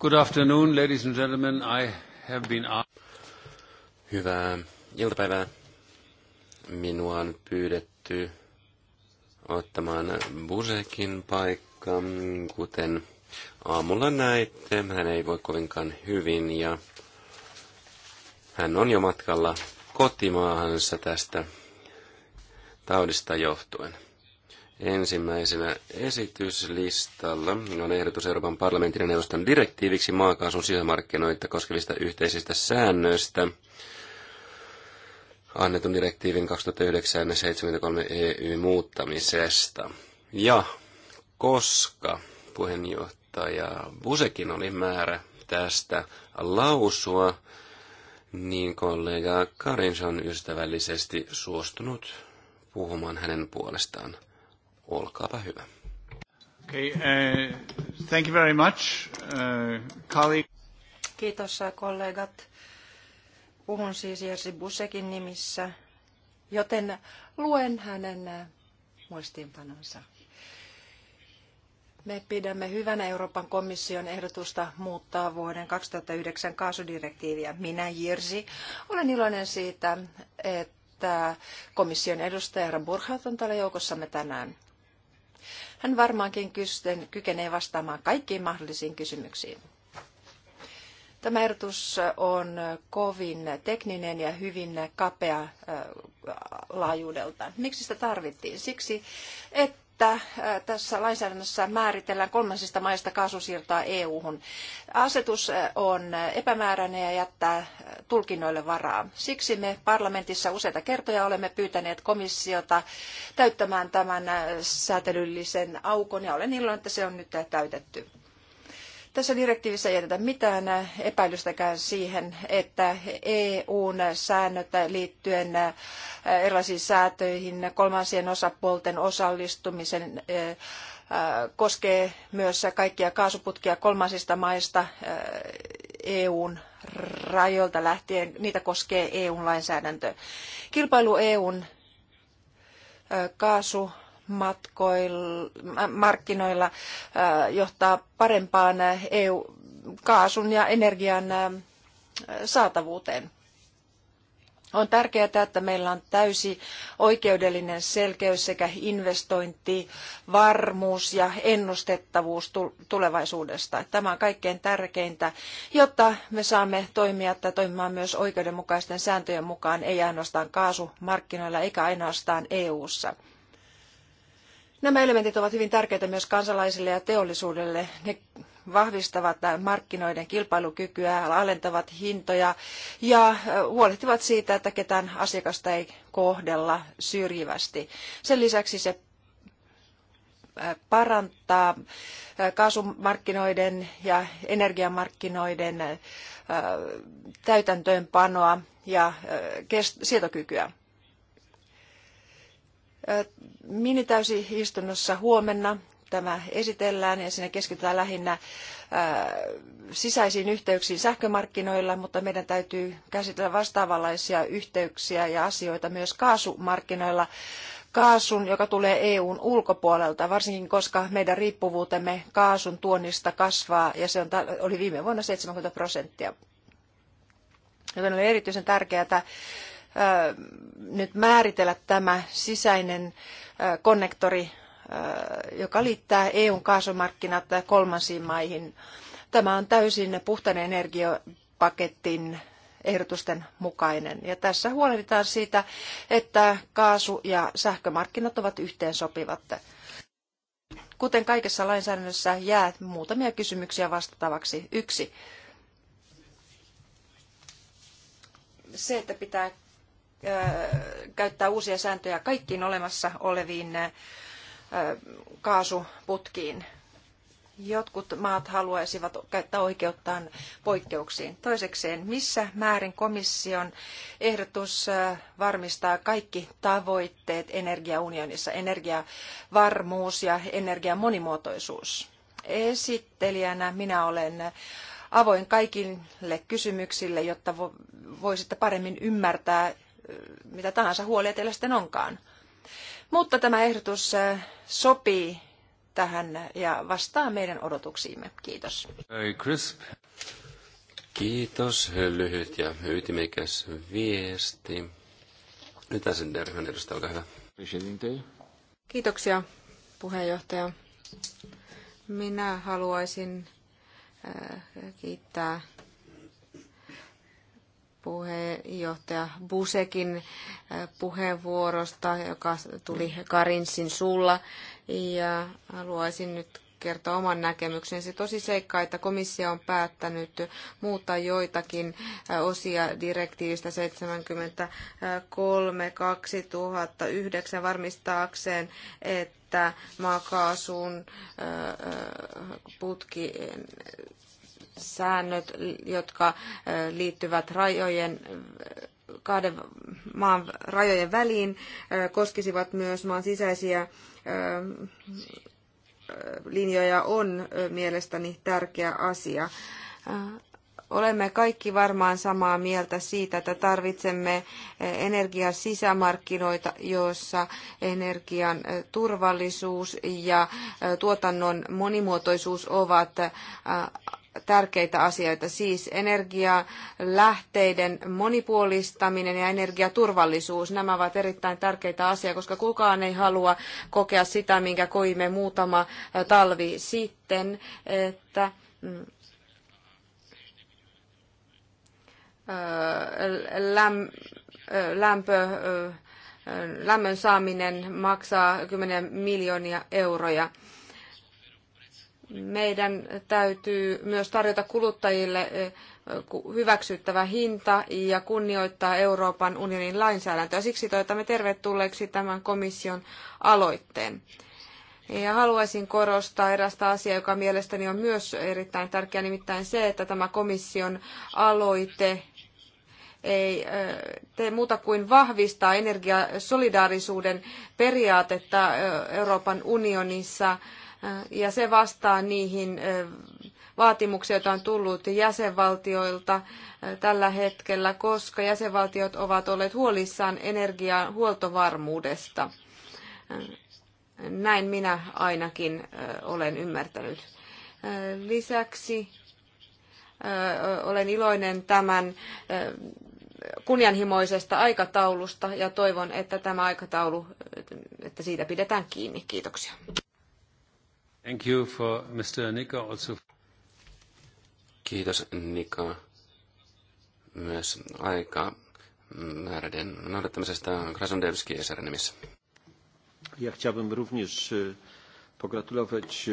Good afternoon, ladies and gentlemen. I have been Hyvää iltapäivää. Minua on pyydetty ottamaan Busekin paikka, kuten aamulla näitte. Hän ei voi kovinkaan hyvin ja hän on jo matkalla kotimaahansa tästä taudista johtuen. Ensimmäisenä esityslistalla on ehdotus Euroopan parlamentin ja neuvoston direktiiviksi maakaasun sisämarkkinoita koskevista yhteisistä säännöistä annetun direktiivin 2009-73 EU muuttamisesta. Ja koska puheenjohtaja Busekin oli määrä tästä lausua, niin kollega Karinson ystävällisesti suostunut puhumaan hänen puolestaan. Olkaapa hyvä. Okay, uh, thank you very much, uh, Kiitos uh, kollegat. Puhun siis Jerzy Busekin nimissä, joten luen hänen uh, muistiinpanonsa. Me pidämme hyvänä Euroopan komission ehdotusta muuttaa vuoden 2009 kaasudirektiiviä. Minä, Jirsi, olen iloinen siitä, että komission edustaja Burkhardt on täällä joukossamme tänään. Hän varmaankin kykenee vastaamaan kaikkiin mahdollisiin kysymyksiin. Tämä ehdotus on kovin tekninen ja hyvin kapea laajuudelta. Miksi sitä tarvittiin? Siksi, että että äh, tässä lainsäädännössä määritellään kolmansista maista kaasusiirtoa EU-hun. Asetus äh, on epämääräinen ja jättää äh, tulkinnoille varaa. Siksi me parlamentissa useita kertoja olemme pyytäneet komissiota täyttämään tämän säätelyllisen aukon ja olen iloinen, että se on nyt täytetty. Tässä direktiivissä ei jätetä mitään epäilystäkään siihen, että EUn säännöt liittyen äh, erilaisiin säätöihin, kolmansien osapuolten osallistumisen äh, koskee myös kaikkia kaasuputkia kolmansista maista äh, EUn rajoilta lähtien. Niitä koskee EUn lainsäädäntö. Kilpailu EUn kaasu matkoilla, markkinoilla johtaa parempaan EU-kaasun ja energian saatavuuteen. On tärkeää, että meillä on täysi oikeudellinen selkeys sekä investointi, varmuus ja ennustettavuus tulevaisuudesta. Tämä on kaikkein tärkeintä, jotta me saamme toimia tai toimimaan myös oikeudenmukaisten sääntöjen mukaan, ei ainoastaan kaasumarkkinoilla eikä ainoastaan EU-ssa. Nämä elementit ovat hyvin tärkeitä myös kansalaisille ja teollisuudelle. Ne vahvistavat markkinoiden kilpailukykyä, alentavat hintoja ja huolehtivat siitä, että ketään asiakasta ei kohdella syrjivästi. Sen lisäksi se parantaa kaasumarkkinoiden ja energiamarkkinoiden täytäntöönpanoa ja sietokykyä minitäysistunnossa huomenna tämä esitellään ja siinä keskitytään lähinnä sisäisiin yhteyksiin sähkömarkkinoilla, mutta meidän täytyy käsitellä vastaavanlaisia yhteyksiä ja asioita myös kaasumarkkinoilla kaasun, joka tulee EUn ulkopuolelta, varsinkin koska meidän riippuvuutemme kaasun tuonnista kasvaa ja se on, oli viime vuonna 70 prosenttia. Joten oli erityisen tärkeää nyt määritellä tämä sisäinen konnektori, joka liittää EUn kaasumarkkinat kolmansiin maihin. Tämä on täysin puhtaan energiapaketin ehdotusten mukainen. Ja tässä huolehditaan siitä, että kaasu- ja sähkömarkkinat ovat yhteensopivat. Kuten kaikessa lainsäädännössä jää muutamia kysymyksiä vastattavaksi. Yksi. Se, että pitää käyttää uusia sääntöjä kaikkiin olemassa oleviin kaasuputkiin. Jotkut maat haluaisivat käyttää oikeuttaan poikkeuksiin. Toisekseen, missä määrin komission ehdotus varmistaa kaikki tavoitteet energiaunionissa, energiavarmuus ja energian monimuotoisuus? Esittelijänä minä olen avoin kaikille kysymyksille, jotta voisitte paremmin ymmärtää mitä tahansa huolia teillä sitten onkaan. Mutta tämä ehdotus äh, sopii tähän ja vastaa meidän odotuksiimme. Kiitos. Hey Chris. Kiitos. Lyhyt ja ytimekäs viesti. Nyt SND-ryhmän edustaja, olkaa hyvä. Kiitoksia, puheenjohtaja. Minä haluaisin äh, kiittää puheenjohtaja Busekin äh, puheenvuorosta, joka tuli Karinsin sulla. Ja haluaisin nyt kertoa oman näkemyksensä. Tosi seikka, että komissio on päättänyt muuttaa joitakin äh, osia direktiivistä 73 2009 varmistaakseen, että maakaasun äh, putki säännöt, jotka äh, liittyvät rajojen kahden maan rajojen väliin äh, koskisivat myös maan sisäisiä äh, linjoja on mielestäni tärkeä asia. Olemme kaikki varmaan samaa mieltä siitä, että tarvitsemme energian sisämarkkinoita, joissa energian turvallisuus ja tuotannon monimuotoisuus ovat tärkeitä asioita, siis energialähteiden monipuolistaminen ja energiaturvallisuus. Nämä ovat erittäin tärkeitä asioita, koska kukaan ei halua kokea sitä, minkä koimme muutama talvi sitten, että mm, lämpö lämmön saaminen maksaa kymmeniä miljoonia euroja meidän täytyy myös tarjota kuluttajille eh, hyväksyttävä hinta ja kunnioittaa Euroopan unionin lainsäädäntöä. Siksi toivotamme tervetulleeksi tämän komission aloitteen. Ja haluaisin korostaa erästä asiaa, joka mielestäni on myös erittäin tärkeä, nimittäin se, että tämä komission aloite ei eh, tee muuta kuin vahvistaa energiasolidaarisuuden periaatetta eh, Euroopan unionissa – ja se vastaa niihin vaatimuksiin, joita on tullut jäsenvaltioilta tällä hetkellä, koska jäsenvaltiot ovat olleet huolissaan energian huoltovarmuudesta. Näin minä ainakin olen ymmärtänyt. Lisäksi olen iloinen tämän kunnianhimoisesta aikataulusta ja toivon, että tämä aikataulu, että siitä pidetään kiinni. Kiitoksia. Thank you for Mr. Nika also. Kiitos Nika myös aika määräden noudattamisesta Krasnodębski Jesarin nimissä. Ja chciałbym również e, pogratulować...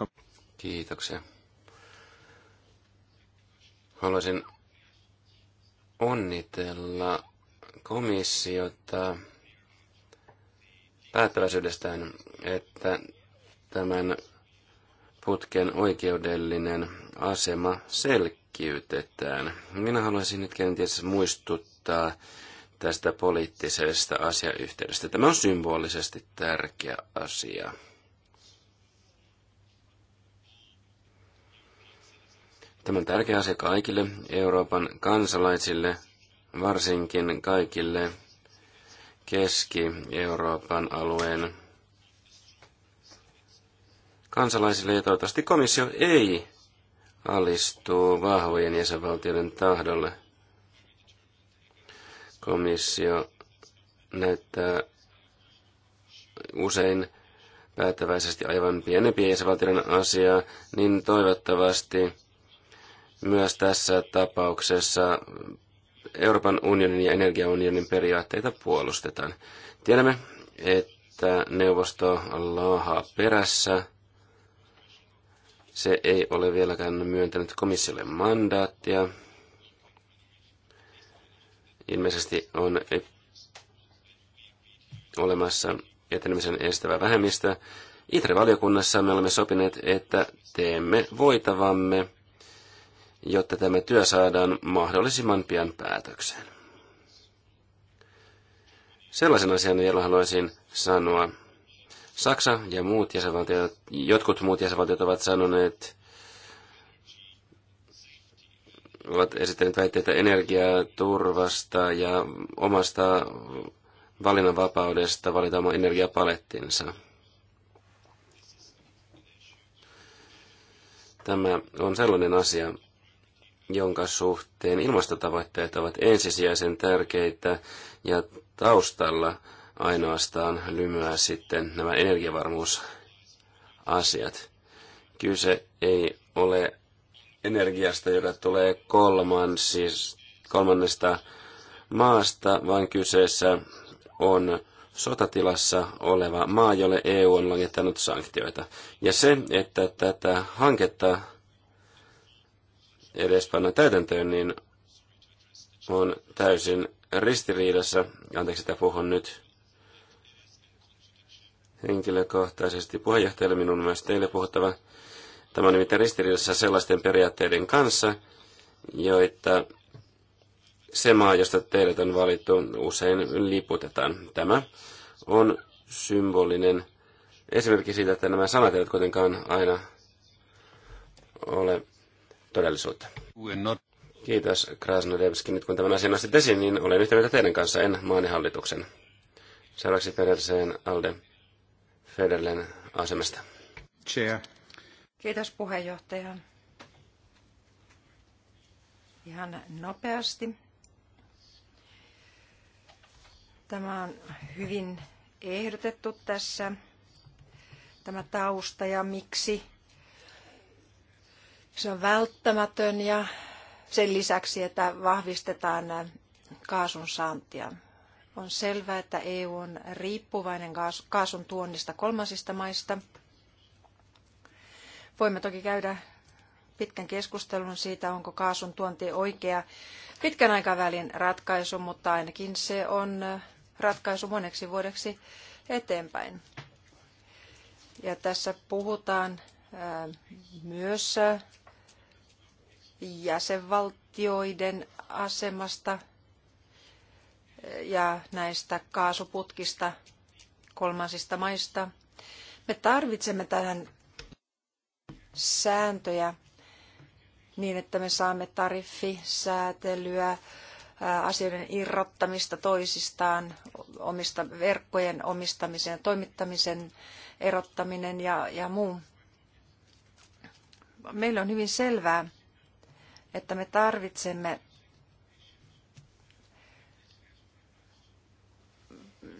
E, Kiitoksia. Haluaisin onnitella komissiota päättäväisyydestään, että tämän putken oikeudellinen asema selkiytetään. Minä haluaisin nyt kenties muistuttaa tästä poliittisesta asiayhteydestä. Tämä on symbolisesti tärkeä asia. Tämä on tärkeä asia kaikille Euroopan kansalaisille, varsinkin kaikille Keski-Euroopan alueen kansalaisille ja toivottavasti komissio ei alistu vahvojen jäsenvaltioiden tahdolle. Komissio näyttää usein päättäväisesti aivan pienempien jäsenvaltioiden asiaa, niin toivottavasti myös tässä tapauksessa Euroopan unionin ja energiaunionin periaatteita puolustetaan. Tiedämme, että neuvosto laahaa perässä se ei ole vieläkään myöntänyt komissiolle mandaattia. Ilmeisesti on olemassa etenemisen estävä vähemmistö. ITRE-valiokunnassa me olemme sopineet, että teemme voitavamme, jotta tämä työ saadaan mahdollisimman pian päätökseen. Sellaisen asian vielä haluaisin sanoa Saksa ja muut jäsenvaltiot, jotkut muut jäsenvaltiot ovat sanoneet, ovat esittäneet väitteitä energiaturvasta ja omasta valinnanvapaudesta valita oma energiapalettinsa. Tämä on sellainen asia, jonka suhteen ilmastotavoitteet ovat ensisijaisen tärkeitä ja taustalla ainoastaan lymyä sitten nämä energiavarmuusasiat. Kyse ei ole energiasta, joka tulee kolman, siis kolmannesta maasta, vaan kyseessä on sotatilassa oleva maa, jolle EU on langettanut sanktioita. Ja se, että tätä hanketta edes panna täytäntöön, niin on täysin ristiriidassa, anteeksi, että puhun nyt henkilökohtaisesti puheenjohtajalle minun myös teille puhuttava. Tämä on nimittäin ristiriidassa sellaisten periaatteiden kanssa, joita se maa, josta teidät on valittu, usein liputetaan. Tämä on symbolinen esimerkki siitä, että nämä sanat eivät kuitenkaan aina ole todellisuutta. Kiitos Krasnodevski. Nyt kun tämän asian nostit esiin, niin olen yhtä mieltä teidän kanssa, en maanihallituksen. Seuraavaksi Pederseen Alde. Federlen asemasta. Chair. Kiitos puheenjohtaja. Ihan nopeasti. Tämä on hyvin ehdotettu tässä, tämä tausta ja miksi se on välttämätön ja sen lisäksi, että vahvistetaan kaasun saantia. On selvää, että EU on riippuvainen kaasun tuonnista kolmansista maista. Voimme toki käydä pitkän keskustelun siitä, onko kaasun tuonti oikea pitkän aikavälin ratkaisu, mutta ainakin se on ratkaisu moneksi vuodeksi eteenpäin. Ja tässä puhutaan myös jäsenvaltioiden asemasta ja näistä kaasuputkista kolmansista maista. Me tarvitsemme tähän sääntöjä niin, että me saamme tariffisäätelyä, asioiden irrottamista toisistaan, omista verkkojen omistamisen ja toimittamisen erottaminen ja, ja muu. Meillä on hyvin selvää, että me tarvitsemme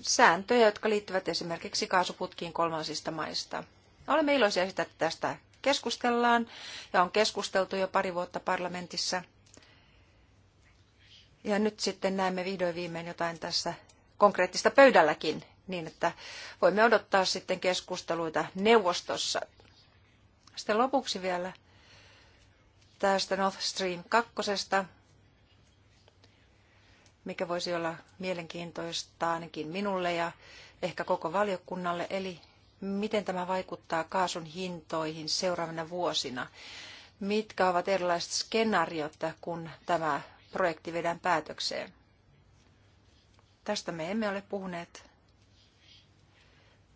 sääntöjä, jotka liittyvät esimerkiksi kaasuputkiin kolmansista maista. Olemme iloisia sitä, että tästä keskustellaan ja on keskusteltu jo pari vuotta parlamentissa. Ja nyt sitten näemme vihdoin viimein jotain tässä konkreettista pöydälläkin, niin että voimme odottaa sitten keskusteluita neuvostossa. Sitten lopuksi vielä tästä North Stream 2 mikä voisi olla mielenkiintoista ainakin minulle ja ehkä koko valiokunnalle, eli miten tämä vaikuttaa kaasun hintoihin seuraavina vuosina. Mitkä ovat erilaiset skenaariot, kun tämä projekti vedään päätökseen? Tästä me emme ole puhuneet,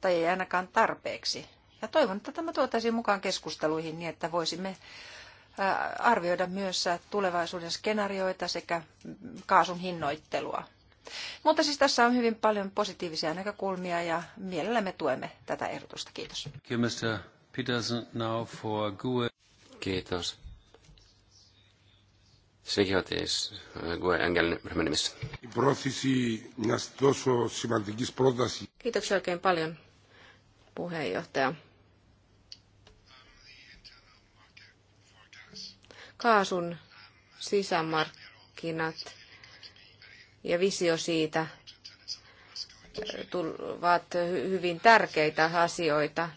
tai ei ainakaan tarpeeksi. Ja toivon, että tämä tuotaisiin mukaan keskusteluihin niin, että voisimme arvioida myös tulevaisuuden skenaarioita sekä kaasun hinnoittelua. Mutta siis tässä on hyvin paljon positiivisia näkökulmia ja mielellämme tuemme tätä ehdotusta. Kiitos. Kiitos. Συγχωρητής, εγώ Έγγελ Ρεμενιμής. Η πρόθεση μιας τόσο σημαντικής πρότασης. Kiitoksia oikein paljon, puheenjohtaja. kaasun sisämarkkinat ja visio siitä eh, ovat hyvin tärkeitä asioita.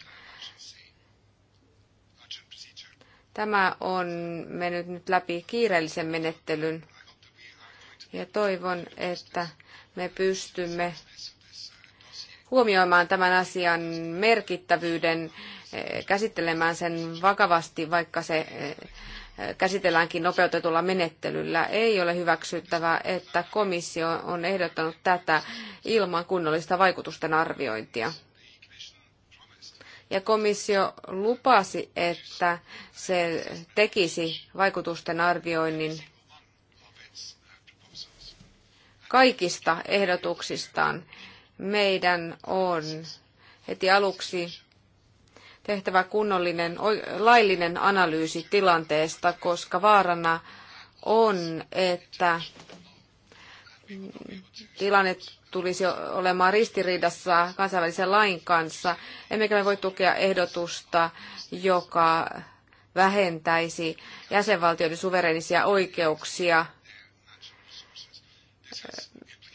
Tämä on mennyt nyt läpi kiireellisen menettelyn ja toivon, että me pystymme huomioimaan tämän asian merkittävyyden, eh, käsittelemään sen vakavasti, vaikka se eh, käsitelläänkin nopeutetulla menettelyllä. Ei ole hyväksyttävää, että komissio on ehdottanut tätä ilman kunnollista vaikutusten arviointia. Ja komissio lupasi, että se tekisi vaikutusten arvioinnin kaikista ehdotuksistaan. Meidän on heti aluksi tehtävä kunnollinen, laillinen analyysi tilanteesta, koska vaarana on, että tilanne tulisi olemaan ristiriidassa kansainvälisen lain kanssa, emmekä me voi tukea ehdotusta, joka vähentäisi jäsenvaltioiden suverenisia oikeuksia,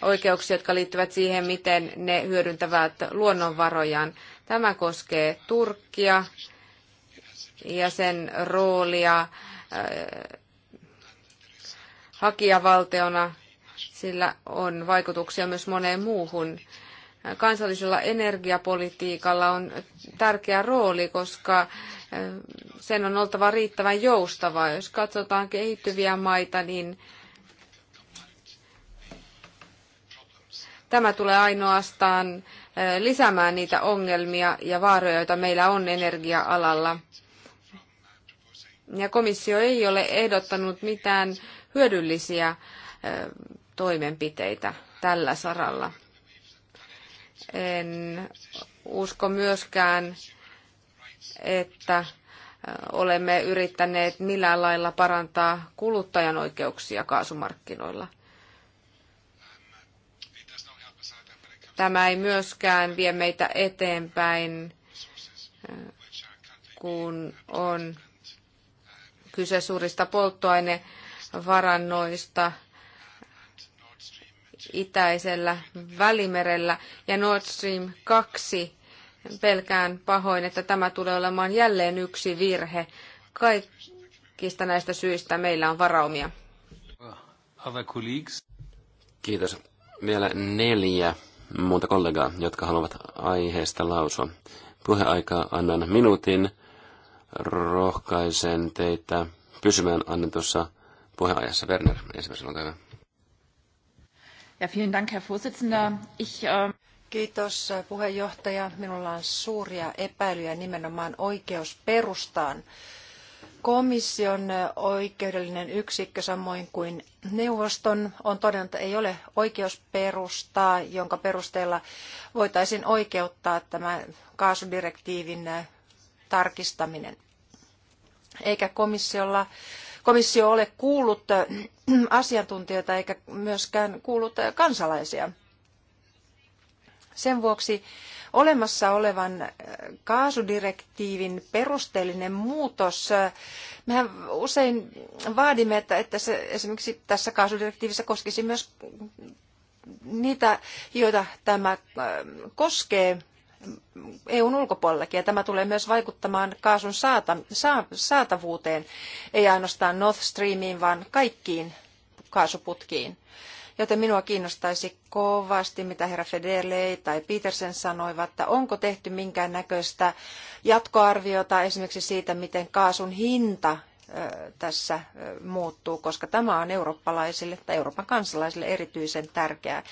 oikeuksia, jotka liittyvät siihen, miten ne hyödyntävät luonnonvarojaan. Tämä koskee Turkkia ja sen roolia äh, hakijavaltiona. Sillä on vaikutuksia myös moneen muuhun. Kansallisella energiapolitiikalla on tärkeä rooli, koska äh, sen on oltava riittävän joustavaa. Jos katsotaan kehittyviä maita, niin tämä tulee ainoastaan lisäämään niitä ongelmia ja vaaroja, joita meillä on energia-alalla. Ja komissio ei ole ehdottanut mitään hyödyllisiä toimenpiteitä tällä saralla. En usko myöskään, että olemme yrittäneet millään lailla parantaa kuluttajan oikeuksia kaasumarkkinoilla. Tämä ei myöskään vie meitä eteenpäin, kun on kyse suurista polttoainevarannoista itäisellä välimerellä. Ja Nord Stream 2 pelkään pahoin, että tämä tulee olemaan jälleen yksi virhe. Kaikista näistä syistä meillä on varaumia. Kiitos. Vielä neljä muuta kollegaa, jotka haluavat aiheesta lausua. Puheaika annan minuutin. Rohkaisen teitä pysymään annetussa puheajassa. Werner, ensimmäisenä olkaa hyvä. Ja, vielen Dank, Herr Vorsitzender. Ich, äh... Kiitos äh, puheenjohtaja. Minulla on suuria epäilyjä nimenomaan oikeusperustaan. perustaan komission oikeudellinen yksikkö samoin kuin neuvoston on todennut, että ei ole oikeusperustaa, jonka perusteella voitaisiin oikeuttaa tämä kaasudirektiivin äh, tarkistaminen. Eikä komissiolla, komissio ole kuullut äh, asiantuntijoita eikä myöskään kuullut äh, kansalaisia. Sen vuoksi olemassa olevan äh, kaasudirektiivin perusteellinen muutos. Mehän usein vaadimme, että, että se esimerkiksi tässä kaasudirektiivissä koskisi myös niitä, joita tämä äh, koskee EUn ulkopuolellakin, ja tämä tulee myös vaikuttamaan kaasun saatavuuteen, ei ainoastaan North Streamiin, vaan kaikkiin kaasuputkiin. Joten minua kiinnostaisi kovasti, mitä herra Federley tai Petersen sanoivat, että onko tehty minkään näköistä jatkoarviota esimerkiksi siitä, miten kaasun hinta tässä muuttuu, koska tämä on eurooppalaisille tai Euroopan kansalaisille erityisen tärkeää.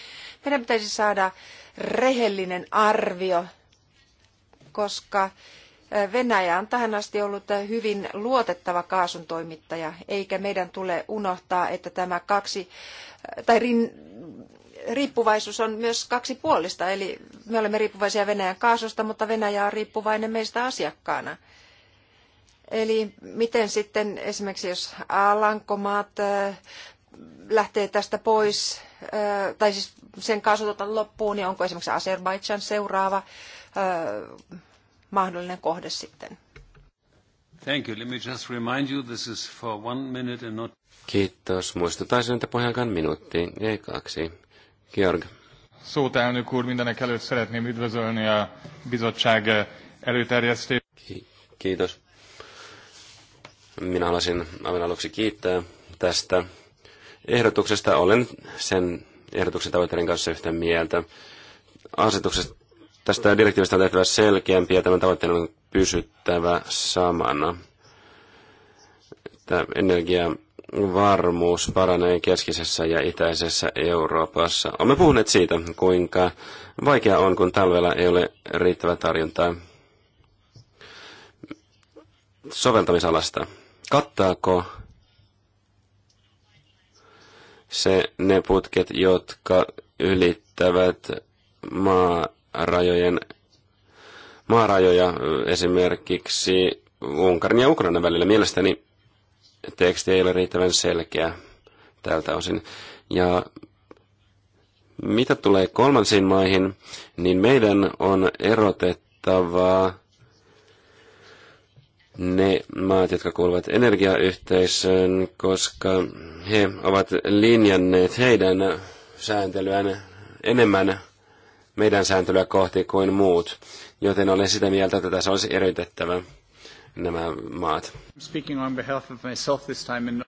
Meidän pitäisi saada rehellinen arvio, koska Venäjä on tähän asti ollut hyvin luotettava kaasuntoimittaja, eikä meidän tule unohtaa, että tämä kaksi, tai rin, riippuvaisuus on myös kaksipuolista, eli me olemme riippuvaisia Venäjän kaasusta, mutta Venäjä on riippuvainen meistä asiakkaana. Eli miten sitten esimerkiksi jos Alankomaat lähtee tästä pois, tai siis sen kaasutuotanto loppuu, niin onko esimerkiksi Azerbaidžan seuraava mahdollinen kohde sitten. Thank you. Let me just remind you, this is for one minute and not... Kiitos. Muistutaisin, että pohjakan minuutti, ei kaksi. Georg. Szót úr, mindenek előtt szeretném üdvözölni a bizottság Ki- kiitos. Minä haluaisin aivan aluksi kiittää tästä ehdotuksesta. Olen sen ehdotuksen tavoitteiden kanssa yhtä mieltä. Asetuksesta Tästä direktiivistä on tehtävä selkeämpi ja tämän tavoitteen on pysyttävä samana. Tämä energiavarmuus paranee keskisessä ja itäisessä Euroopassa. Olemme puhuneet siitä, kuinka vaikea on, kun talvella ei ole riittävää tarjontaa soveltamisalasta. Kattaako se ne putket, jotka ylittävät maa rajojen maarajoja esimerkiksi Unkarin ja Ukrainan välillä. Mielestäni teksti ei ole riittävän selkeä tältä osin. Ja mitä tulee kolmansiin maihin, niin meidän on erotettava ne maat, jotka kuuluvat energiayhteisöön, koska he ovat linjanneet heidän sääntelyään enemmän meidän sääntelyä kohti kuin muut, joten olen sitä mieltä, että tässä olisi eriytettävä nämä maat.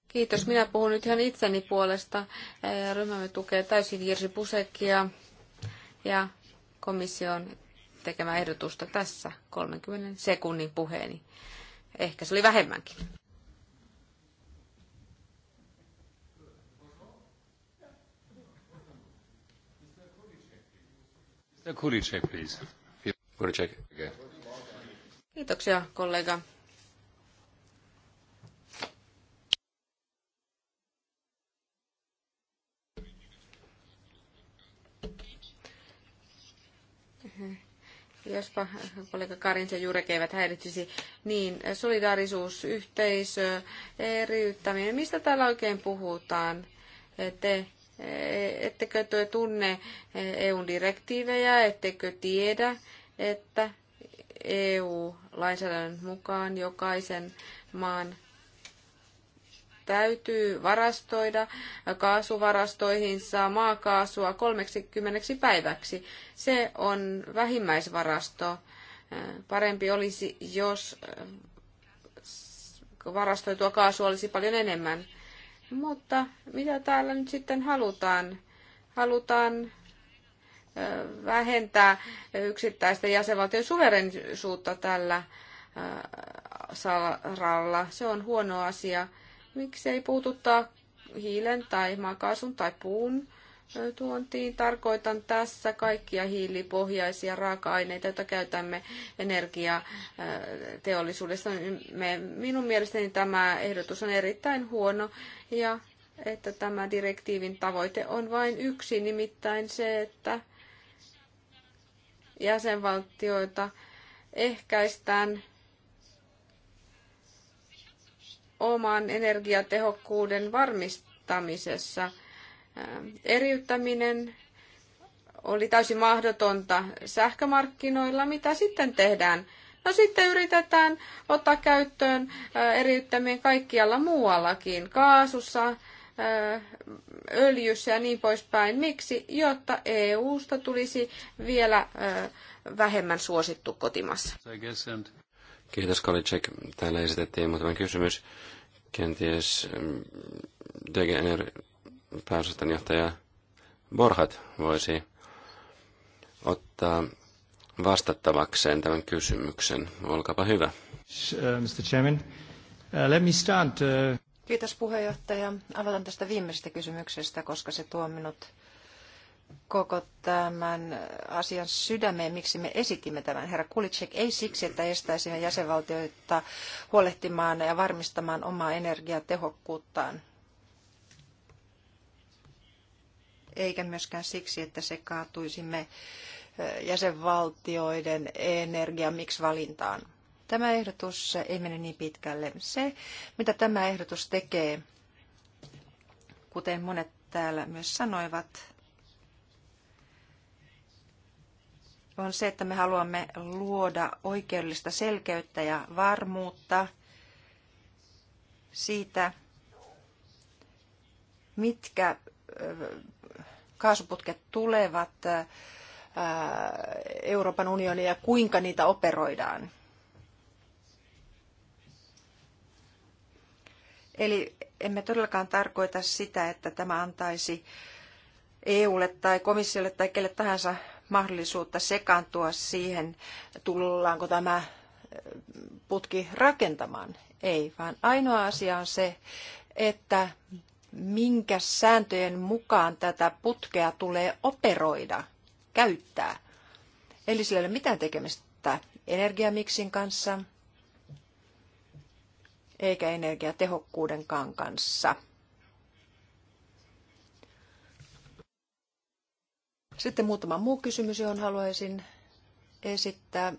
Kiitos. Minä puhun nyt ihan itseni puolesta. Ryhmämme tukee täysin Jirsi Pusekia ja komission tekemää ehdotusta tässä 30 sekunnin puheeni. Ehkä se oli vähemmänkin. Kiitoksia, kollega. jospa kollega Karin ja Jurek eivät häiritsisi, niin solidaarisuus, yhteisö, eriyttäminen, mistä täällä oikein puhutaan? Te ettekö te tunne EU direktiivejä, ettekö tiedä, että EU-lainsäädännön mukaan jokaisen maan täytyy varastoida kaasuvarastoihinsa maakaasua 30 päiväksi. Se on vähimmäisvarasto. Parempi olisi, jos varastoitua kaasua olisi paljon enemmän. Mutta mitä täällä nyt sitten halutaan? Halutaan vähentää yksittäisten jäsenvaltion suverenisuutta tällä saralla. Se on huono asia. Miksi ei puututtaa hiilen tai maakaasun tai puun tuontiin. Tarkoitan tässä kaikkia hiilipohjaisia raaka-aineita, joita käytämme energiateollisuudessa. Äh, minun mielestäni tämä ehdotus on erittäin huono ja että tämä direktiivin tavoite on vain yksi, nimittäin se, että jäsenvaltioita ehkäistään oman energiatehokkuuden varmistamisessa – eriyttäminen oli täysin mahdotonta sähkömarkkinoilla. Mitä sitten tehdään? No sitten yritetään ottaa käyttöön eriyttäminen kaikkialla muuallakin, kaasussa, öljyssä ja niin poispäin. Miksi? Jotta EUsta tulisi vielä vähemmän suosittu kotimassa. Kiitos Kolicek. Täällä esitettiin muutama kysymys. Kenties mm, DGNR pääosastonjohtaja Borhat voisi ottaa vastattavakseen tämän kysymyksen. Olkaapa hyvä. Uh, Mr. Chairman, uh, let me start. Uh, Kiitos puheenjohtaja. Aloitan tästä viimeisestä kysymyksestä, koska se tuo minut koko tämän asian sydämeen, miksi me esitimme tämän. Herra Kulitschek, ei siksi, että estäisimme jäsenvaltioita huolehtimaan ja varmistamaan omaa energiatehokkuuttaan. eikä myöskään siksi, että se kaatuisimme jäsenvaltioiden energiamix-valintaan. Tämä ehdotus ei mene niin pitkälle. Se, mitä tämä ehdotus tekee, kuten monet täällä myös sanoivat, on se, että me haluamme luoda oikeudellista selkeyttä ja varmuutta siitä, mitkä kaasuputket tulevat äh, äh, Euroopan unioniin ja kuinka niitä operoidaan. Eli emme todellakaan tarkoita sitä, että tämä antaisi EUlle tai komissiolle tai kelle tahansa mahdollisuutta sekaantua siihen, tullaanko tämä äh, putki rakentamaan. Ei, vaan ainoa asia on se, että minkä sääntöjen mukaan tätä putkea tulee operoida, käyttää. Eli sillä ei ole mitään tekemistä energiamiksin kanssa eikä energiatehokkuudenkaan kanssa. Sitten muutama muu kysymys, johon haluaisin esittää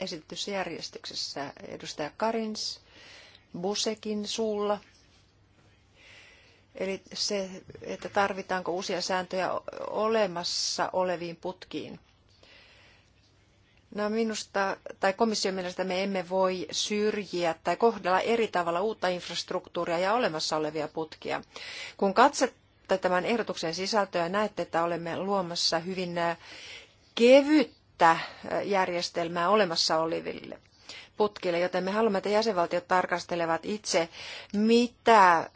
esitetyssä järjestyksessä. Edustaja Karins, Busekin suulla – Eli se, että tarvitaanko uusia sääntöjä olemassa oleviin putkiin. No minusta, tai komission mielestä me emme voi syrjiä tai kohdella eri tavalla uutta infrastruktuuria ja olemassa olevia putkia. Kun katsotte tämän ehdotuksen sisältöä, näette, että olemme luomassa hyvin äh, kevyttä äh, järjestelmää olemassa oleville putkille, joten me haluamme, että jäsenvaltiot tarkastelevat itse, mitä äh,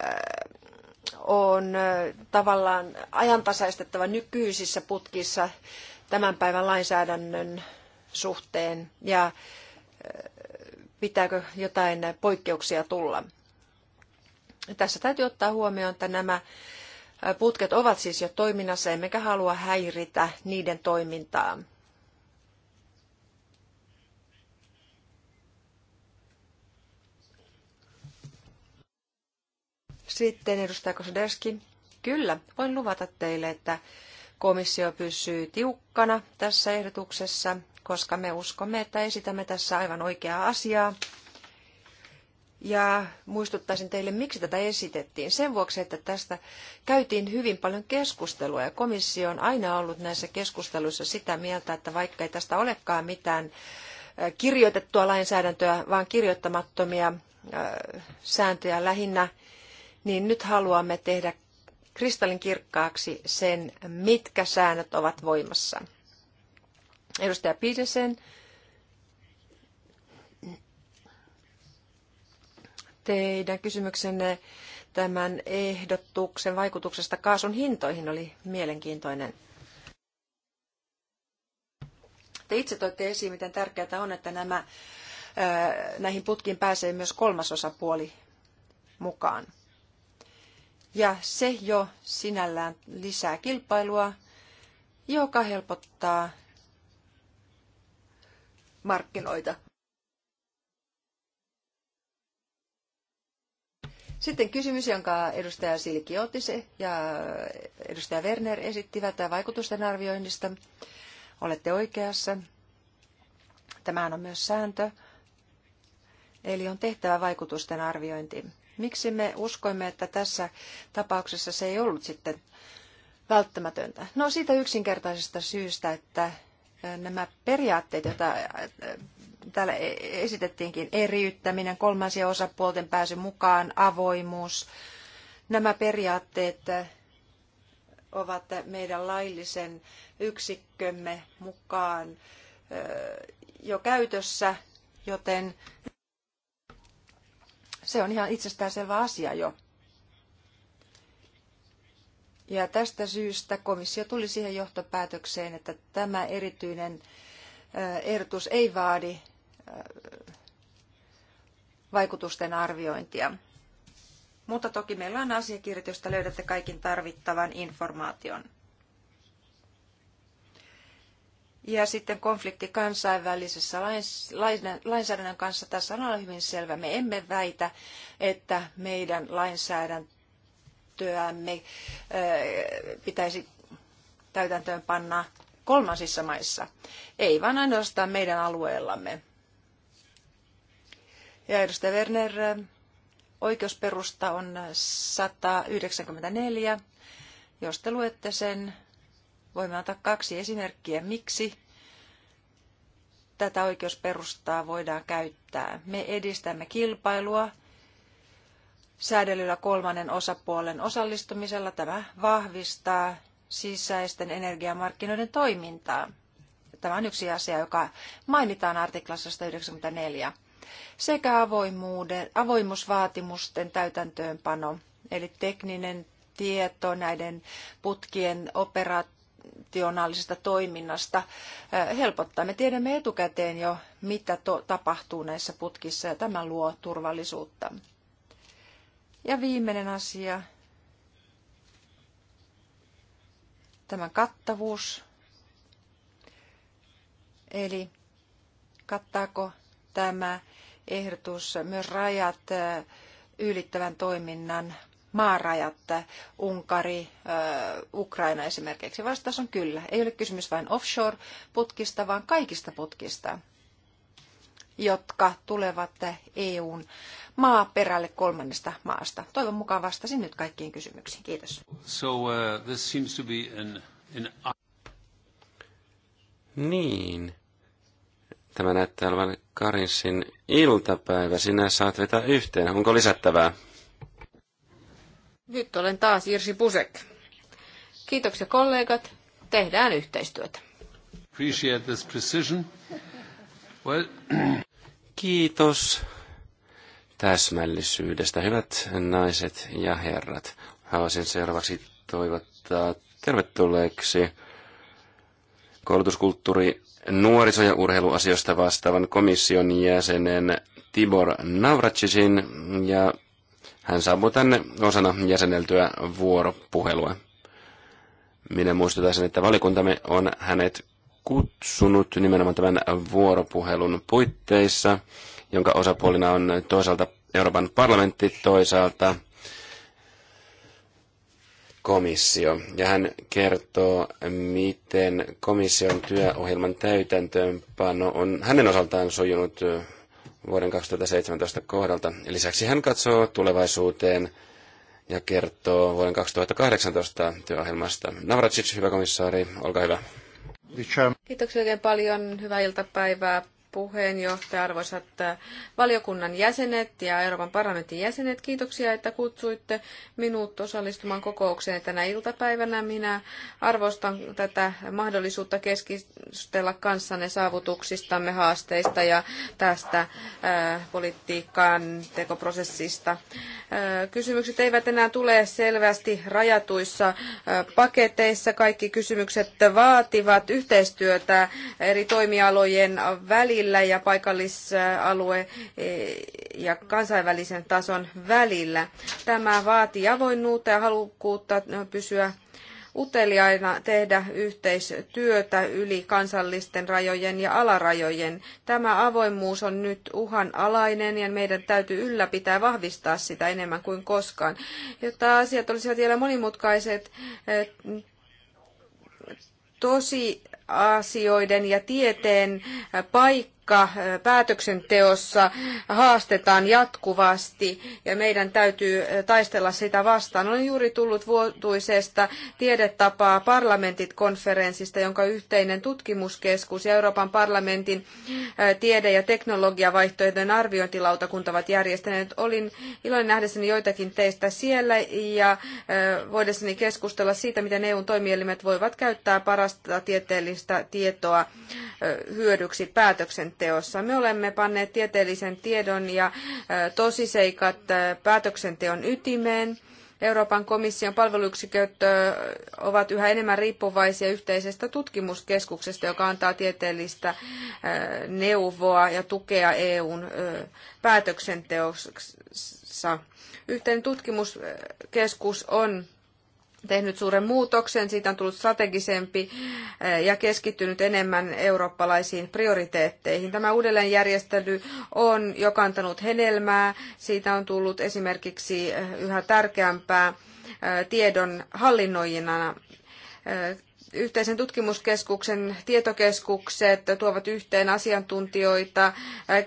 on tavallaan ajantasaistettava nykyisissä putkissa tämän päivän lainsäädännön suhteen ja pitääkö jotain poikkeuksia tulla. Tässä täytyy ottaa huomioon, että nämä putket ovat siis jo toiminnassa, emmekä halua häiritä niiden toimintaa. Sitten edustaja Kosoderski. Kyllä, voin luvata teille, että komissio pysyy tiukkana tässä ehdotuksessa, koska me uskomme, että esitämme tässä aivan oikeaa asiaa. Ja muistuttaisin teille, miksi tätä esitettiin. Sen vuoksi, että tästä käytiin hyvin paljon keskustelua ja komissio on aina ollut näissä keskusteluissa sitä mieltä, että vaikka ei tästä olekaan mitään äh, kirjoitettua lainsäädäntöä, vaan kirjoittamattomia äh, sääntöjä lähinnä niin nyt haluamme tehdä kristallinkirkkaaksi sen, mitkä säännöt ovat voimassa. Edustaja Pidesen, teidän kysymyksenne tämän ehdotuksen vaikutuksesta kaasun hintoihin oli mielenkiintoinen. Te itse toitte esiin, miten tärkeää on, että nämä, näihin putkiin pääsee myös kolmas osapuoli mukaan. Ja se jo sinällään lisää kilpailua, joka helpottaa markkinoita. Sitten kysymys, jonka edustaja Silki Otise ja edustaja Werner esittivät vaikutusten arvioinnista. Olette oikeassa. Tämähän on myös sääntö. Eli on tehtävä vaikutusten arviointi. Miksi me uskoimme, että tässä tapauksessa se ei ollut sitten välttämätöntä? No siitä yksinkertaisesta syystä, että nämä periaatteet, joita täällä e-, esitettiinkin, eriyttäminen, kolmansien osapuolten pääsy mukaan, avoimuus, nämä periaatteet ovat meidän laillisen yksikkömme mukaan jo käytössä, joten se on ihan itsestäänselvä asia jo. Ja tästä syystä komissio tuli siihen johtopäätökseen, että tämä erityinen ehdotus ei vaadi vaikutusten arviointia. Mutta toki meillä on asiakirjat, josta löydätte kaikin tarvittavan informaation. Ja sitten konflikti kansainvälisessä lainsäädännön kanssa. Tässä on hyvin selvä. Me emme väitä, että meidän lainsäädäntöämme pitäisi täytäntöön panna kolmansissa maissa. Ei vaan ainoastaan meidän alueellamme. Ja edustaja Werner, oikeusperusta on 194. Jos te luette sen, Voimme antaa kaksi esimerkkiä, miksi tätä oikeusperustaa voidaan käyttää. Me edistämme kilpailua säädellyllä kolmannen osapuolen osallistumisella. Tämä vahvistaa sisäisten energiamarkkinoiden toimintaa. Tämä on yksi asia, joka mainitaan artiklassa 194. Sekä avoimuuden, avoimuusvaatimusten täytäntöönpano, eli tekninen tieto näiden putkien operaat, institutionaalisesta toiminnasta eh, helpottaa. Me tiedämme etukäteen jo, mitä tapahtuu näissä putkissa ja tämä luo turvallisuutta. Ja viimeinen asia, tämän kattavuus. Eli kattaako tämä ehdotus myös rajat eh, ylittävän toiminnan maarajat, äh, Unkari, äh, Ukraina esimerkiksi? Vastaus on kyllä. Ei ole kysymys vain offshore-putkista, vaan kaikista putkista, jotka tulevat EUn maaperälle kolmannesta maasta. Toivon mukaan vastasin nyt kaikkiin kysymyksiin. Kiitos. So, uh, this seems to be an, an... Niin. Tämä näyttää olevan Karinsin iltapäivä. Sinä saat vetää yhteen. Onko lisättävää? Nyt olen taas Irsi Pusek. Kiitoksia kollegat. Tehdään yhteistyötä. Appreciate this precision. Well... Kiitos täsmällisyydestä. Hyvät naiset ja herrat, haluaisin seuraavaksi toivottaa tervetulleeksi koulutuskulttuuri nuoriso- ja urheiluasioista vastaavan komission jäsenen Tibor Navracisin ja hän saapui tänne osana jäseneltyä vuoropuhelua. Minä muistutaisin, että valikuntamme on hänet kutsunut nimenomaan tämän vuoropuhelun puitteissa, jonka osapuolina on toisaalta Euroopan parlamentti, toisaalta komissio. Ja hän kertoo, miten komission työohjelman täytäntöönpano on hänen osaltaan sujunut vuoden 2017 kohdalta. Lisäksi hän katsoo tulevaisuuteen ja kertoo vuoden 2018 työohjelmasta. Navracic, hyvä komissaari, olkaa hyvä. Kiitoksia oikein paljon. Hyvää iltapäivää puheenjohtaja, arvoisat äh, valiokunnan jäsenet ja Euroopan parlamentin jäsenet, kiitoksia, että kutsuitte minut osallistumaan kokoukseen tänä iltapäivänä. Minä arvostan tätä mahdollisuutta keskustella kanssanne saavutuksistamme, haasteista ja tästä äh, politiikkaan tekoprosessista. Äh, kysymykset eivät enää tule selvästi rajatuissa paketeissa. Kaikki kysymykset vaativat yhteistyötä eri toimialojen välillä välillä ja paikallisalue eh, ja kansainvälisen tason välillä. Tämä vaatii avoinnuutta ja halukkuutta eh, pysyä uteliaina tehdä yhteistyötä yli kansallisten rajojen ja alarajojen. Tämä avoimuus on nyt uhanalainen ja meidän täytyy ylläpitää ja vahvistaa sitä enemmän kuin koskaan. Jotta asiat olisivat vielä monimutkaiset, eh, tosi asioiden ja tieteen paikka politiikka päätöksenteossa haastetaan jatkuvasti ja meidän täytyy taistella sitä vastaan. Olen juuri tullut vuotuisesta tiedetapaa parlamentit konferenssista, jonka yhteinen tutkimuskeskus ja Euroopan parlamentin tiede- ja teknologiavaihtoehtojen arviointilautakunta ovat järjestäneet. Olin iloinen nähdessäni joitakin teistä siellä ja voidessani keskustella siitä, miten EUn toimielimet voivat käyttää parasta tieteellistä tietoa hyödyksi päätöksen päätöksenteossa. Me olemme panneet tieteellisen tiedon ja tosiseikat päätöksenteon ytimeen. Euroopan komission palveluyksiköt ovat yhä enemmän riippuvaisia yhteisestä tutkimuskeskuksesta, joka antaa tieteellistä neuvoa ja tukea EUn päätöksenteossa. Yhteinen tutkimuskeskus on tehnyt suuren muutoksen, siitä on tullut strategisempi eh, ja keskittynyt enemmän eurooppalaisiin prioriteetteihin. Tämä uudelleenjärjestely on jo kantanut hedelmää, siitä on tullut esimerkiksi eh, yhä tärkeämpää eh, tiedon hallinnoijana yhteisen tutkimuskeskuksen tietokeskukset tuovat yhteen asiantuntijoita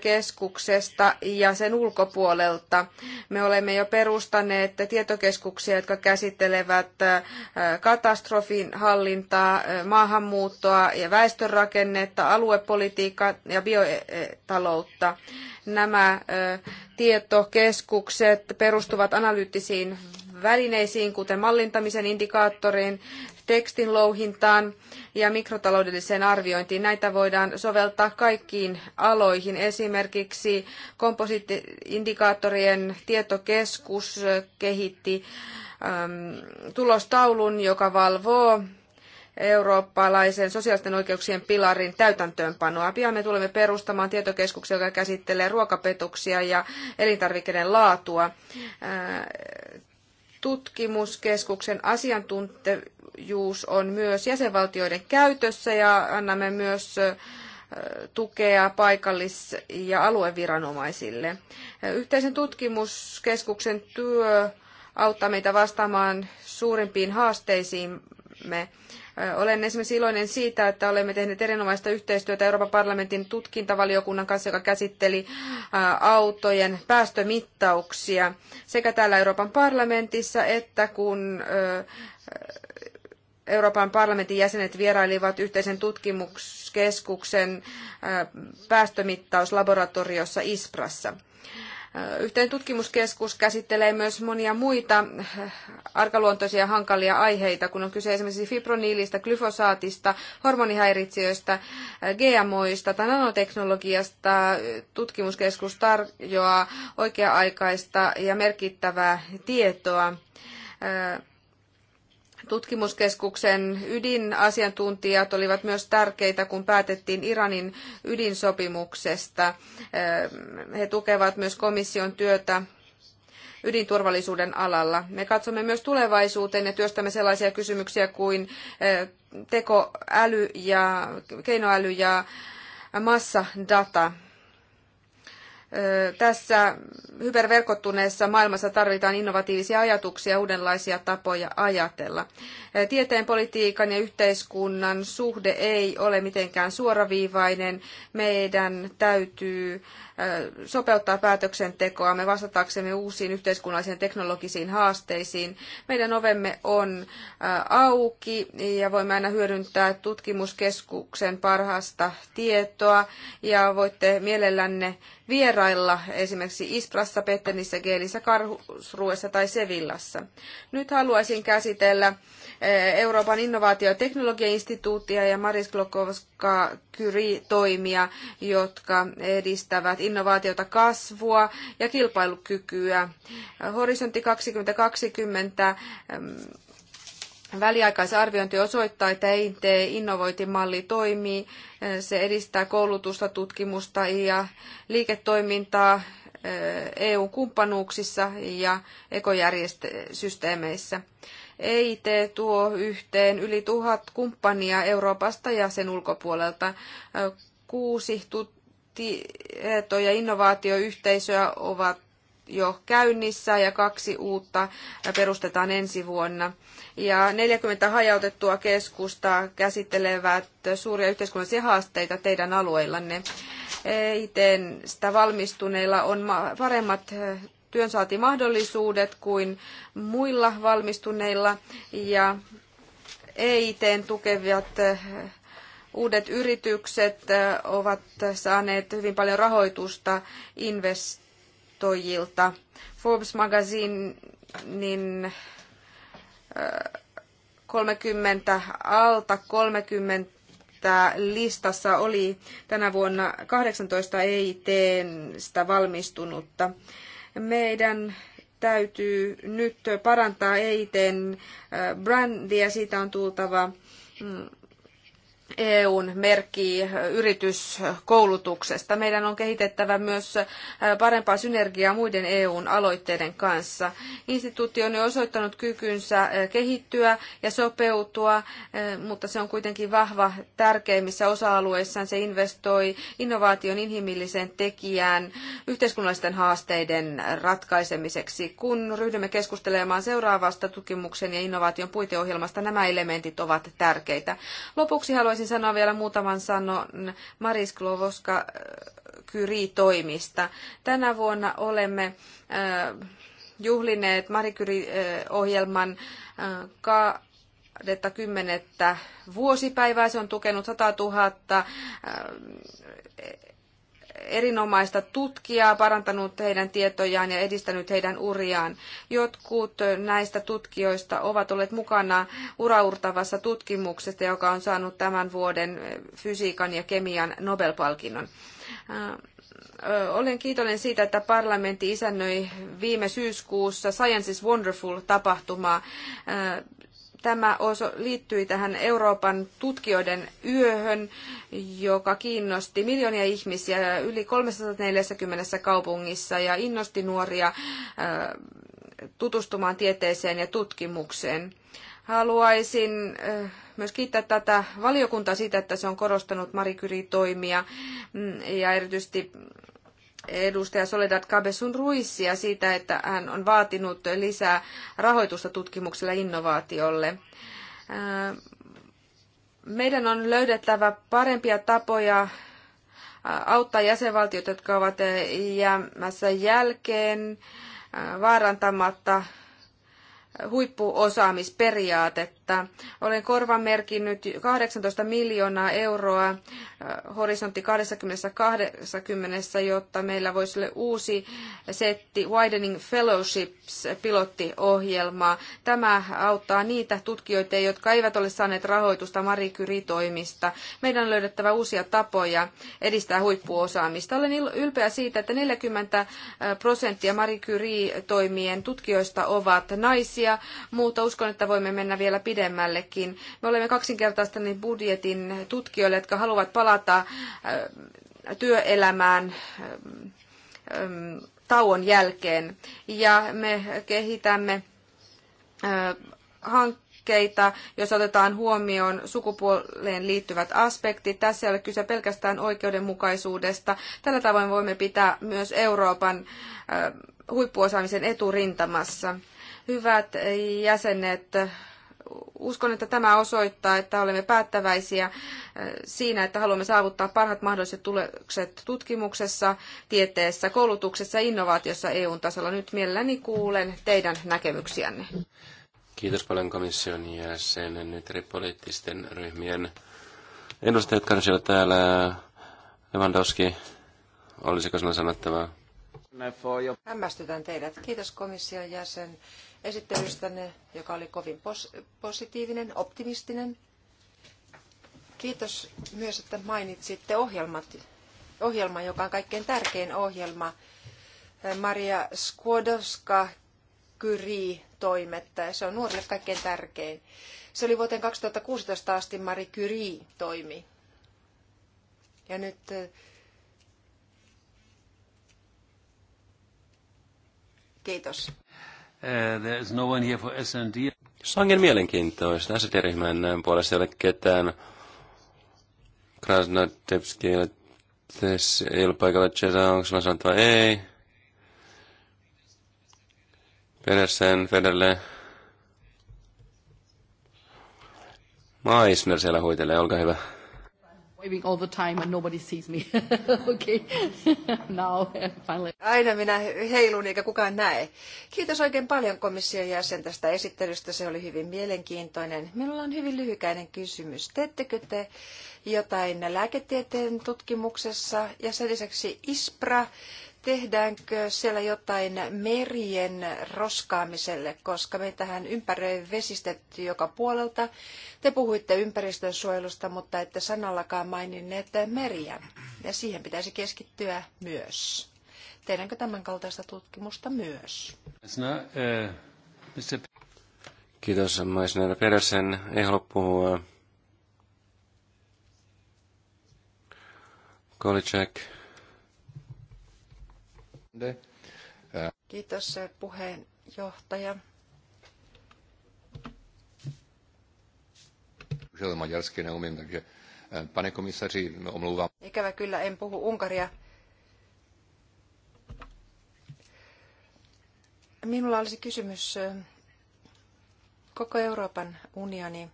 keskuksesta ja sen ulkopuolelta. Me olemme jo perustaneet tietokeskuksia, jotka käsittelevät katastrofin hallintaa, maahanmuuttoa ja väestörakennetta, aluepolitiikkaa ja biotaloutta. Nämä tietokeskukset perustuvat analyyttisiin välineisiin, kuten mallintamisen indikaattoriin, tekstin louhintaan ja mikrotaloudelliseen arviointiin. Näitä voidaan soveltaa kaikkiin aloihin, esimerkiksi komposiittiindikaattorien tietokeskus kehitti tulostaulun, joka valvoo eurooppalaisen sosiaalisten oikeuksien pilarin täytäntöönpanoa. Pian me tulemme perustamaan tietokeskuksen, joka käsittelee ruokapetuksia ja elintarvikkeiden laatua tutkimuskeskuksen asiantuntijuus on myös jäsenvaltioiden käytössä ja annamme myös tukea paikallis- ja alueviranomaisille. Yhteisen tutkimuskeskuksen työ auttaa meitä vastaamaan suurimpiin haasteisiimme olen esimerkiksi iloinen siitä, että olemme tehneet erinomaista yhteistyötä Euroopan parlamentin tutkintavaliokunnan kanssa, joka käsitteli autojen päästömittauksia sekä täällä Euroopan parlamentissa että kun Euroopan parlamentin jäsenet vierailivat yhteisen tutkimuskeskuksen päästömittauslaboratoriossa Isprassa. Yhteen tutkimuskeskus käsittelee myös monia muita äh, arkaluontoisia hankalia aiheita, kun on kyse esimerkiksi fibroniilista, glyfosaatista, hormonihäiritsijöistä, äh, GMOista tai nanoteknologiasta. Tutkimuskeskus tarjoaa oikea-aikaista ja merkittävää tietoa äh, Tutkimuskeskuksen ydinasiantuntijat olivat myös tärkeitä, kun päätettiin Iranin ydinsopimuksesta. Ehm, he tukevat myös komission työtä ydinturvallisuuden alalla. Me katsomme myös tulevaisuuteen ja työstämme sellaisia kysymyksiä kuin eh, tekoäly ja keinoäly ja massadata. Tässä hyperverkottuneessa maailmassa tarvitaan innovatiivisia ajatuksia ja uudenlaisia tapoja ajatella. Tieteen, politiikan ja yhteiskunnan suhde ei ole mitenkään suoraviivainen. Meidän täytyy sopeuttaa päätöksentekoa me vastataksemme uusiin yhteiskunnallisiin teknologisiin haasteisiin. Meidän ovemme on auki ja voimme aina hyödyntää tutkimuskeskuksen parhaasta tietoa ja voitte mielellänne vierailla esimerkiksi Isprassa, Pettenissä, Geelissä, Karhusruessa tai Sevillassa. Nyt haluaisin käsitellä eh, Euroopan innovaatio- ja teknologiainstituuttia ja Maris Glokowska Kyri-toimia, jotka edistävät innovaatiota kasvua ja kilpailukykyä. Horisontti 2020 Väliaikaisarviointi osoittaa, että eit innovointimalli toimii. Se edistää koulutusta, tutkimusta ja liiketoimintaa EU-kumppanuuksissa eh, e ja ekojärjestelmeissä. EIT tuo yhteen yli tuhat kumppania Euroopasta ja sen ulkopuolelta. Kuusi tieto- ja innovaatioyhteisöä ovat jo käynnissä ja kaksi uutta perustetaan ensi vuonna. Ja 40 hajautettua keskusta käsittelevät suuria yhteiskunnallisia haasteita teidän alueillanne. Eiten sitä valmistuneilla on paremmat työnsaantimahdollisuudet kuin muilla valmistuneilla ja EITn tukevat uudet yritykset ovat saaneet hyvin paljon rahoitusta invest johtajilta. Forbes Magazinein 30 äh, alta 30 listassa oli tänä vuonna 18 EIT-stä valmistunutta. Meidän täytyy nyt parantaa eit äh, brändiä, siitä on tultava mm, EUn merkki yrityskoulutuksesta. Meidän on kehitettävä myös äh, parempaa synergiaa muiden EUn aloitteiden kanssa. Instituutio on jo osoittanut kykynsä äh, kehittyä ja sopeutua, äh, mutta se on kuitenkin vahva tärkeimmissä osa-alueissaan. Se investoi innovaation inhimilliseen tekijään yhteiskunnallisten haasteiden ratkaisemiseksi. Kun ryhdymme keskustelemaan seuraavasta tutkimuksen ja innovaation puiteohjelmasta, nämä elementit ovat tärkeitä. Lopuksi haluaisin haluaisin sanoa vielä muutaman sanon Maris Klovoska äh, Kyri-toimista. Tänä vuonna olemme äh, juhlineet Marikyri-ohjelman äh, kahdetta kymmenettä vuosipäivää. Se on tukenut 100 000 erinomaista tutkijaa, parantanut heidän tietojaan ja edistänyt heidän uriaan. Jotkut näistä tutkijoista ovat olleet mukana uraurtavassa tutkimuksesta, joka on saanut tämän vuoden fysiikan ja kemian Nobel-palkinnon äh, olen kiitollinen siitä, että parlamentti isännöi viime syyskuussa Science is Wonderful-tapahtumaa. Äh, tämä oso liittyi tähän Euroopan tutkijoiden yöhön, joka kiinnosti miljoonia ihmisiä yli 340 kaupungissa ja innosti nuoria äh, tutustumaan tieteeseen ja tutkimukseen. Haluaisin äh, myös kiittää tätä valiokuntaa siitä, että se on korostanut Marie Curie-toimia mm, ja erityisesti edustaja Soledad Cabesun Ruissia siitä, että hän on vaatinut lisää rahoitusta tutkimukselle ja innovaatiolle. Äh, meidän on löydettävä parempia tapoja äh, auttaa jäsenvaltiot, jotka ovat äh, jäämässä jälkeen vaarantamatta huippuosaamisperiaatetta että olen korvamerkinnyt 18 miljoonaa euroa äh, horisontti 2020, jotta meillä voisi olla uusi setti Widening Fellowships-pilottiohjelmaa. Tämä auttaa niitä tutkijoita, jotka eivät ole saaneet rahoitusta Marie Curie-toimista. Meidän on löydettävä uusia tapoja edistää huippuosaamista. Olen ylpeä siitä, että 40 äh, prosenttia Marie Curie-toimien tutkijoista ovat naisia, mutta uskon, että voimme mennä vielä pidemmälle pidemmällekin. Me olemme kaksinkertaistaneet budjetin tutkijoille, jotka haluavat palata työelämään tauon jälkeen. Ja me kehitämme hankkeita, jos otetaan huomioon sukupuoleen liittyvät aspektit. Tässä ei ole kyse pelkästään oikeudenmukaisuudesta. Tällä tavoin voimme pitää myös Euroopan huippuosaamisen eturintamassa. Hyvät jäsenet, uskon, että tämä osoittaa, että olemme päättäväisiä äh, siinä, että haluamme saavuttaa parhaat mahdolliset tulokset tutkimuksessa, tieteessä, koulutuksessa ja innovaatiossa EU-tasolla. Nyt mielelläni kuulen teidän näkemyksiänne. Kiitos paljon komission jäsenen Nyt eri poliittisten ryhmien edustajat siellä täällä. Lewandowski, olisiko sinulla sanottavaa? Hämmästytän teidät. Kiitos komission jäsen esittelystänne, joka oli kovin pos- positiivinen, optimistinen. Kiitos myös, että mainitsitte ohjelmat, ohjelman, joka on kaikkein tärkein ohjelma. Maria Skłodowska Curie toimet. Se on nuorille kaikkein tärkein. Se oli vuoteen 2016 asti Marie Curie toimi. Ja nyt eh, Kiitos. Uh, Sangen no mielenkiintoista. sd näin puolesta ei ole ketään. Krasnodebski ei ole, ei ole paikalla. Cesar, onko mä sanottava ei? Pedersen, Federle. Maisner siellä huitelee, olkaa hyvä waving all the time and nobody sees me. okay. Now, finally. Aina minä heilun eikä kukaan näe. Kiitos oikein paljon komission jäsen tästä esittelystä. Se oli hyvin mielenkiintoinen. Minulla on hyvin lyhykäinen kysymys. Teettekö te jotain lääketieteen tutkimuksessa ja sen lisäksi ISPRA tehdäänkö siellä jotain merien roskaamiselle, koska meitähän ympäröi vesistöt joka puolelta. Te puhuitte ympäristönsuojelusta, mutta ette sanallakaan maininneet meriä, ja siihen pitäisi keskittyä myös. Tehdäänkö tämän kaltaista tutkimusta myös? Kiitos Maisner Pedersen. Ei halua puhua. Kolicek. Kiitos puheenjohtaja. pane komisaři, no, omlouvám. Ikävä kyllä en puhu unkaria. Minulla olisi kysymys koko Euroopan unioni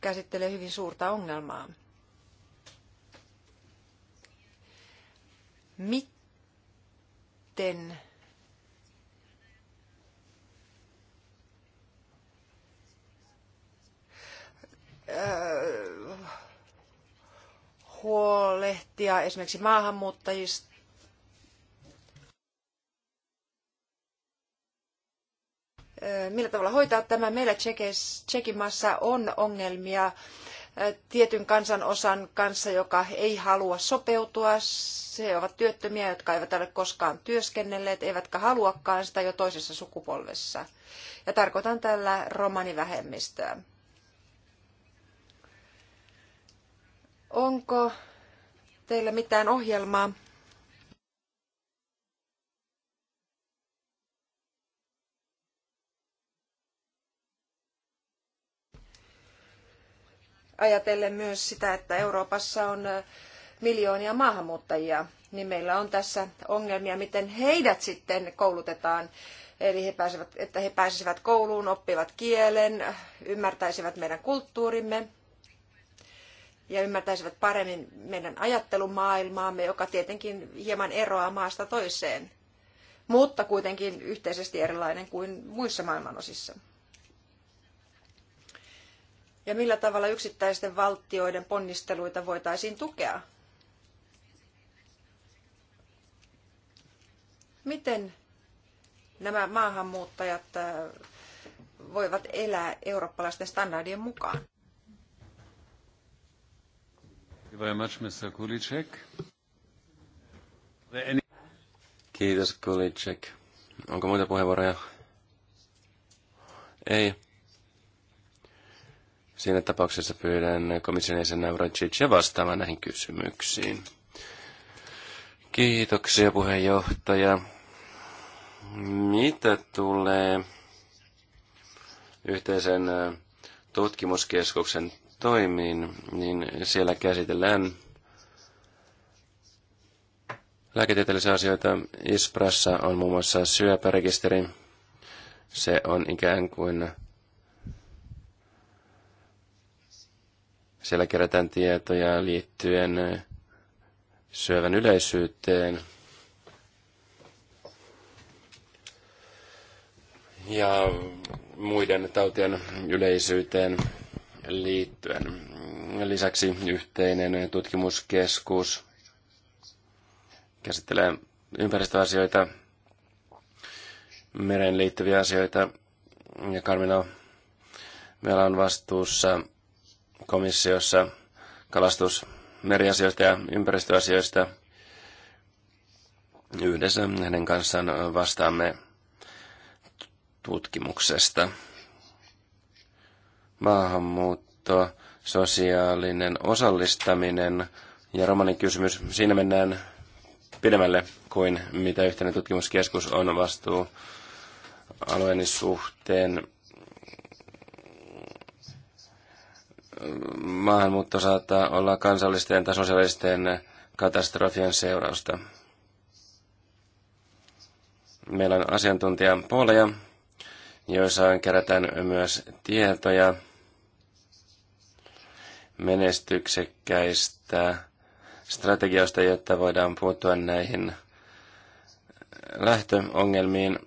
käsittelee hyvin suurta ongelmaa. Miten äh, huolehtia esimerkiksi maahanmuuttajista. Äh, millä tavalla hoitaa tämä? Meillä Tsekin maassa on ongelmia tietyn kansanosan kanssa, joka ei halua sopeutua. Se ovat työttömiä, jotka eivät ole koskaan työskennelleet, eivätkä haluakaan sitä jo toisessa sukupolvessa. Ja tarkoitan tällä romanivähemmistöä. Onko teillä mitään ohjelmaa ajatellen myös sitä, että Euroopassa on miljoonia maahanmuuttajia, niin meillä on tässä ongelmia, miten heidät sitten koulutetaan. Eli he pääsevät, että he pääsisivät kouluun, oppivat kielen, ymmärtäisivät meidän kulttuurimme ja ymmärtäisivät paremmin meidän ajattelumaailmaamme, joka tietenkin hieman eroaa maasta toiseen, mutta kuitenkin yhteisesti erilainen kuin muissa maailmanosissa ja millä tavalla yksittäisten valtioiden ponnisteluita voitaisiin tukea? Miten nämä maahanmuuttajat äh, voivat elää eurooppalaisten standardien mukaan? Kiitos, Kulicek. Onko muita puheenvuoroja? Ei. Siinä tapauksessa pyydän komission jäsen Navracicia vastaamaan näihin kysymyksiin. Kiitoksia puheenjohtaja. Mitä tulee yhteisen tutkimuskeskuksen toimiin, niin siellä käsitellään lääketieteellisiä asioita. ISPRassa on muun muassa syöpärekisteri. Se on ikään kuin Siellä kerätään tietoja liittyen syövän yleisyyteen. Ja muiden tautien yleisyyteen liittyen. Lisäksi yhteinen tutkimuskeskus käsittelee ympäristöasioita, mereen liittyviä asioita. Ja Karmina, meillä on vastuussa komissiossa kalastus, meriasioista ja ympäristöasioista. Yhdessä hänen kanssaan vastaamme tutkimuksesta. Maahanmuutto, sosiaalinen osallistaminen ja romanin kysymys. Siinä mennään pidemmälle kuin mitä yhteinen tutkimuskeskus on vastuu alueen suhteen. maahanmuutto saattaa olla kansallisten tai sosiaalisten katastrofien seurausta. Meillä on asiantuntijapooleja, joissa kerätään myös tietoja menestyksekkäistä strategioista, jotta voidaan puuttua näihin lähtöongelmiin.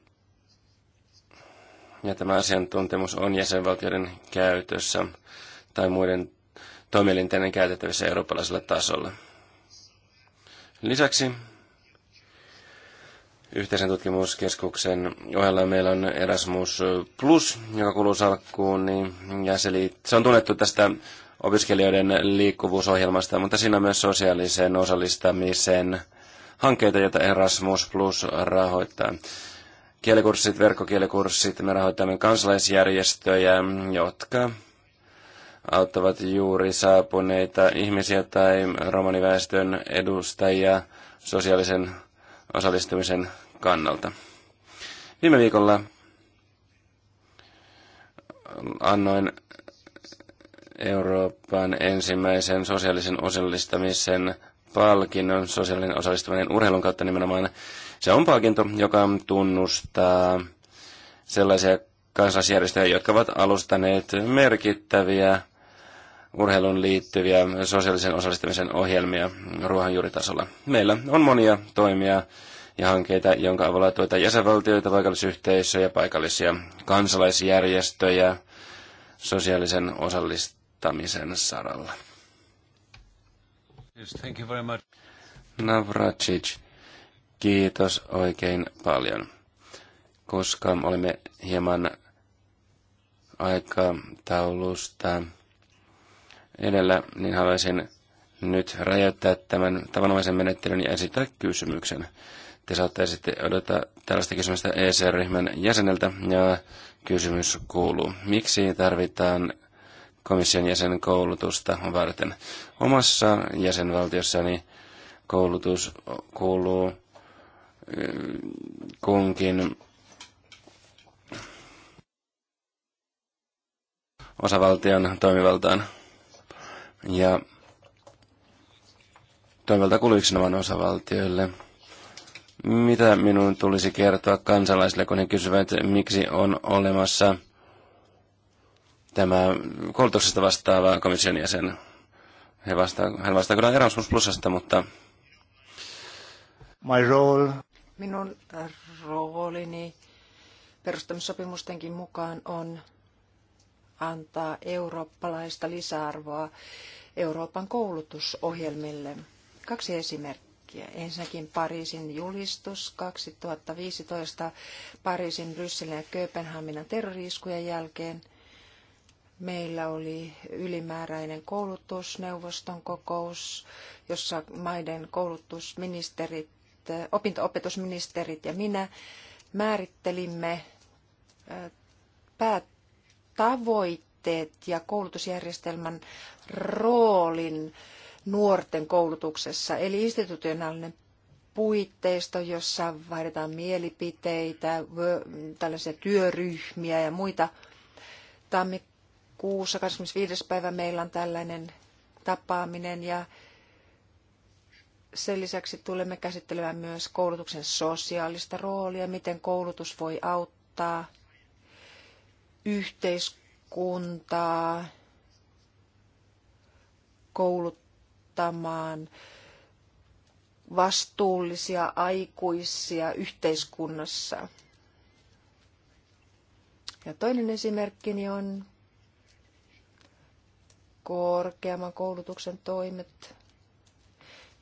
Ja tämä asiantuntemus on jäsenvaltioiden käytössä tai muiden toimielinten käytettävissä eurooppalaisella tasolla. Lisäksi yhteisen tutkimuskeskuksen ohella meillä on Erasmus Plus, joka kuuluu salkkuun, niin, ja se, se on tunnettu tästä opiskelijoiden liikkuvuusohjelmasta, mutta siinä on myös sosiaalisen osallistamisen hankkeita, joita Erasmus Plus rahoittaa. Kielikurssit, verkkokielikurssit, me rahoitamme kansalaisjärjestöjä, jotka auttavat juuri saapuneita ihmisiä tai romaniväestön edustajia sosiaalisen osallistumisen kannalta. Viime viikolla annoin Euroopan ensimmäisen sosiaalisen osallistamisen palkinnon, sosiaalinen osallistuminen urheilun kautta nimenomaan. Se on palkinto, joka tunnustaa sellaisia kansalaisjärjestöjä, jotka ovat alustaneet merkittäviä urheilun liittyviä sosiaalisen osallistumisen ohjelmia ruohonjuuritasolla. Meillä on monia toimia ja hankkeita, jonka avulla tuetaan jäsenvaltioita, paikallisyhteisöjä, paikallisia kansalaisjärjestöjä sosiaalisen osallistamisen saralla. Yes, thank you very much. Navracic, kiitos oikein paljon. Koska olemme hieman aikataulusta edellä, niin haluaisin nyt rajoittaa tämän tavanomaisen menettelyn ja esittää kysymyksen. Te saattaisitte odottaa tällaista kysymystä ECR-ryhmän jäseneltä, ja kysymys kuuluu, miksi tarvitaan komission koulutusta varten? Omassa jäsenvaltiossani koulutus kuuluu äh, kunkin osavaltion toimivaltaan ja toivelta kuuluiksenomaan osavaltioille. Mitä minun tulisi kertoa kansalaisille, kun he kysyvät, miksi on olemassa tämä koulutuksesta vastaava komission jäsen? He vastaa, hän vastaa kyllä Erasmus Plusasta, mutta... My role. Minun roolini perustamissopimustenkin mukaan on antaa eurooppalaista lisäarvoa Euroopan koulutusohjelmille. Kaksi esimerkkiä. Ensinnäkin Pariisin julistus 2015 Pariisin, Brysselin ja Kööpenhaminan terroriiskujen jälkeen – meillä oli ylimääräinen koulutusneuvoston kokous, jossa maiden koulutusministerit, opinto-opetusministerit ja minä määrittelimme päät, tavoitteet ja koulutusjärjestelmän roolin nuorten koulutuksessa, eli institutionaalinen puitteisto, jossa vaihdetaan mielipiteitä, tällaisia työryhmiä ja muita. Tammikuussa 25. päivä meillä on tällainen tapaaminen ja sen lisäksi tulemme käsittelemään myös koulutuksen sosiaalista roolia, miten koulutus voi auttaa yhteiskuntaa kouluttamaan vastuullisia aikuisia yhteiskunnassa. Ja toinen esimerkkini on korkeamman koulutuksen toimet.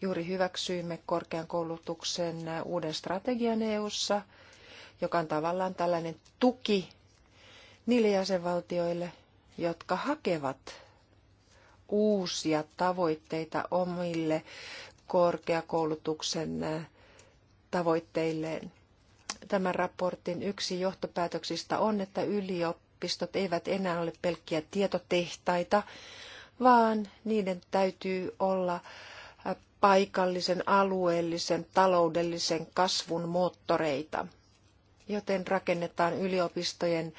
Juuri hyväksyimme korkean koulutuksen uuden strategian EU:ssa, joka on tavallaan tällainen tuki niille jäsenvaltioille, jotka hakevat uusia tavoitteita omille korkeakoulutuksen äh, tavoitteilleen. Tämän raportin yksi johtopäätöksistä on, että yliopistot eivät enää ole pelkkiä tietotehtaita, vaan niiden täytyy olla äh, paikallisen, alueellisen, taloudellisen kasvun moottoreita – joten rakennetaan yliopistojen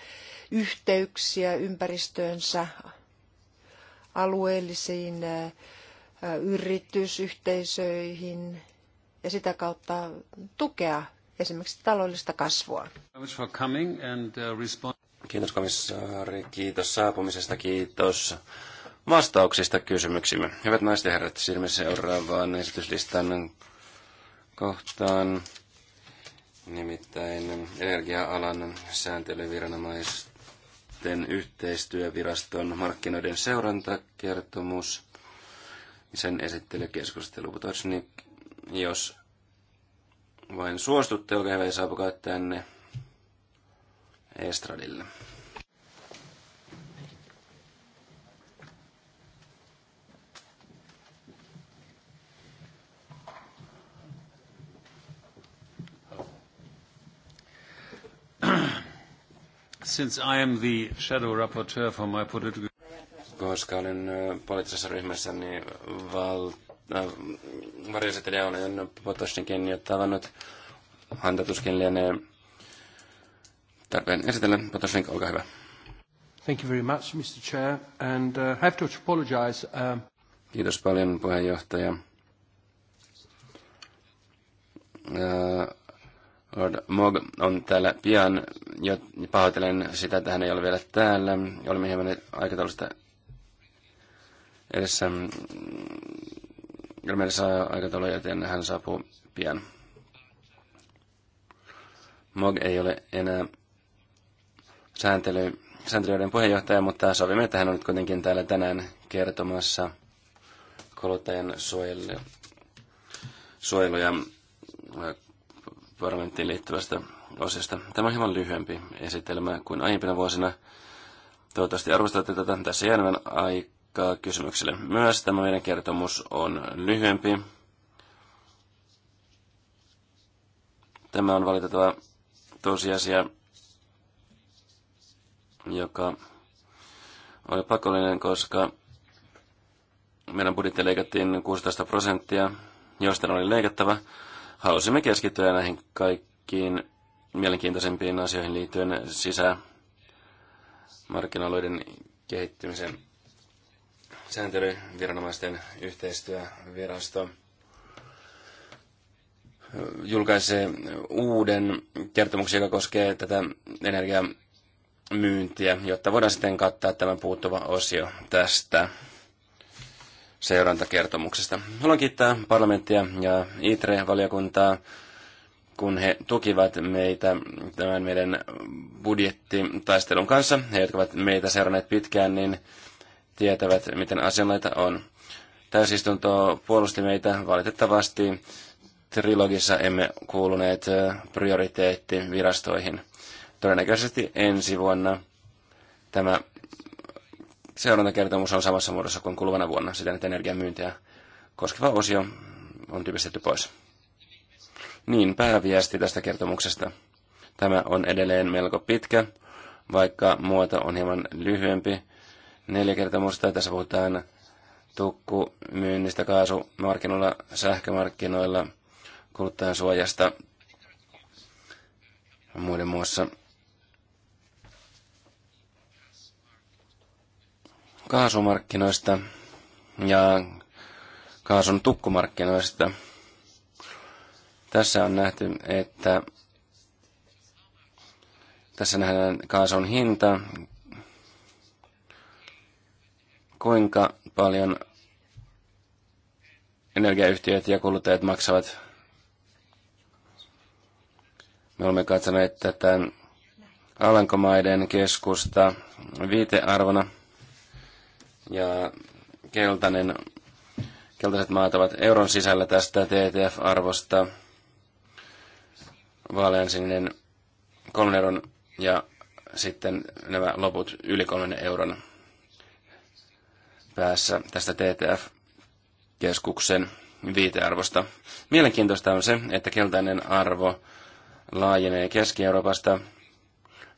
yhteyksiä ympäristöönsä alueellisiin yritysyhteisöihin ja sitä kautta tukea esimerkiksi taloudellista kasvua. Uh, kiitos komissaari, kiitos saapumisesta, kiitos vastauksista kysymyksimme. Hyvät naiset ja herrat, siirrymme seuraavaan esityslistan kohtaan nimittäin energia-alan sääntelyviranomaisten yhteistyöviraston markkinoiden seurantakertomus. Sen esittelykeskustelu niin jos vain suostutte, olkaa hyvä ja saapukaa tänne estradille. Since I am the shadow rapporteur for my political... Koska olen poliittisessa ryhmässä, niin val... Äh, varjoesittelijä olen Potosnikin jo tavannut. Häntä tuskin lienee tarpeen esitellä. Potosnik, olkaa hyvä. Thank you very much, Mr. Chair, and uh, I have to apologize. Uh... Kiitos paljon, puheenjohtaja. Uh, Lord Mog on täällä pian, jo pahoitelen sitä, että hän ei ole vielä täällä. Olemme hieman aikataulusta edessä. Meillä saa aikataulu, joten hän saapuu pian. Mog ei ole enää sääntely, sääntelyiden puheenjohtaja, mutta sovimme, että hän on nyt kuitenkin täällä tänään kertomassa kuluttajan suojelu, suojelu ja parlamenttiin liittyvästä osista. Tämä on hieman lyhyempi esitelmä kuin aiempina vuosina. Toivottavasti arvostatte tätä. Tässä jää aikaa kysymyksille myös. Tämä meidän kertomus on lyhyempi. Tämä on valitettava tosiasia, joka oli pakollinen, koska meidän budjetti leikattiin 16 prosenttia, josta oli leikattava halusimme keskittyä näihin kaikkiin mielenkiintoisempiin asioihin liittyen sisämarkkinoiden kehittymisen sääntelyviranomaisten yhteistyövirasto julkaisee uuden kertomuksen, joka koskee tätä energiamyyntiä, jotta voidaan sitten kattaa tämä puuttuva osio tästä seurantakertomuksesta. Haluan kiittää parlamenttia ja ITRE-valiokuntaa, kun he tukivat meitä tämän meidän budjettitaistelun kanssa. He, jotka ovat meitä seuranneet pitkään, niin tietävät, miten asianlaita on. Täysistunto puolusti meitä valitettavasti. Trilogissa emme kuuluneet äh, prioriteettivirastoihin. Todennäköisesti ensi vuonna tämä Seurantakertomus on samassa muodossa kuin kuluvana vuonna, siten että energian myyntiä koskeva osio on typistetty pois. Niin, pääviesti tästä kertomuksesta. Tämä on edelleen melko pitkä, vaikka muoto on hieman lyhyempi. Neljä kertomusta, tässä puhutaan tukku myynnistä kaasumarkkinoilla, sähkömarkkinoilla, suojasta, muiden muassa kaasumarkkinoista ja kaasun tukkumarkkinoista. Tässä on nähty, että tässä nähdään kaasun hinta, kuinka paljon energiayhtiöt ja kuluttajat maksavat. Me olemme katsoneet tätä Alankomaiden keskusta viitearvona ja keltainen, keltaiset maat ovat euron sisällä tästä TTF-arvosta, vaaleansininen kolmen euron ja sitten nämä loput yli kolmen euron päässä tästä TTF-keskuksen viitearvosta. Mielenkiintoista on se, että keltainen arvo laajenee Keski-Euroopasta,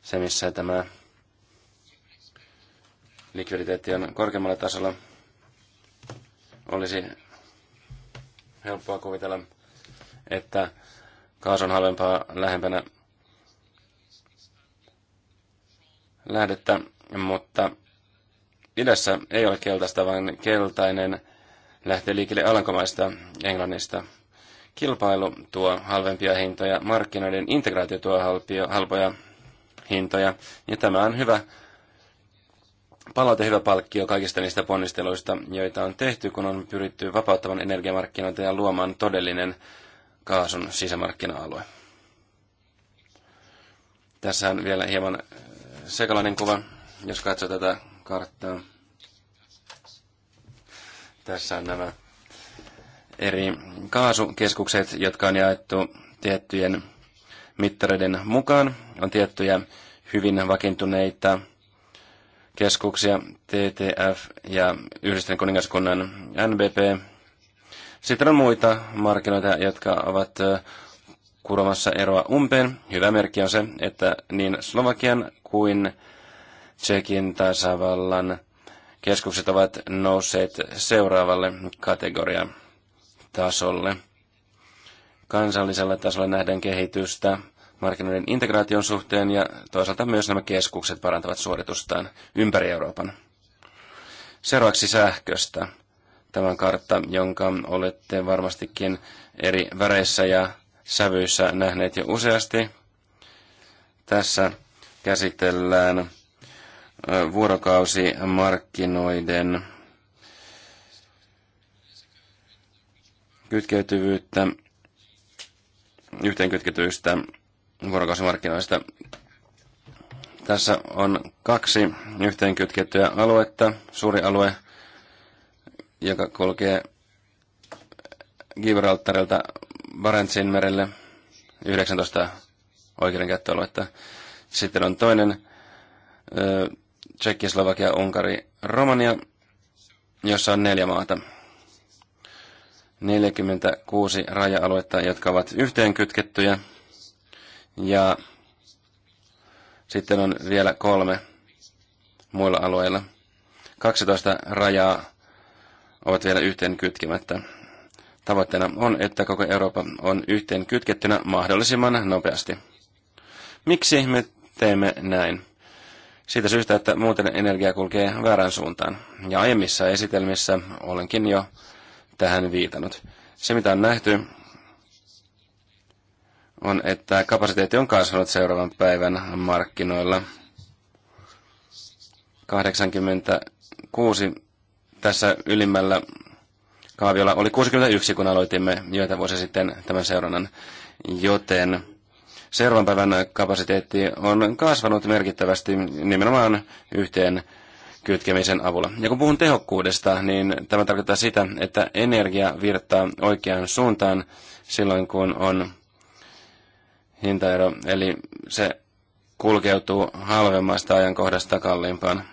se missä tämä likviditeetti on korkeammalla tasolla. Olisi helppoa kuvitella, että kaasu on halvempaa lähempänä lähdettä, mutta idässä ei ole keltaista, vaan keltainen lähtee liikkeelle Alankomaista, Englannista. Kilpailu tuo halvempia hintoja, markkinoiden integraatio tuo halpia, halpoja hintoja, ja tämä on hyvä palaute hyvä palkkio kaikista niistä ponnisteluista, joita on tehty, kun on pyritty vapauttamaan energiamarkkinoita ja luomaan todellinen kaasun sisämarkkina-alue. Tässä on vielä hieman äh, sekalainen kuva, jos katsoo tätä karttaa. Tässä on nämä eri kaasukeskukset, jotka on jaettu tiettyjen mittareiden mukaan. On tiettyjä hyvin vakiintuneita keskuksia, TTF ja Yhdistyneen kuningaskunnan NBP. Sitten on muita markkinoita, jotka ovat kuromassa eroa umpeen. Hyvä merkki on se, että niin Slovakian kuin Tsekin tasavallan keskukset ovat nousseet seuraavalle kategoriatasolle. Kansallisella tasolla nähdään kehitystä markkinoiden integraation suhteen ja toisaalta myös nämä keskukset parantavat suoritustaan ympäri Euroopan. Seuraavaksi sähköstä. Tämä on kartta, jonka olette varmastikin eri väreissä ja sävyissä nähneet jo useasti. Tässä käsitellään vuorokausimarkkinoiden kytkeytyvyyttä, yhteenkytketyistä vuorokausimarkkinoista. Tässä on kaksi yhteenkytkettyä aluetta. Suuri alue, joka kulkee Gibraltarilta Barentsin merelle 19 oikeudenkäyttöaluetta. Sitten on toinen Tsekki, Slovakia, Unkari, Romania, jossa on neljä maata. 46 raja-aluetta, jotka ovat yhteenkytkettyjä. Ja sitten on vielä kolme muilla alueilla. 12 rajaa ovat vielä yhteen kytkemättä. Tavoitteena on, että koko Eurooppa on yhteen kytkettynä mahdollisimman nopeasti. Miksi me teemme näin? Siitä syystä, että muuten energia kulkee väärään suuntaan. Ja aiemmissa esitelmissä olenkin jo tähän viitannut. Se, mitä on nähty, on, että kapasiteetti on kasvanut seuraavan päivän markkinoilla. 86 tässä ylimmällä kaaviolla oli 61, kun aloitimme joita vuosi sitten tämän seurannan, joten seuraavan päivän kapasiteetti on kasvanut merkittävästi nimenomaan yhteen kytkemisen avulla. Ja kun puhun tehokkuudesta, niin tämä tarkoittaa sitä, että energia virtaa oikeaan suuntaan silloin, kun on hintaero, eli se kulkeutuu halvemmasta ajankohdasta kalliimpaan.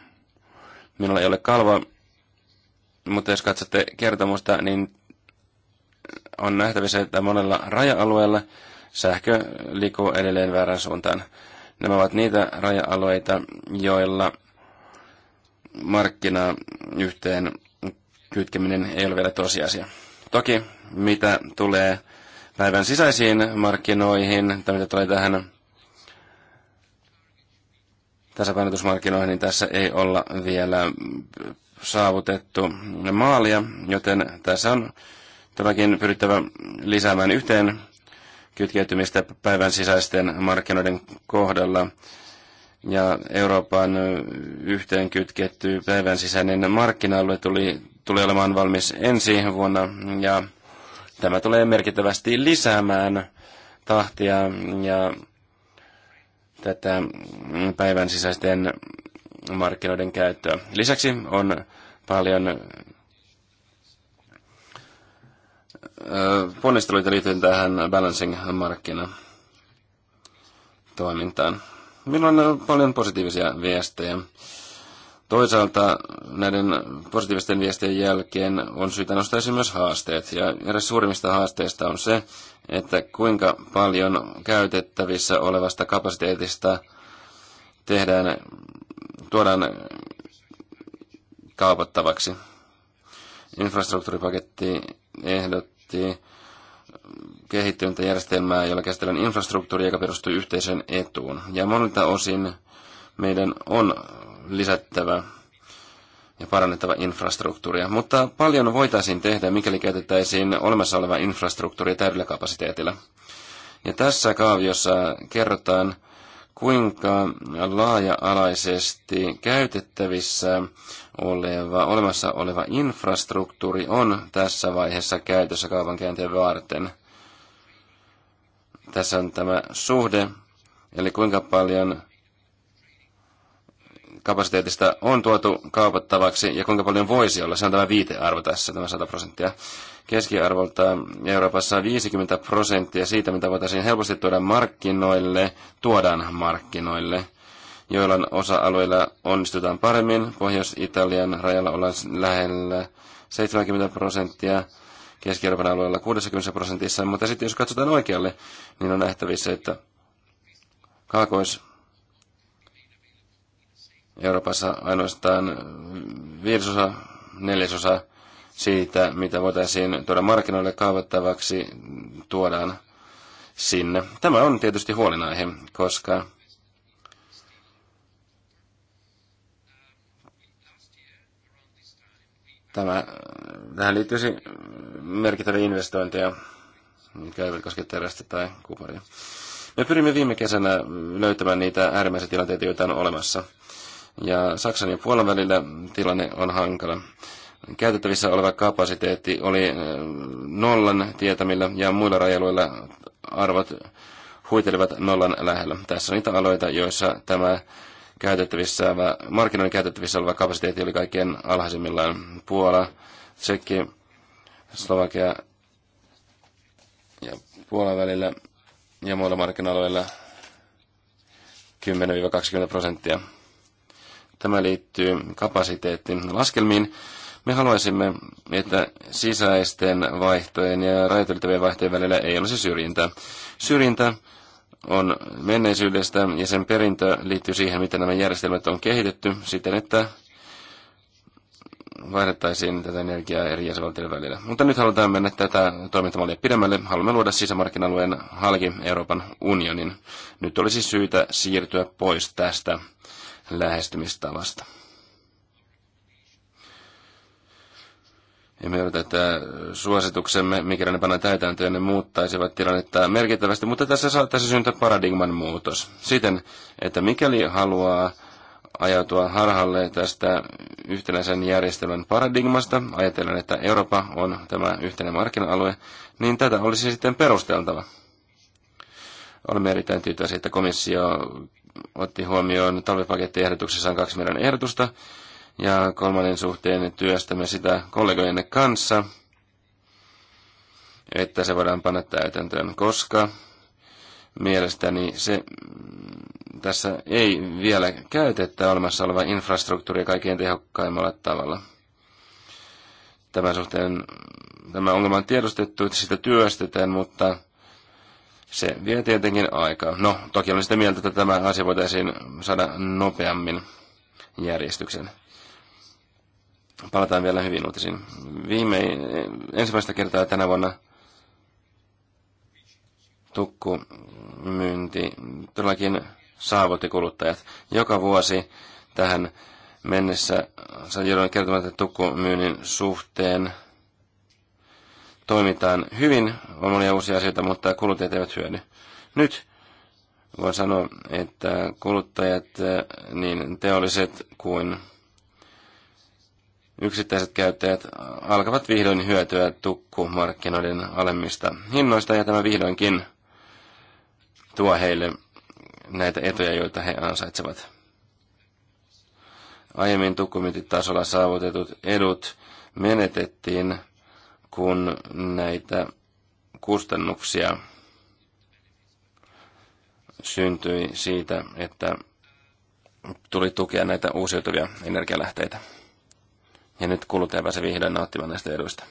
Minulla ei ole kalvo, mutta jos katsotte kertomusta, niin on nähtävissä, että monella raja-alueella sähkö liikkuu edelleen väärän suuntaan. Nämä ovat niitä raja-alueita, joilla markkinaa yhteen kytkeminen ei ole vielä tosiasia. Toki mitä tulee päivän sisäisiin markkinoihin, tai mitä tulee tähän tasapainotusmarkkinoihin, niin tässä ei olla vielä saavutettu maalia, joten tässä on todellakin pyrittävä lisäämään yhteen kytkeytymistä päivän sisäisten markkinoiden kohdalla. Ja Euroopan yhteen kytketty päivän sisäinen markkina-alue tuli, tuli olemaan valmis ensi vuonna ja Tämä tulee merkittävästi lisäämään tahtia ja tätä päivän sisäisten markkinoiden käyttöä. Lisäksi on paljon ponnisteluita liittyen tähän balancing-markkina toimintaan. Meillä on paljon positiivisia viestejä Toisaalta näiden positiivisten viestien jälkeen on syytä nostaa esiin myös haasteet. Ja eräs suurimmista haasteista on se, että kuinka paljon käytettävissä olevasta kapasiteetista tehdään, tuodaan kaupattavaksi. Infrastruktuuripaketti ehdotti kehittynyttä järjestelmää, jolla käsitellään infrastruktuuria, joka perustuu yhteisön etuun. Ja monilta osin meidän on lisättävä ja parannettava infrastruktuuria. Mutta paljon voitaisiin tehdä, mikäli käytettäisiin olemassa olevaa infrastruktuuria täydellä kapasiteetilla. Ja tässä kaaviossa kerrotaan, kuinka laaja-alaisesti käytettävissä oleva, olemassa oleva infrastruktuuri on tässä vaiheessa käytössä kaupankäyntiä varten. Tässä on tämä suhde, eli kuinka paljon kapasiteetista on tuotu kaupattavaksi ja kuinka paljon voisi olla. Se on tämä viitearvo tässä, tämä 100 prosenttia. Keskiarvolta Euroopassa 50 prosenttia siitä, mitä voitaisiin helposti tuoda markkinoille, tuodaan markkinoille. Joillain osa-alueilla onnistutaan paremmin. Pohjois-Italian rajalla ollaan lähellä 70 prosenttia, Keski-Euroopan alueella 60 prosentissa, mutta sitten jos katsotaan oikealle, niin on nähtävissä, että Kaakois- Euroopassa ainoastaan viidesosa, neljäsosa siitä, mitä voitaisiin tuoda markkinoille kaavattavaksi, tuodaan sinne. Tämä on tietysti huolenaihe, koska tämä, tähän liittyisi merkittäviä investointeja, mikä ei koske terästä tai kuparia. Me pyrimme viime kesänä löytämään niitä äärimmäisiä tilanteita, joita on olemassa ja Saksan ja Puolan välillä tilanne on hankala. Käytettävissä oleva kapasiteetti oli äh, nollan tietämillä ja muilla rajaluilla arvot huitelevat nollan lähellä. Tässä on niitä aloita, joissa tämä käytettävissä, äh, markkinoiden käytettävissä oleva kapasiteetti oli kaikkein alhaisimmillaan. Puola, Tsekki, Slovakia ja Puolan välillä ja muilla markkinoilla 10-20 prosenttia. Tämä liittyy kapasiteettin laskelmiin. Me haluaisimme, että sisäisten vaihtojen ja rajoiteltavien vaihtojen välillä ei olisi syrjintää. Syrjintä on menneisyydestä ja sen perintö liittyy siihen, miten nämä järjestelmät on kehitetty siten, että vaihdettaisiin tätä energiaa eri jäsenvaltioiden välillä. Mutta nyt halutaan mennä tätä toimintamallia pidemmälle. Haluamme luoda sisämarkkinalueen halki Euroopan unionin. Nyt olisi syytä siirtyä pois tästä lähestymistavasta. Emme odota, että suosituksemme, mikä ne pannaan täytäntöön, ne muuttaisivat tilannetta merkittävästi, mutta tässä saattaisi syntyä paradigman muutos. Siten, että mikäli haluaa ajautua harhalle tästä yhtenäisen järjestelmän paradigmasta, ajatellen, että Eurooppa on tämä yhteinen markkina-alue, niin tätä olisi sitten perusteltava. Olemme erittäin tyytyväisiä, että komissio otti huomioon talvipakettiehdotuksessaan kaksi meidän ehdotusta, ja kolmannen suhteen työstämme sitä kollegojenne kanssa, että se voidaan panna täytäntöön, koska mielestäni se mm, tässä ei vielä käytetä olemassa oleva infrastruktuuria kaikkien tehokkaimmalla tavalla. Tämän suhteen mm, tämä ongelma on tiedostettu, että sitä työstetään, mutta se vie tietenkin aikaa. No, toki olen sitä mieltä, että tämä asia voitaisiin saada nopeammin järjestyksen. Palataan vielä hyvin uutisiin. Viime, ensimmäistä kertaa tänä vuonna tukkumyynti todellakin saavutti kuluttajat. Joka vuosi tähän mennessä, se joudun kertomaan, että tukkumyynnin suhteen toimitaan hyvin, on monia uusia asioita, mutta kuluttajat eivät hyödy. Nyt voin sanoa, että kuluttajat, eh, niin teolliset kuin yksittäiset käyttäjät alkavat vihdoin hyötyä tukkumarkkinoiden alemmista hinnoista, ja tämä vihdoinkin tuo heille näitä etuja, joita he ansaitsevat. Aiemmin tukkumintitasolla saavutetut edut menetettiin – kun näitä kustannuksia syntyi siitä, että tuli tukea näitä uusiutuvia energialähteitä. Ja nyt kuluttaja pääsee vihdoin nauttimaan näistä eduista.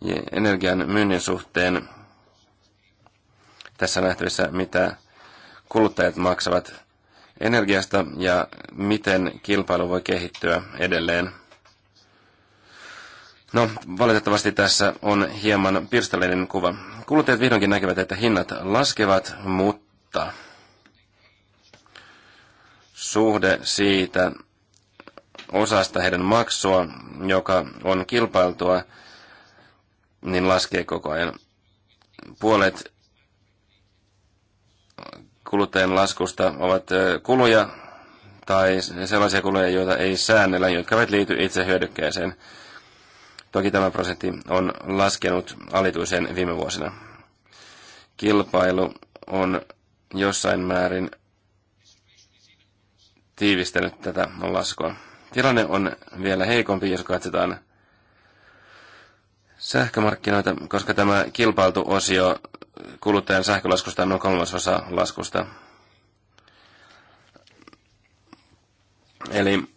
Ja energian myynnin suhteen tässä nähtävissä, mitä kuluttajat maksavat energiasta ja miten kilpailu voi kehittyä edelleen – No, valitettavasti tässä on hieman pirstaleinen kuva. Kuluttajat vihdoinkin näkevät, että hinnat laskevat, mutta suhde siitä osasta heidän maksua, joka on kilpailtua, niin laskee koko ajan. Puolet kuluttajan laskusta ovat kuluja tai sellaisia kuluja, joita ei säännellä, jotka eivät liity itse hyödykkeeseen. Toki tämä prosentti on laskenut alituisen viime vuosina. Kilpailu on jossain määrin tiivistänyt tätä laskua. Tilanne on vielä heikompi, jos katsotaan sähkömarkkinoita, koska tämä kilpailtu osio kuluttajan sähkölaskusta on noin kolmasosa laskusta. Eli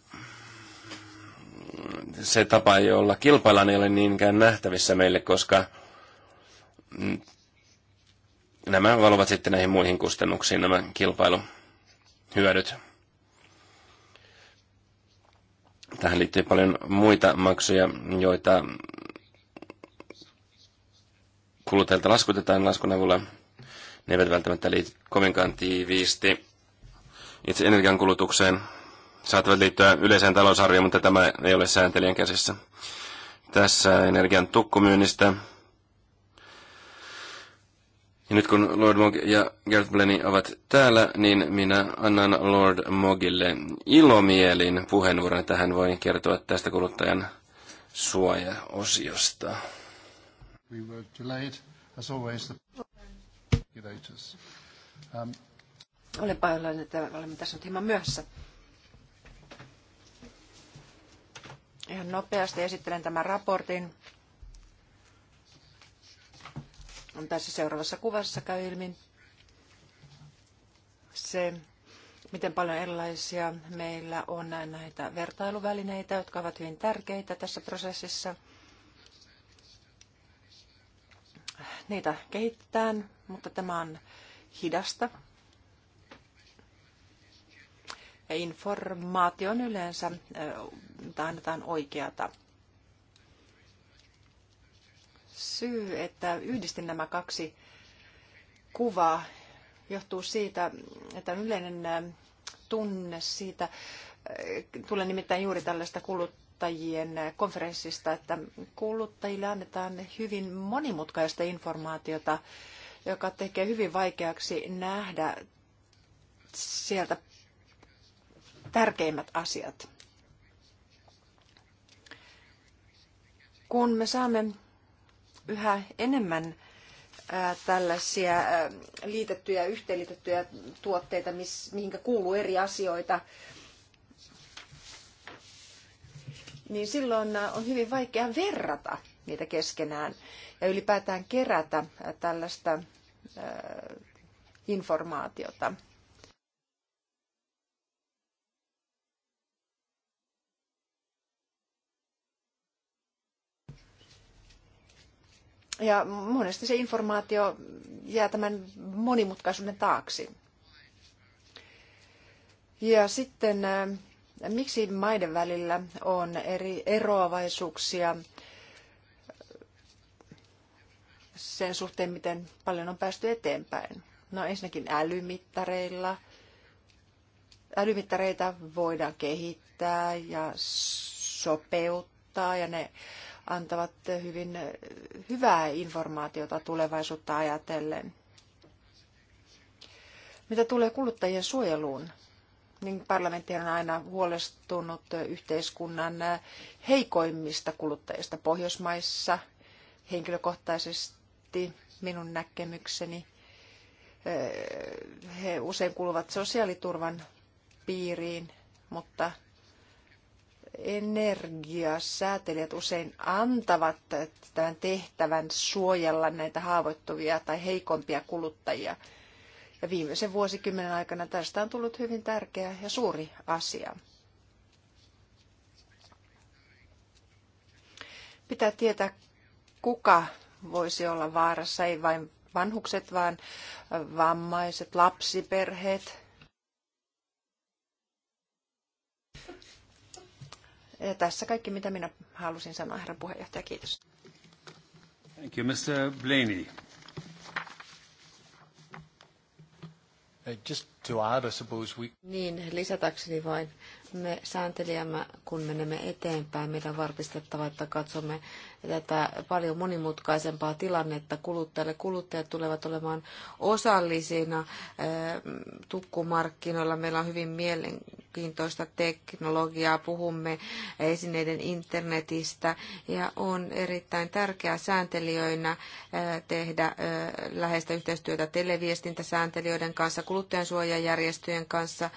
se tapa, jolla kilpaillaan ei ole niinkään nähtävissä meille, koska nämä valuvat sitten näihin muihin kustannuksiin, nämä kilpailuhyödyt. Tähän liittyy paljon muita maksuja, joita kuluttajilta laskutetaan laskun avulla. Ne eivät välttämättä liity kovinkaan tiiviisti itse energiankulutukseen saattavat liittyä yleiseen talousarvioon, mutta tämä ei ole sääntelijän käsissä. Tässä energian tukkumyynnistä. Ja nyt kun Lord Mog ja Gert Blenny ovat täällä, niin minä annan Lord Mogille ilomielin puheenvuoron, että hän voi kertoa tästä kuluttajan suojaosiosta. We were delayed, as always, the Um... Olen pahoillani, että olemme tässä nyt hieman myöhässä. Ihan nopeasti esittelen tämän raportin. On tässä seuraavassa kuvassa käy ilmi se, miten paljon erilaisia meillä on näitä vertailuvälineitä, jotka ovat hyvin tärkeitä tässä prosessissa. Niitä kehitetään, mutta tämä on hidasta ja informaatio on yleensä, annetaan oikeata. Syy, että yhdistin nämä kaksi kuvaa, johtuu siitä, että on yleinen tunne siitä, tulee nimittäin juuri tällaista kuluttajien konferenssista, että kuluttajille annetaan hyvin monimutkaista informaatiota, joka tekee hyvin vaikeaksi nähdä sieltä tärkeimmät asiat. Kun me saamme yhä enemmän tällaisia liitettyjä yhteenliitettyjä tuotteita, miss, mihinkä kuuluu eri asioita, niin silloin on hyvin vaikea verrata niitä keskenään ja ylipäätään kerätä tällaista informaatiota. Ja monesti se informaatio jää tämän monimutkaisuuden taaksi. Ja sitten äh, miksi maiden välillä on eri eroavaisuuksia sen suhteen, miten paljon on päästy eteenpäin? No ensinnäkin älymittareilla. Älymittareita voidaan kehittää ja sopeuttaa ja ne antavat hyvin hyvää informaatiota tulevaisuutta ajatellen. Mitä tulee kuluttajien suojeluun, niin parlamentti on aina huolestunut yhteiskunnan heikoimmista kuluttajista Pohjoismaissa. Henkilökohtaisesti minun näkemykseni eh, he usein kuuluvat sosiaaliturvan piiriin, mutta energiasäätelijät usein antavat tämän tehtävän suojella näitä haavoittuvia tai heikompia kuluttajia. Ja viimeisen vuosikymmenen aikana tästä on tullut hyvin tärkeä ja suuri asia. Pitää tietää, kuka voisi olla vaarassa, ei vain vanhukset, vaan vammaiset, lapsiperheet, Ja tässä kaikki, mitä minä halusin sanoa, herra puheenjohtaja. Kiitos. Thank you, Mr. Blaney. Just to add, I suppose we... Niin, lisätäkseni vain me sääntelijämme, kun menemme eteenpäin, meidän on varmistettava, että katsomme tätä paljon monimutkaisempaa tilannetta kuluttajalle. Kuluttajat tulevat olemaan osallisina eh, tukkumarkkinoilla. Meillä on hyvin mielenkiintoista teknologiaa. Puhumme esineiden internetistä ja on erittäin tärkeää sääntelijöinä eh, tehdä eh, läheistä yhteistyötä televiestintäsääntelijöiden kanssa, kuluttajansuojajärjestöjen kanssa,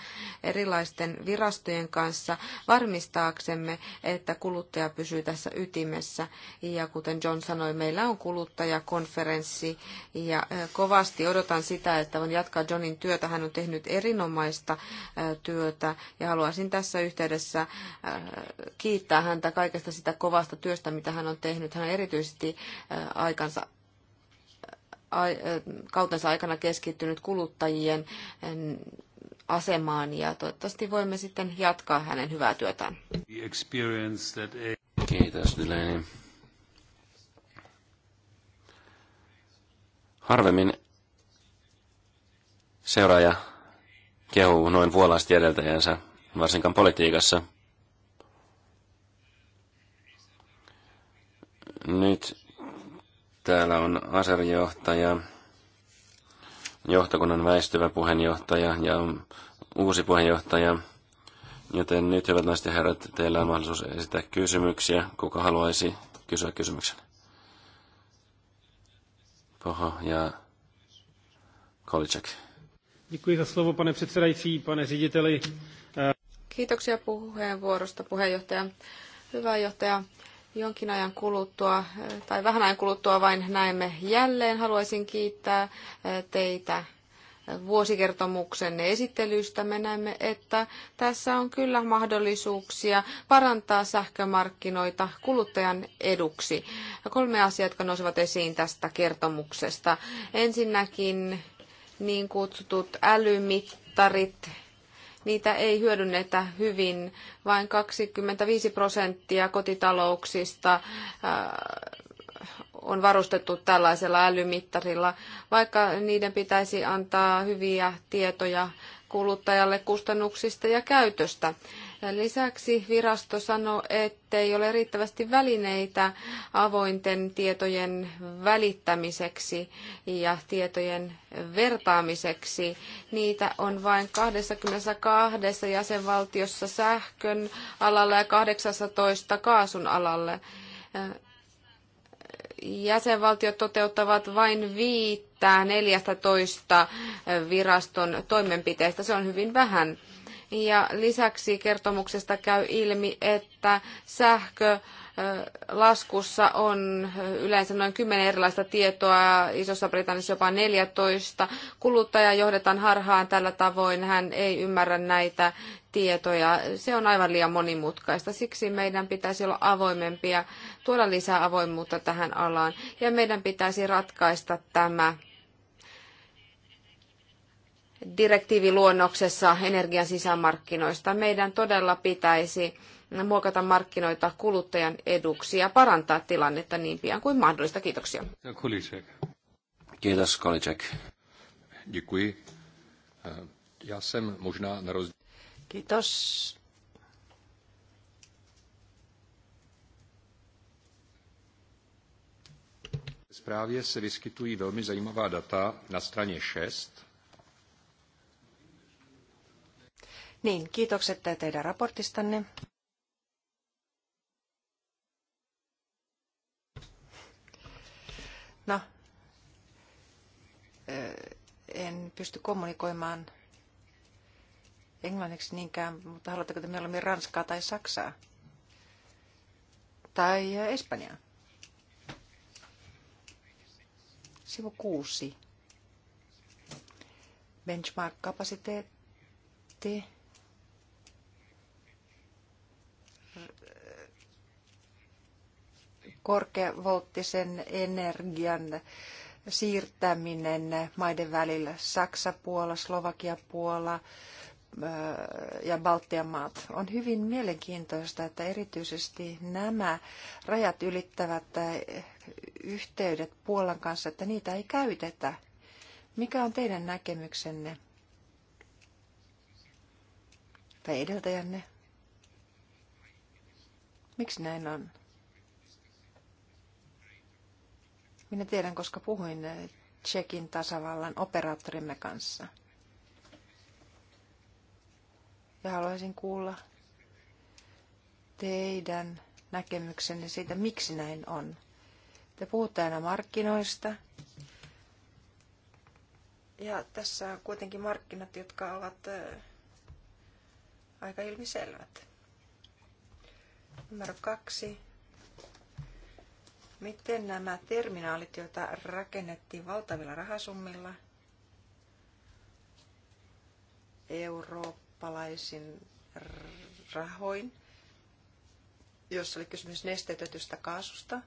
erilaisten virastojen kanssa varmistaaksemme, että kuluttaja pysyy tässä ytimessä. Ja kuten John sanoi, meillä on kuluttajakonferenssi ja kovasti odotan sitä, että voin jatkaa Johnin työtä. Hän on tehnyt erinomaista työtä ja haluaisin tässä yhteydessä kiittää häntä kaikesta sitä kovasta työstä, mitä hän on tehnyt. Hän on erityisesti aikansa kautensa aikana keskittynyt kuluttajien asemaan ja toivottavasti voimme sitten jatkaa hänen hyvää työtään. Kiitos Delaney. Harvemmin seuraaja kehuu noin vuolaasti edeltäjänsä, varsinkaan politiikassa. Nyt täällä on aserjohtaja, johtokunnan väistyvä puheenjohtaja ja uusi puheenjohtaja. Joten nyt, hyvät naiset ja herrat, teillä on mahdollisuus esittää kysymyksiä. Kuka haluaisi kysyä kysymyksen? Poho ja Kolicek. Děkuji za slovo, pane předsedající, pane řediteli. Kiitoksia puheenvuorosta, puheenjohtaja. Hyvä johtaja. Jonkin ajan kuluttua, tai vähän ajan kuluttua vain näemme jälleen. Haluaisin kiittää teitä Vuosikertomuksen esittelystä me näemme, että tässä on kyllä mahdollisuuksia parantaa sähkömarkkinoita kuluttajan eduksi. Kolme asiaa, jotka nousevat esiin tästä kertomuksesta. Ensinnäkin niin kutsutut älymittarit, niitä ei hyödynnetä hyvin. Vain 25 prosenttia kotitalouksista on varustettu tällaisella älymittarilla, vaikka niiden pitäisi antaa hyviä tietoja kuluttajalle kustannuksista ja käytöstä. Lisäksi virasto sanoi, ettei ole riittävästi välineitä avointen tietojen välittämiseksi ja tietojen vertaamiseksi. Niitä on vain 22 jäsenvaltiossa sähkön alalla ja 18 kaasun alalle jäsenvaltiot toteuttavat vain viittä 14 viraston toimenpiteistä. Se on hyvin vähän. Ja lisäksi kertomuksesta käy ilmi, että sähkö laskussa on yleensä noin 10 erilaista tietoa, Isossa Britanniassa jopa 14. Kuluttaja johdetaan harhaan tällä tavoin, hän ei ymmärrä näitä tietoja. Se on aivan liian monimutkaista, siksi meidän pitäisi olla avoimempia, tuoda lisää avoimuutta tähän alaan ja meidän pitäisi ratkaista tämä direktiiviluonnoksessa energian sisämarkkinoista. Meidän todella pitäisi muokata markkinoita kuluttajan eduksi ja parantaa tilannetta niin pian kuin mahdollista. Kiitoksia. Kolicek. Kiitos, Kolicek. Děkuji. Eh, já jsem možná na rozdíl... Kiitos. zprávě se vyskytují velmi zajímavá data na straně 6. Niin, kiitokset teidän raportistanne. No, en pysty kommunikoimaan englanniksi niinkään, mutta haluatteko te mieluummin Ranskaa tai Saksaa? Tai Espanjaa? Sivu kuusi. Benchmark-kapasiteetti. korkeavolttisen energian siirtäminen maiden välillä. Saksa, Puola, Slovakia, Puola ja Baltian maat. On hyvin mielenkiintoista, että erityisesti nämä rajat ylittävät yhteydet Puolan kanssa, että niitä ei käytetä. Mikä on teidän näkemyksenne? Tai edeltäjänne? Miksi näin on? Minä tiedän, koska puhuin Tsekin tasavallan operaattorimme kanssa. Ja haluaisin kuulla teidän näkemyksenne siitä, miksi näin on. Te puhutte aina markkinoista. Ja tässä on kuitenkin markkinat, jotka ovat aika ilmiselvät. Numero kaksi. Miten nämä terminaalit, joita rakennettiin valtavilla rahasummilla eurooppalaisin rahoin, jossa oli kysymys nesteytetystä kaasusta,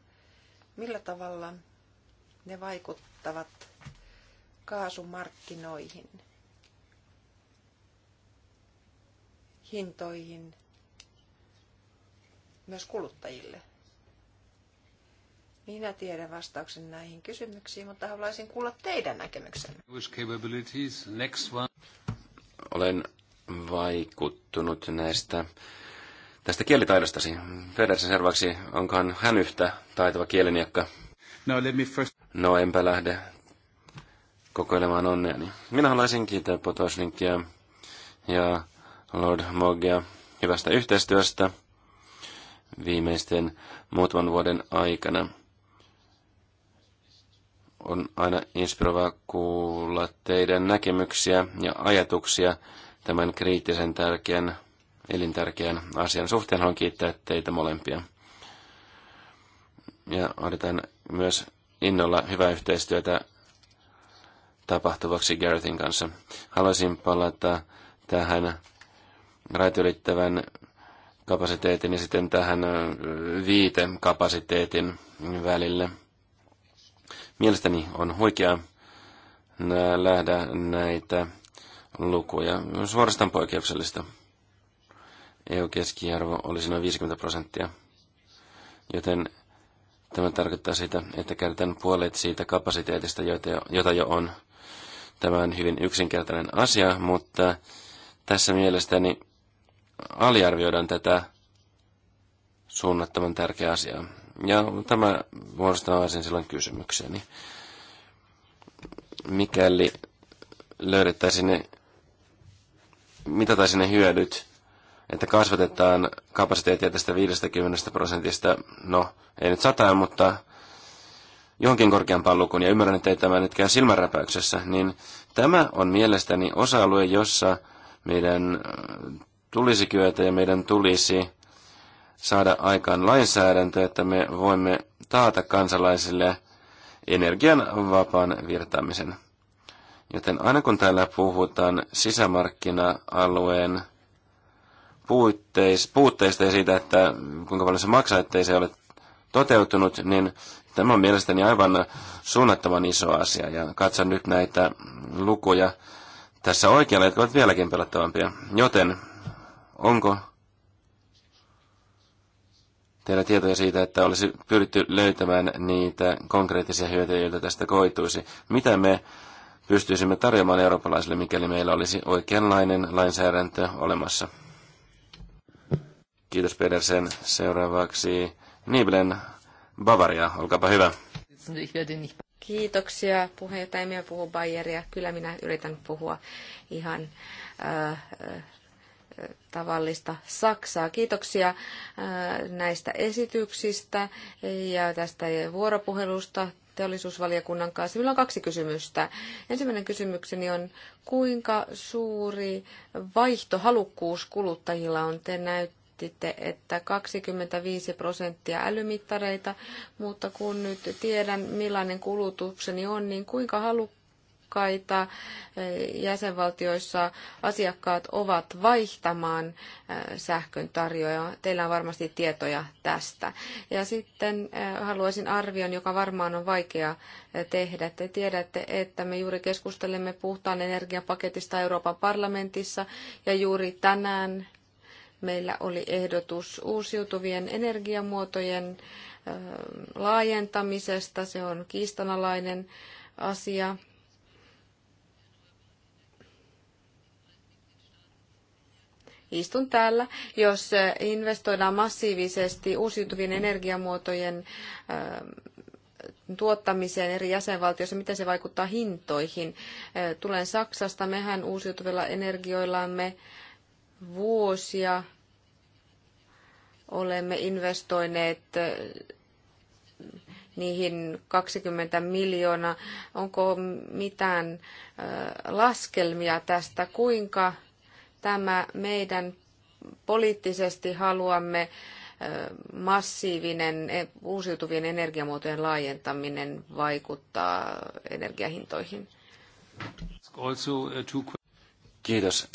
millä tavalla ne vaikuttavat kaasumarkkinoihin, hintoihin, myös kuluttajille? Minä tiedän vastauksen näihin kysymyksiin, mutta haluaisin kuulla teidän näkemyksenne. Olen vaikuttunut näistä tästä kielitaidostasi. Pedersen seuraavaksi, onkohan hän yhtä taitava kieliniakka? No, let me first... no enpä lähde kokoilemaan onneani. Minä haluaisin kiittää Potosnikia ja Lord Mogia hyvästä yhteistyöstä viimeisten muutaman vuoden aikana. On aina inspiroivaa kuulla teidän näkemyksiä ja ajatuksia tämän kriittisen tärkeän, elintärkeän asian suhteen. Haluan kiittää teitä molempia. Ja odotan myös innolla hyvää yhteistyötä tapahtuvaksi Garethin kanssa. Haluaisin palata tähän raitylittävän kapasiteetin ja sitten tähän viitekapasiteetin välille. Mielestäni on huikea äh, lähdä näitä lukuja. Suorastaan poikkeuksellista. EU-keskiarvo olisi noin 50 prosenttia, joten tämä tarkoittaa sitä, että käytetään puolet siitä kapasiteetista, jota jo on. Tämä on hyvin yksinkertainen asia, mutta tässä mielestäni aliarvioidaan tätä suunnattoman tärkeää asiaa. Ja tämä muodostaa sen silloin kysymykseni. Mikäli löydettäisiin ne, mitataisiin ne hyödyt, että kasvatetaan kapasiteettia tästä 50 prosentista, no ei nyt sataa, mutta johonkin korkeampaan lukuun, ja ymmärrän, että ei tämä nyt käy silmänräpäyksessä, niin tämä on mielestäni osa-alue, jossa meidän tulisi kyetä ja meidän tulisi saada aikaan lainsäädäntö, että me voimme taata kansalaisille energian vapaan virtaamisen. Joten aina kun täällä puhutaan sisämarkkina-alueen puutteista ja siitä, että kuinka paljon se maksaa, ettei se ole toteutunut, niin tämä on mielestäni aivan suunnattoman iso asia. Ja katson nyt näitä lukuja tässä oikealla, jotka ovat vieläkin pelottavampia. Joten onko teillä tietoja siitä, että olisi pyritty löytämään niitä konkreettisia hyötyjä, joita tästä koituisi. Mitä me pystyisimme tarjoamaan eurooppalaisille, mikäli meillä olisi oikeanlainen lainsäädäntö olemassa? Kiitos Pedersen. Seuraavaksi Niblen Bavaria, olkaapa hyvä. Kiitoksia puheenjohtaja. minä puhun Bayeria. Kyllä minä yritän puhua ihan äh, äh tavallista Saksaa. Kiitoksia äh, näistä esityksistä ja tästä vuoropuhelusta teollisuusvaliokunnan kanssa. Minulla on kaksi kysymystä. Ensimmäinen kysymykseni on, kuinka suuri vaihtohalukkuus kuluttajilla on? Te näyttitte, että 25 prosenttia älymittareita, mutta kun nyt tiedän millainen kulutukseni on, niin kuinka halukkuus asiakkaita. Äh, jäsenvaltioissa asiakkaat ovat vaihtamaan äh, sähkön Teillä on varmasti tietoja tästä. Ja sitten äh, haluaisin arvion, joka varmaan on vaikea tehdä. Te tiedätte, että me juuri keskustelemme puhtaan energiapaketista Euroopan parlamentissa ja juuri tänään meillä oli ehdotus uusiutuvien energiamuotojen laajentamisesta. Se on kiistanalainen asia. istun täällä. Jos äh, investoidaan massiivisesti uusiutuvien energiamuotojen ähm, tuottamiseen eri jäsenvaltioissa, miten se vaikuttaa hintoihin. Äh, tulen Saksasta, mehän uusiutuvilla energioillamme vuosia olemme investoineet äh, niihin 20 miljoonaa. Onko mitään laskelmia tästä, kuinka tämä meidän poliittisesti haluamme massiivinen e, uusiutuvien energiamuotojen laajentaminen vaikuttaa energiahintoihin? Uh, Kiitos.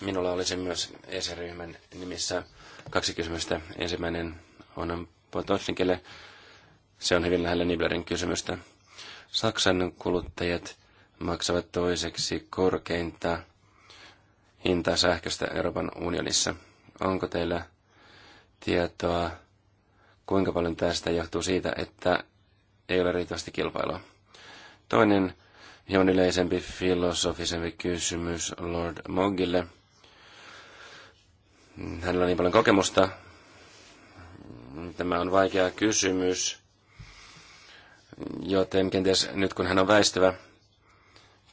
Minulla olisi myös ESE-ryhmän nimissä kaksi kysymystä. Ensimmäinen on Potosnikille. Se on hyvin lähellä Niblerin kysymystä. Saksan kuluttajat maksavat toiseksi korkeinta hintaa sähköstä Euroopan unionissa. Onko teillä tietoa, kuinka paljon tästä johtuu siitä, että ei ole riittävästi kilpailua? Toinen hieman yleisempi, filosofisempi kysymys Lord Mogille. Hänellä on niin paljon kokemusta. Tämä on vaikea kysymys, joten kenties nyt kun hän on väistyvä,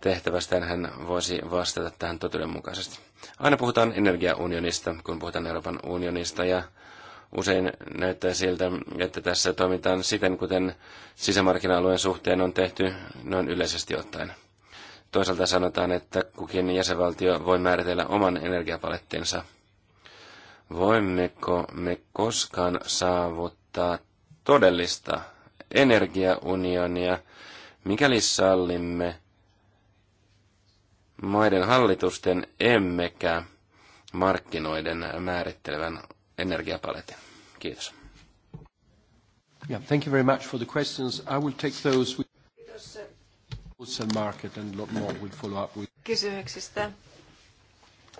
tehtävästään hän voisi vastata tähän totuudenmukaisesti. Aina puhutaan energiaunionista, kun puhutaan Euroopan unionista, ja usein näyttää siltä, että tässä toimitaan siten, kuten sisämarkkina-alueen suhteen on tehty noin yleisesti ottaen. Toisaalta sanotaan, että kukin jäsenvaltio voi määritellä oman energiapalettinsa. Voimmeko me koskaan saavuttaa todellista energiaunionia, mikäli sallimme maiden hallitusten emmekä markkinoiden määrittelevän energiapaletin. Kiitos. Yeah, thank you very much for the questions. I will take those with wholesale market and a lot more will follow up with. Kysymyksistä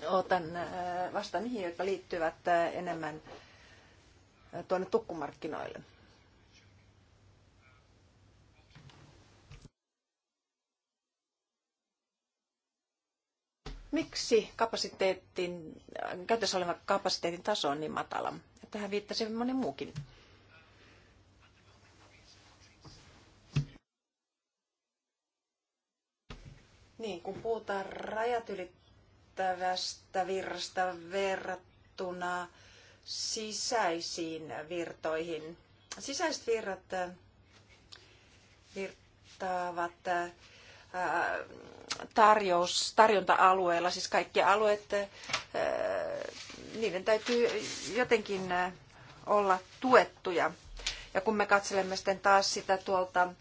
otan äh, vastaan niihin, jotka liittyvät äh, enemmän äh, tuonne tukkumarkkinoille. Miksi kapasiteetin käytössä olevan kapasiteetin taso on niin matala? tähän viittasi moni muukin. Niin, kun puhutaan rajat ylittävästä virrasta verrattuna sisäisiin virtoihin. Sisäiset virrat äh, virtaavat ää, äh, tarjous, tarjonta-alueella, siis kaikki alueet, eh, niiden täytyy jotenkin eh, olla tuettuja. Ja kun me katselemme sitten taas sitä tuolta eh,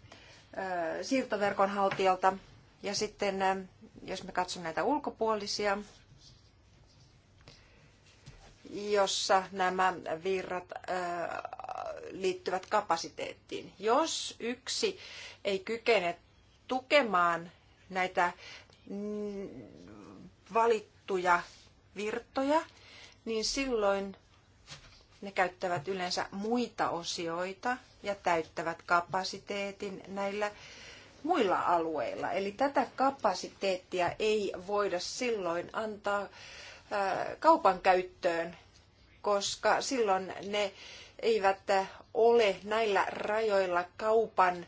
siirtoverkon haltijalta ja sitten jos me katsomme näitä ulkopuolisia, jossa nämä virrat liittyvät kapasiteettiin. Jos yksi ei kykene tukemaan näitä mm, valittuja virtoja, niin silloin ne käyttävät yleensä muita osioita ja täyttävät kapasiteetin näillä muilla alueilla. Eli tätä kapasiteettia ei voida silloin antaa kaupan käyttöön, koska silloin ne eivät ole näillä rajoilla kaupan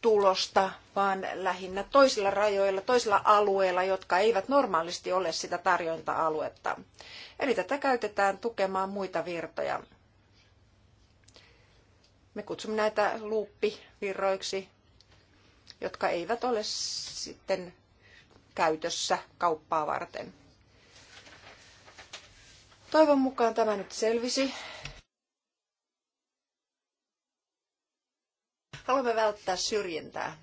tulosta, vaan lähinnä toisilla rajoilla, toisilla alueilla, jotka eivät normaalisti ole sitä tarjonta-aluetta. Eli tätä käytetään tukemaan muita virtoja. Me kutsumme näitä luuppivirroiksi, jotka eivät ole sitten käytössä kauppaa varten. Toivon mukaan tämä nyt selvisi Haluamme välttää syrjintää.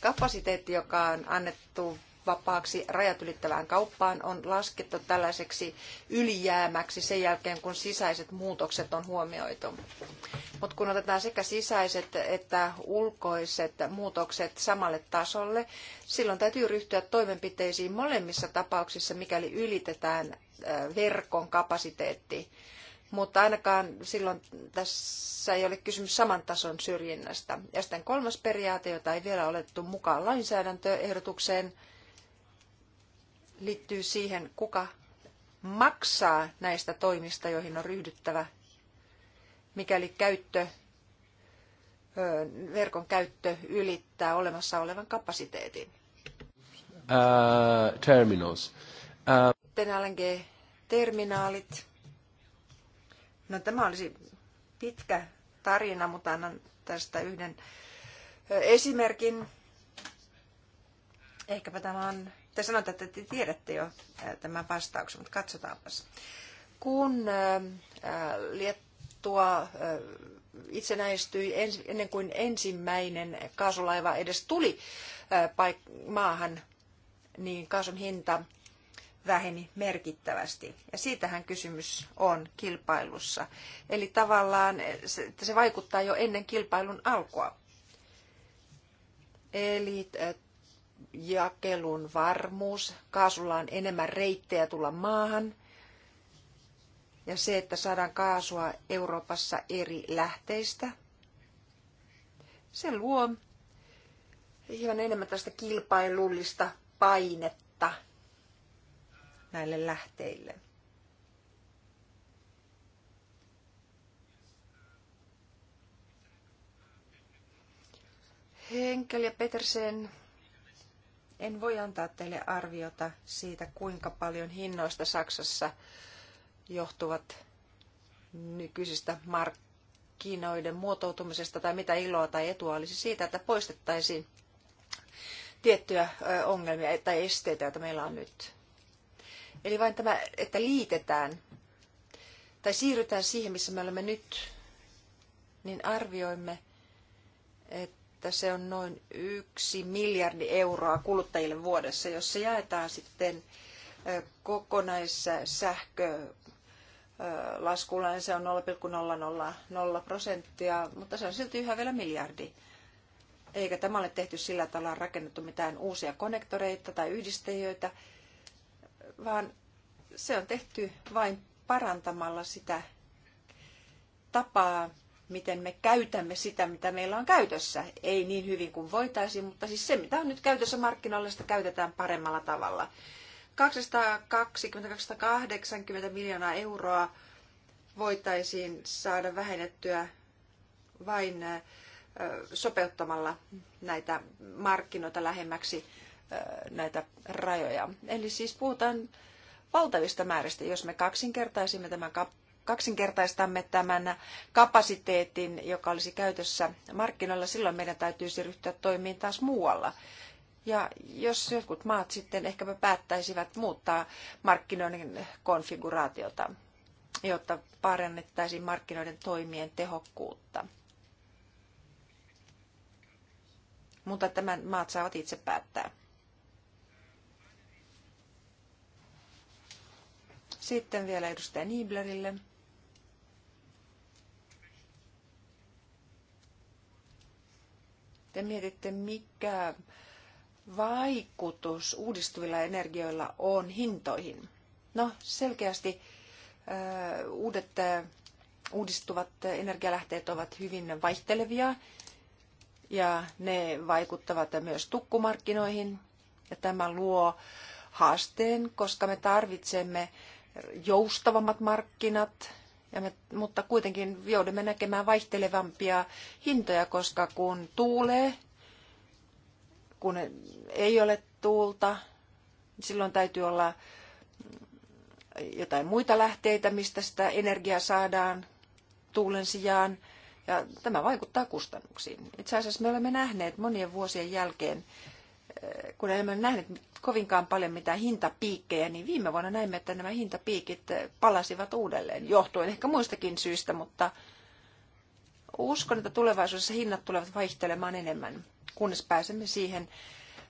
Kapasiteetti, joka on annettu vapaaksi rajat ylittävään kauppaan, on laskettu tällaiseksi ylijäämäksi sen jälkeen, kun sisäiset muutokset on huomioitu. Mutta kun otetaan sekä sisäiset että ulkoiset muutokset samalle tasolle, silloin täytyy ryhtyä toimenpiteisiin molemmissa tapauksissa, mikäli ylitetään verkon kapasiteetti mutta ainakaan silloin tässä ei ole kysymys saman tason syrjinnästä. Ja sitten kolmas periaate, jota ei vielä ole otettu mukaan lainsäädäntöehdotukseen, liittyy siihen, kuka maksaa näistä toimista, joihin on ryhdyttävä, mikäli käyttö, verkon käyttö ylittää olemassa olevan kapasiteetin. Uh, terminals. Uh... Äh. LNG-terminaalit No tämä olisi pitkä tarina, mutta annan tästä yhden esimerkin. Ehkäpä tämä on, te sanotte, että te tiedätte jo tämän vastauksen, mutta katsotaanpas. Kun Liettua itsenäistyi ennen kuin ensimmäinen kaasulaiva edes tuli maahan, niin kaasun hinta väheni merkittävästi. Ja siitähän kysymys on kilpailussa. Eli tavallaan se, se vaikuttaa jo ennen kilpailun alkua. Eli jakelun varmuus, kaasulla on enemmän reittejä tulla maahan. Ja se, että saadaan kaasua Euroopassa eri lähteistä, se luo hieman enemmän tästä kilpailullista painetta näille lähteille. Henkel ja Petersen, en voi antaa teille arviota siitä, kuinka paljon hinnoista Saksassa johtuvat nykyisistä markkinoiden muotoutumisesta tai mitä iloa tai etua olisi siitä, että poistettaisiin tiettyjä ongelmia tai esteitä, joita meillä on nyt. Eli vain tämä, että liitetään tai siirrytään siihen, missä me olemme nyt, niin arvioimme, että se on noin yksi miljardi euroa kuluttajille vuodessa, jos se jaetaan sitten kokonaissähkö laskulla, niin se on 0,000 prosenttia, mutta se on silti yhä vielä miljardi. Eikä tämä ole tehty sillä tavalla rakennettu mitään uusia konnektoreita tai yhdistelijöitä, vaan se on tehty vain parantamalla sitä tapaa, miten me käytämme sitä, mitä meillä on käytössä. Ei niin hyvin kuin voitaisiin, mutta siis se, mitä on nyt käytössä markkinoilla, sitä käytetään paremmalla tavalla. 220-280 miljoonaa euroa voitaisiin saada vähennettyä vain sopeuttamalla näitä markkinoita lähemmäksi näitä rajoja. Eli siis puhutaan valtavista määristä. Jos me kaksinkertaisimme tämän kaksinkertaistamme tämän kapasiteetin, joka olisi käytössä markkinoilla, silloin meidän täytyisi ryhtyä toimiin taas muualla. Ja jos jotkut maat sitten ehkäpä päättäisivät muuttaa markkinoiden konfiguraatiota, jotta parannettaisiin markkinoiden toimien tehokkuutta. Mutta tämän maat saavat itse päättää. Sitten vielä edustaja Nieblerille. Te mietitte, mikä vaikutus uudistuvilla energioilla on hintoihin. No, selkeästi äh, uudet äh, uudistuvat energialähteet ovat hyvin vaihtelevia ja ne vaikuttavat myös tukkumarkkinoihin. Ja tämä luo haasteen, koska me tarvitsemme joustavammat markkinat, ja me, mutta kuitenkin joudumme näkemään vaihtelevampia hintoja, koska kun tuulee, kun ei ole tuulta, silloin täytyy olla jotain muita lähteitä, mistä sitä energiaa saadaan tuulen sijaan. Ja tämä vaikuttaa kustannuksiin. Itse asiassa me olemme nähneet monien vuosien jälkeen, kun emme ole nähneet kovinkaan paljon mitään hintapiikkejä, niin viime vuonna näimme, että nämä hintapiikit palasivat uudelleen, johtuen ehkä muistakin syistä, mutta uskon, että tulevaisuudessa hinnat tulevat vaihtelemaan enemmän, kunnes pääsemme siihen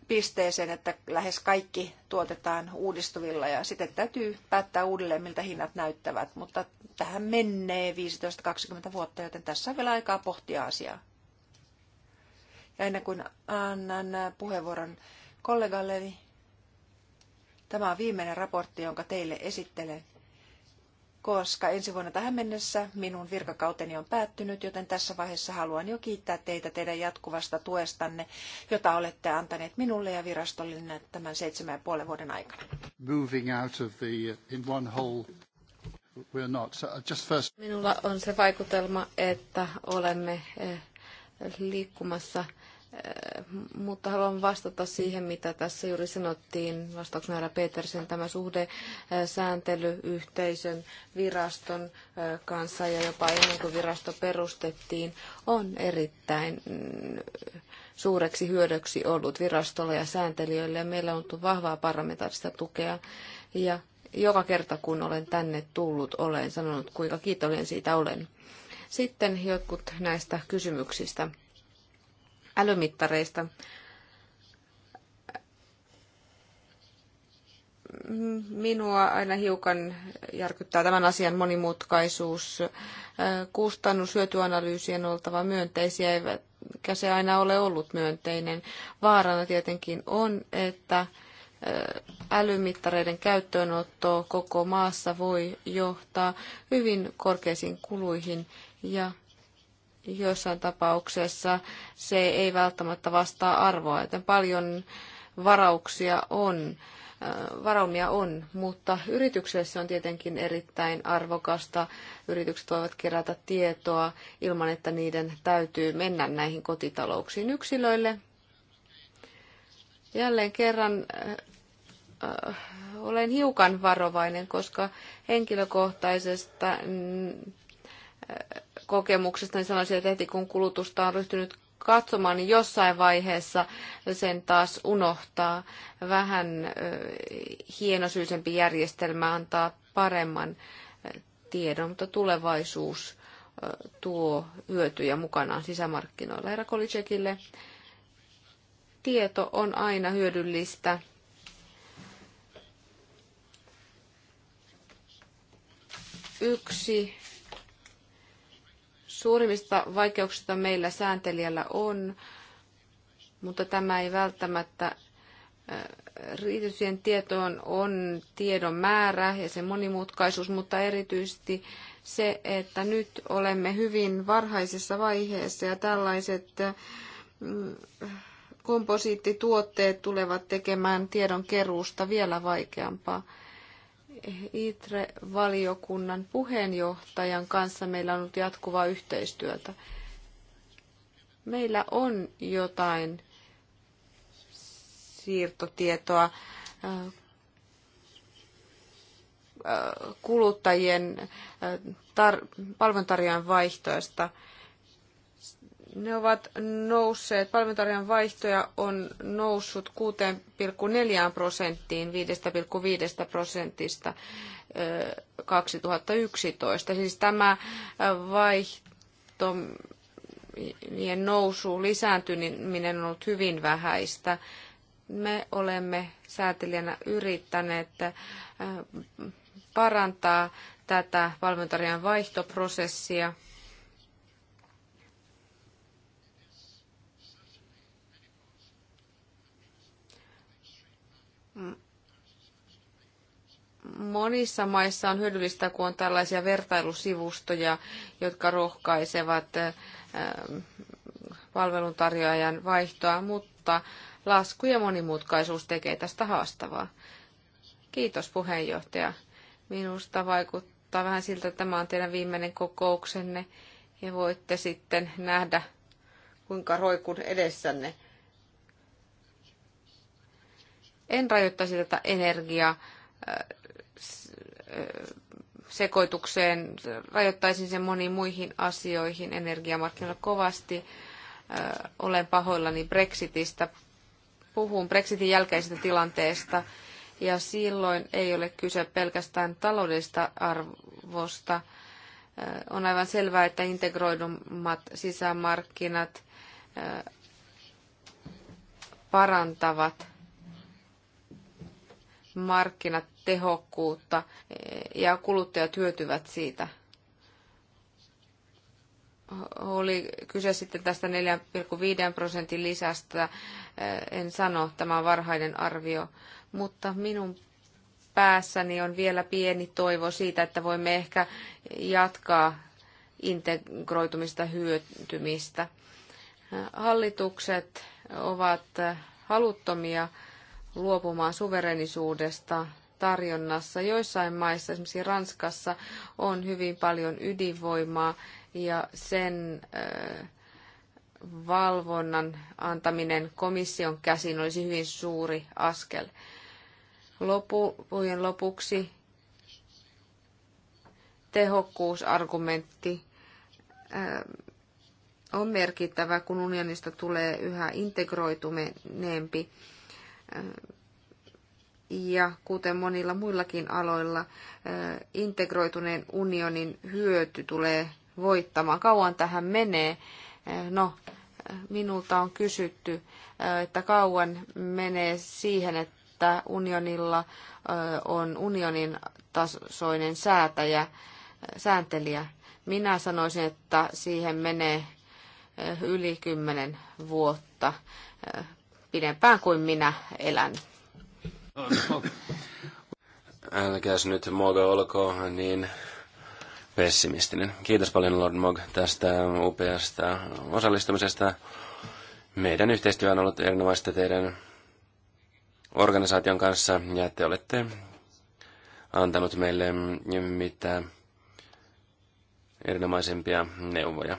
pisteeseen, että lähes kaikki tuotetaan uudistuvilla ja sitten täytyy päättää uudelleen, miltä hinnat näyttävät, mutta tähän menee 15-20 vuotta, joten tässä on vielä aikaa pohtia asiaa. Ja ennen kuin annan puheenvuoron kollegalleni, niin tämä on viimeinen raportti, jonka teille esittelen, koska ensi vuonna tähän mennessä minun virkakauteni on päättynyt, joten tässä vaiheessa haluan jo kiittää teitä teidän jatkuvasta tuestanne, jota olette antaneet minulle ja virastollinen tämän seitsemän ja puolen vuoden aikana. Minulla on se vaikutelma, että olemme eh, liikkumassa Äh, mutta haluan vastata siihen, mitä tässä juuri sanottiin vastauksena herra Petersen, tämä suhde äh, sääntelyyhteisön viraston äh, kanssa ja jopa ennen kuin virasto perustettiin, on erittäin mm, suureksi hyödyksi ollut virastolle ja sääntelijöille ja meillä on ollut vahvaa parlamentaarista tukea ja joka kerta kun olen tänne tullut, olen sanonut kuinka kiitollinen siitä olen. Sitten jotkut näistä kysymyksistä älymittareista. Minua aina hiukan järkyttää tämän asian monimutkaisuus. Kustannushyötyanalyysien oltava myönteisiä, eikä se aina ole ollut myönteinen. Vaarana tietenkin on, että älymittareiden käyttöönotto koko maassa voi johtaa hyvin korkeisiin kuluihin ja joissain tapauksessa se ei välttämättä vastaa arvoa, joten paljon varauksia on, äh, varaumia on, mutta yritykselle se on tietenkin erittäin arvokasta. Yritykset voivat kerätä tietoa ilman, että niiden täytyy mennä näihin kotitalouksiin yksilöille. Jälleen kerran äh, äh olen hiukan varovainen, koska henkilökohtaisesta äh, kokemuksesta, niin sanoisin, että heti kun kulutusta on ryhtynyt katsomaan, niin jossain vaiheessa sen taas unohtaa. Vähän hienosyisempi järjestelmä antaa paremman tiedon, mutta tulevaisuus tuo hyötyjä mukanaan sisämarkkinoilla. Herra Kolicekille, tieto on aina hyödyllistä. Yksi suurimmista vaikeuksista meillä sääntelijällä on, mutta tämä ei välttämättä riitysien tietoon on tiedon määrä ja sen monimutkaisuus, mutta erityisesti se, että nyt olemme hyvin varhaisessa vaiheessa ja tällaiset mm, komposiittituotteet tulevat tekemään tiedon keruusta vielä vaikeampaa. ITRE-valiokunnan puheenjohtajan kanssa meillä on ollut jatkuvaa yhteistyötä. Meillä on jotain siirtotietoa äh, äh, kuluttajien äh, tar- palveluntarjoajan vaihtoista – ne ovat nousseet, palveluntarjoajan vaihtoja on noussut 6,4 prosenttiin 5,5 prosentista 2011. Siis tämä vaihtojen nousu, lisääntyminen on ollut hyvin vähäistä. Me olemme säätelijänä yrittäneet parantaa tätä palveluntarjoajan vaihtoprosessia – monissa maissa on hyödyllistä, kun on tällaisia vertailusivustoja, jotka rohkaisevat äh, palveluntarjoajan vaihtoa, mutta lasku ja monimutkaisuus tekee tästä haastavaa. Kiitos puheenjohtaja. Minusta vaikuttaa vähän siltä, että tämä on teidän viimeinen kokouksenne ja voitte sitten nähdä, kuinka roikun edessänne. En rajoittaisi tätä energiaa äh, sekoitukseen, rajoittaisin sen moniin muihin asioihin energiamarkkinoilla kovasti. Olen pahoillani Brexitistä. Puhun Brexitin jälkeisestä tilanteesta ja silloin ei ole kyse pelkästään taloudellisesta arvosta. On aivan selvää, että integroidummat sisämarkkinat parantavat markkinatehokkuutta eh, ja kuluttajat hyötyvät siitä. Oli kyse sitten tästä 4,5 prosentin lisästä, eh, en sano, tämä on varhainen arvio, mutta minun päässäni on vielä pieni toivo siitä, että voimme ehkä jatkaa integroitumista hyötymistä. Hallitukset ovat haluttomia luopumaan suverenisuudesta tarjonnassa. Joissain maissa, esimerkiksi Ranskassa, on hyvin paljon ydinvoimaa ja sen valvonnan antaminen komission käsiin olisi hyvin suuri askel. Lopujen lopuksi tehokkuusargumentti on merkittävä, kun unionista tulee yhä integroituneempi ja kuten monilla muillakin aloilla, eh, integroituneen unionin hyöty tulee voittamaan. Kauan tähän menee. Eh, no, minulta on kysytty, eh, että kauan menee siihen, että unionilla on unionin tasoinen säätäjä, sääntelijä. Minä sanoisin, että siihen menee yli kymmenen vuotta pidempään kuin minä elän. Älkääs nyt Mog olko niin pessimistinen. Kiitos paljon Lord Mog tästä upeasta osallistumisesta. Meidän yhteistyö on ollut erinomaista teidän organisaation kanssa ja te olette antanut meille mitä erinomaisempia neuvoja.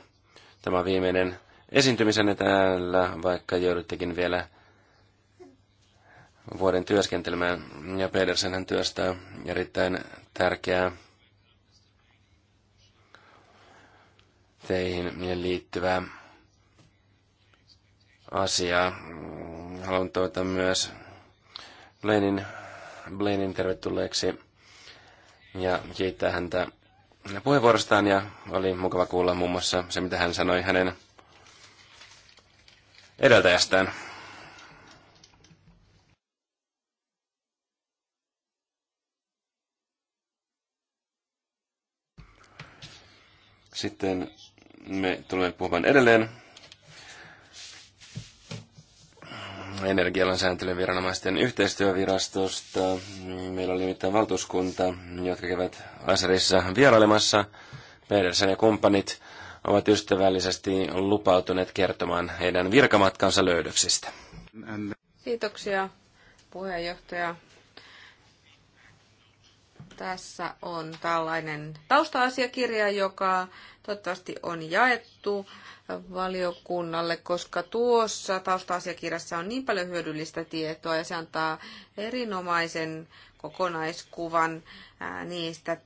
Tämä viimeinen esiintymisenne täällä, vaikka joudutkin vielä vuoden työskentelmään. Ja Pedersenhän työstää erittäin tärkeää teihin liittyvää asiaa. Haluan toivottaa myös Blainin, Blainin tervetulleeksi ja kiittää häntä puheenvuorostaan ja oli mukava kuulla muun muassa se, mitä hän sanoi hänen edeltäjästään. Sitten me tulemme puhumaan edelleen energialan sääntelyn viranomaisten yhteistyövirastosta. Meillä oli nimittäin valtuuskunta, jotka kävät Aserissa vierailemassa. Pedersen ja kumppanit ovat ystävällisesti lupautuneet kertomaan heidän virkamatkansa löydöksistä. Kiitoksia puheenjohtaja tässä on tällainen tausta-asiakirja, joka toivottavasti on jaettu valiokunnalle, koska tuossa tausta-asiakirjassa on niin paljon hyödyllistä tietoa ja se antaa erinomaisen kokonaiskuvan niistä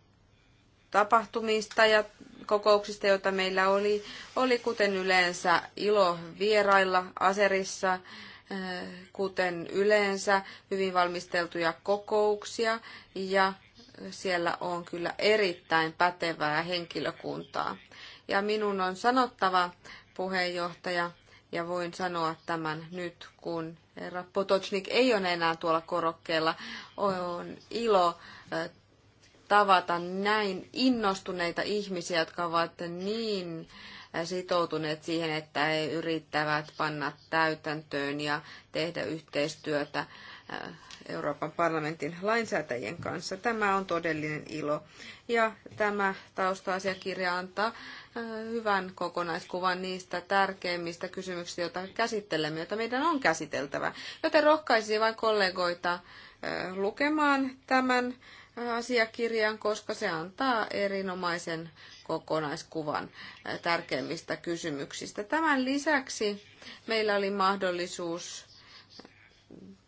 tapahtumista ja kokouksista, joita meillä oli, oli kuten yleensä ilo vierailla Aserissa, kuten yleensä hyvin valmisteltuja kokouksia ja siellä on kyllä erittäin pätevää henkilökuntaa. Ja minun on sanottava, puheenjohtaja, ja voin sanoa tämän nyt, kun herra Potocnik ei ole enää tuolla korokkeella. On ilo tavata näin innostuneita ihmisiä, jotka ovat niin sitoutuneet siihen, että he yrittävät panna täytäntöön ja tehdä yhteistyötä Äh, Euroopan parlamentin lainsäätäjien kanssa. Tämä on todellinen ilo. Ja tämä tausta-asiakirja antaa äh, hyvän kokonaiskuvan niistä tärkeimmistä kysymyksistä, joita käsittelemme, joita meidän on käsiteltävä. Joten rohkaisin vain kollegoita äh, lukemaan tämän asiakirjan, koska se antaa erinomaisen kokonaiskuvan tärkeimmistä kysymyksistä. Tämän lisäksi meillä oli mahdollisuus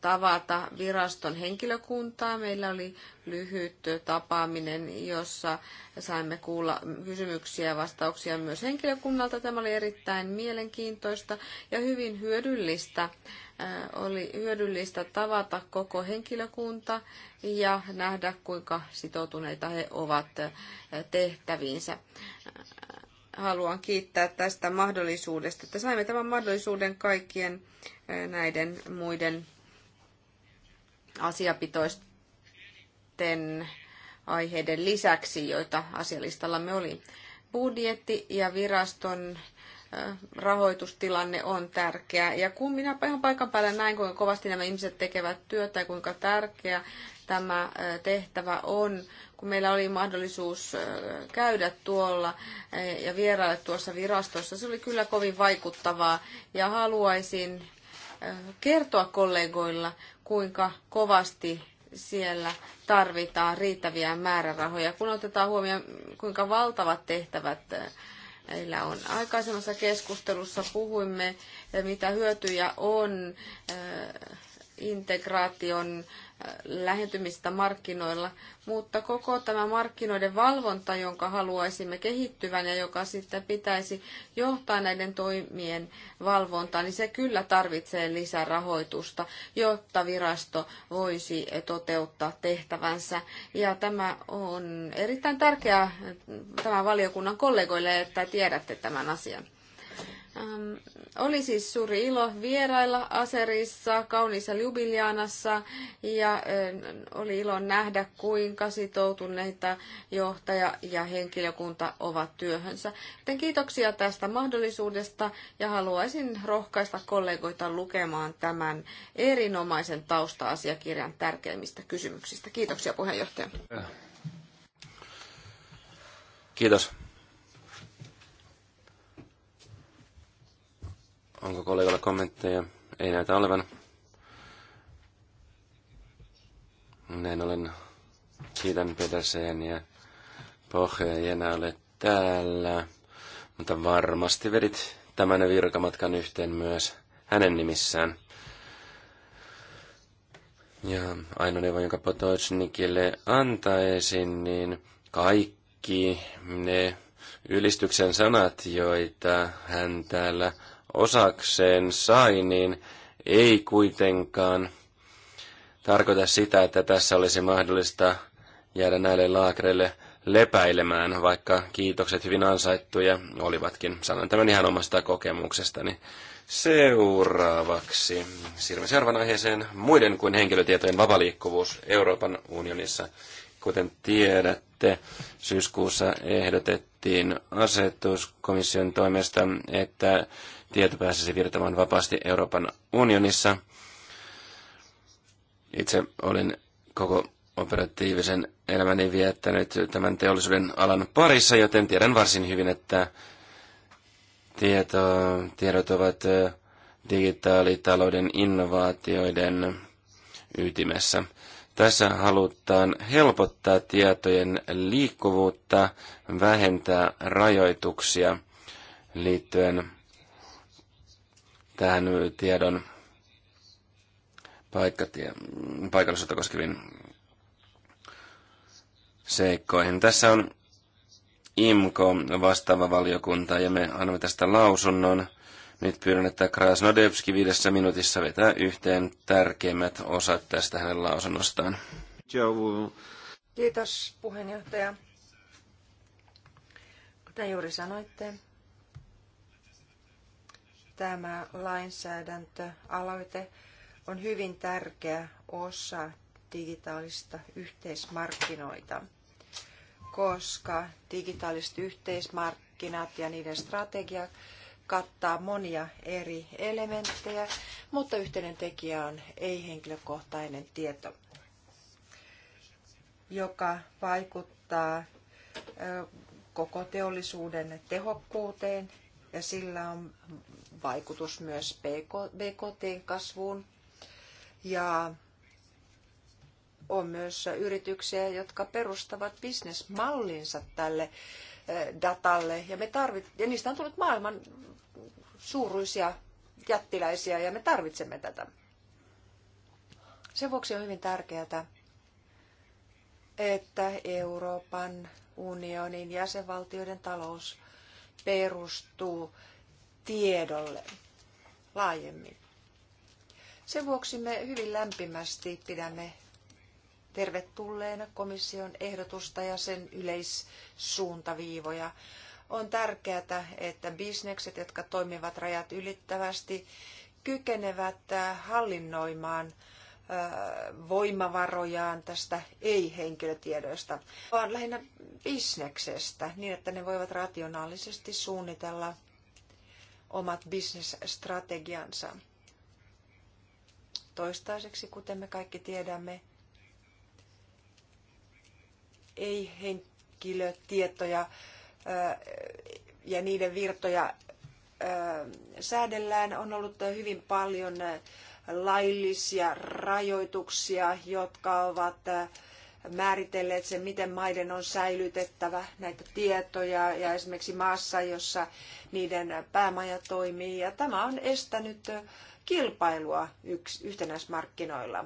tavata viraston henkilökuntaa. Meillä oli lyhyt tapaaminen, jossa saimme kuulla kysymyksiä ja vastauksia myös henkilökunnalta. Tämä oli erittäin mielenkiintoista ja hyvin hyödyllistä. Äh, oli hyödyllistä tavata koko henkilökunta ja nähdä, kuinka sitoutuneita he ovat äh, tehtäviinsä äh, haluan kiittää tästä mahdollisuudesta, että saimme tämän mahdollisuuden kaikkien näiden muiden asiapitoisten aiheiden lisäksi, joita asialistallamme oli. Budjetti ja viraston rahoitustilanne on tärkeä. Ja kun minä ihan paikan päällä näin, kuinka kovasti nämä ihmiset tekevät työtä ja kuinka tärkeä tämä tehtävä on, kun meillä oli mahdollisuus käydä tuolla ja vierailla tuossa virastossa, se oli kyllä kovin vaikuttavaa. Ja haluaisin kertoa kollegoilla, kuinka kovasti siellä tarvitaan riittäviä määrärahoja, kun otetaan huomioon, kuinka valtavat tehtävät meillä on. Aikaisemmassa keskustelussa puhuimme, mitä hyötyjä on integraation äh, lähentymistä markkinoilla, mutta koko tämä markkinoiden valvonta, jonka haluaisimme kehittyvän ja joka sitten pitäisi johtaa näiden toimien valvontaan, niin se kyllä tarvitsee lisärahoitusta, jotta virasto voisi toteuttaa tehtävänsä. Ja tämä on erittäin tärkeää äh, tämän valiokunnan kollegoille, että tiedätte tämän asian. Ähm, oli siis suuri ilo vierailla Aserissa, kauniissa Ljubiljanassa ja äh, oli ilo nähdä, kuinka sitoutuneita johtaja ja henkilökunta ovat työhönsä. Joten kiitoksia tästä mahdollisuudesta ja haluaisin rohkaista kollegoita lukemaan tämän erinomaisen tausta-asiakirjan tärkeimmistä kysymyksistä. Kiitoksia puheenjohtaja. Kiitos. Onko kollegalla kommentteja? Ei näitä olevan. Näin olen. Kiitän Pedersen ja Pohja ei enää ole täällä. Mutta varmasti vedit tämän virkamatkan yhteen myös hänen nimissään. Ja ainoa neuvo, jonka Potocnikille antaisin, niin kaikki ne ylistyksen sanat, joita hän täällä osakseen sai, niin ei kuitenkaan tarkoita sitä, että tässä olisi mahdollista jäädä näille laakreille lepäilemään, vaikka kiitokset hyvin ansaittuja olivatkin. Sanon tämän ihan omasta kokemuksestani. Seuraavaksi siirrymme seuraavan aiheeseen muiden kuin henkilötietojen vapaliikkuvuus Euroopan unionissa. Kuten tiedätte, syyskuussa ehdotettiin asetuskomission toimesta, että tieto pääsisi virtamaan vapaasti Euroopan unionissa. Itse olin koko operatiivisen elämäni viettänyt tämän teollisuuden alan parissa, joten tiedän varsin hyvin, että tieto, tiedot ovat digitaalitalouden innovaatioiden ytimessä. Tässä halutaan helpottaa tietojen liikkuvuutta, vähentää rajoituksia liittyen tähän tiedon paikkatie, paikallisuutta koskeviin seikkoihin. Tässä on IMKO vastaava valiokunta ja me annamme tästä lausunnon. Nyt pyydän, että Krasnodevski viidessä minuutissa vetää yhteen tärkeimmät osat tästä hänen lausunnostaan. Kiitos puheenjohtaja. Kuten juuri sanoitte, tämä lainsäädäntöaloite on hyvin tärkeä osa digitaalista yhteismarkkinoita, koska digitaaliset yhteismarkkinat ja niiden strategia kattaa monia eri elementtejä, mutta yhteinen tekijä on ei-henkilökohtainen tieto, joka vaikuttaa koko teollisuuden tehokkuuteen ja sillä on vaikutus myös BKT-kasvuun ja on myös yrityksiä, jotka perustavat bisnesmallinsa tälle eh, datalle ja, me tarvit- ja niistä on tullut maailman suuruisia jättiläisiä ja me tarvitsemme tätä. Sen vuoksi on hyvin tärkeää, että Euroopan unionin jäsenvaltioiden talous perustuu tiedolle laajemmin. Sen vuoksi me hyvin lämpimästi pidämme tervetulleena komission ehdotusta ja sen yleissuuntaviivoja. On tärkeää, että bisnekset, jotka toimivat rajat ylittävästi, kykenevät äh, hallinnoimaan äh, voimavarojaan tästä ei-henkilötiedoista, vaan lähinnä bisneksestä, niin että ne voivat rationaalisesti suunnitella omat bisnesstrategiansa. Toistaiseksi, kuten me kaikki tiedämme, ei henkilötietoja äh, ja niiden virtoja äh, säädellään. On ollut hyvin paljon laillisia rajoituksia, jotka ovat äh, määritelleet sen, miten maiden on säilytettävä näitä tietoja ja esimerkiksi maassa, jossa niiden päämaja toimii. Ja tämä on estänyt kilpailua yks, yhtenäismarkkinoilla.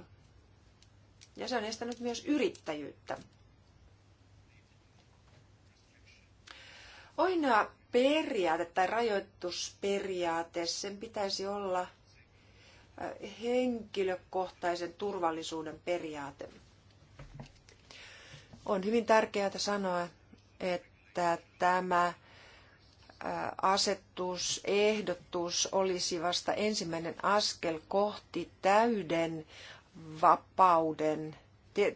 Ja se on estänyt myös yrittäjyyttä. Oina periaate tai rajoitusperiaate, sen pitäisi olla henkilökohtaisen turvallisuuden periaate. On hyvin tärkeää sanoa, että tämä asetus, ehdotus olisi vasta ensimmäinen askel kohti täyden vapauden,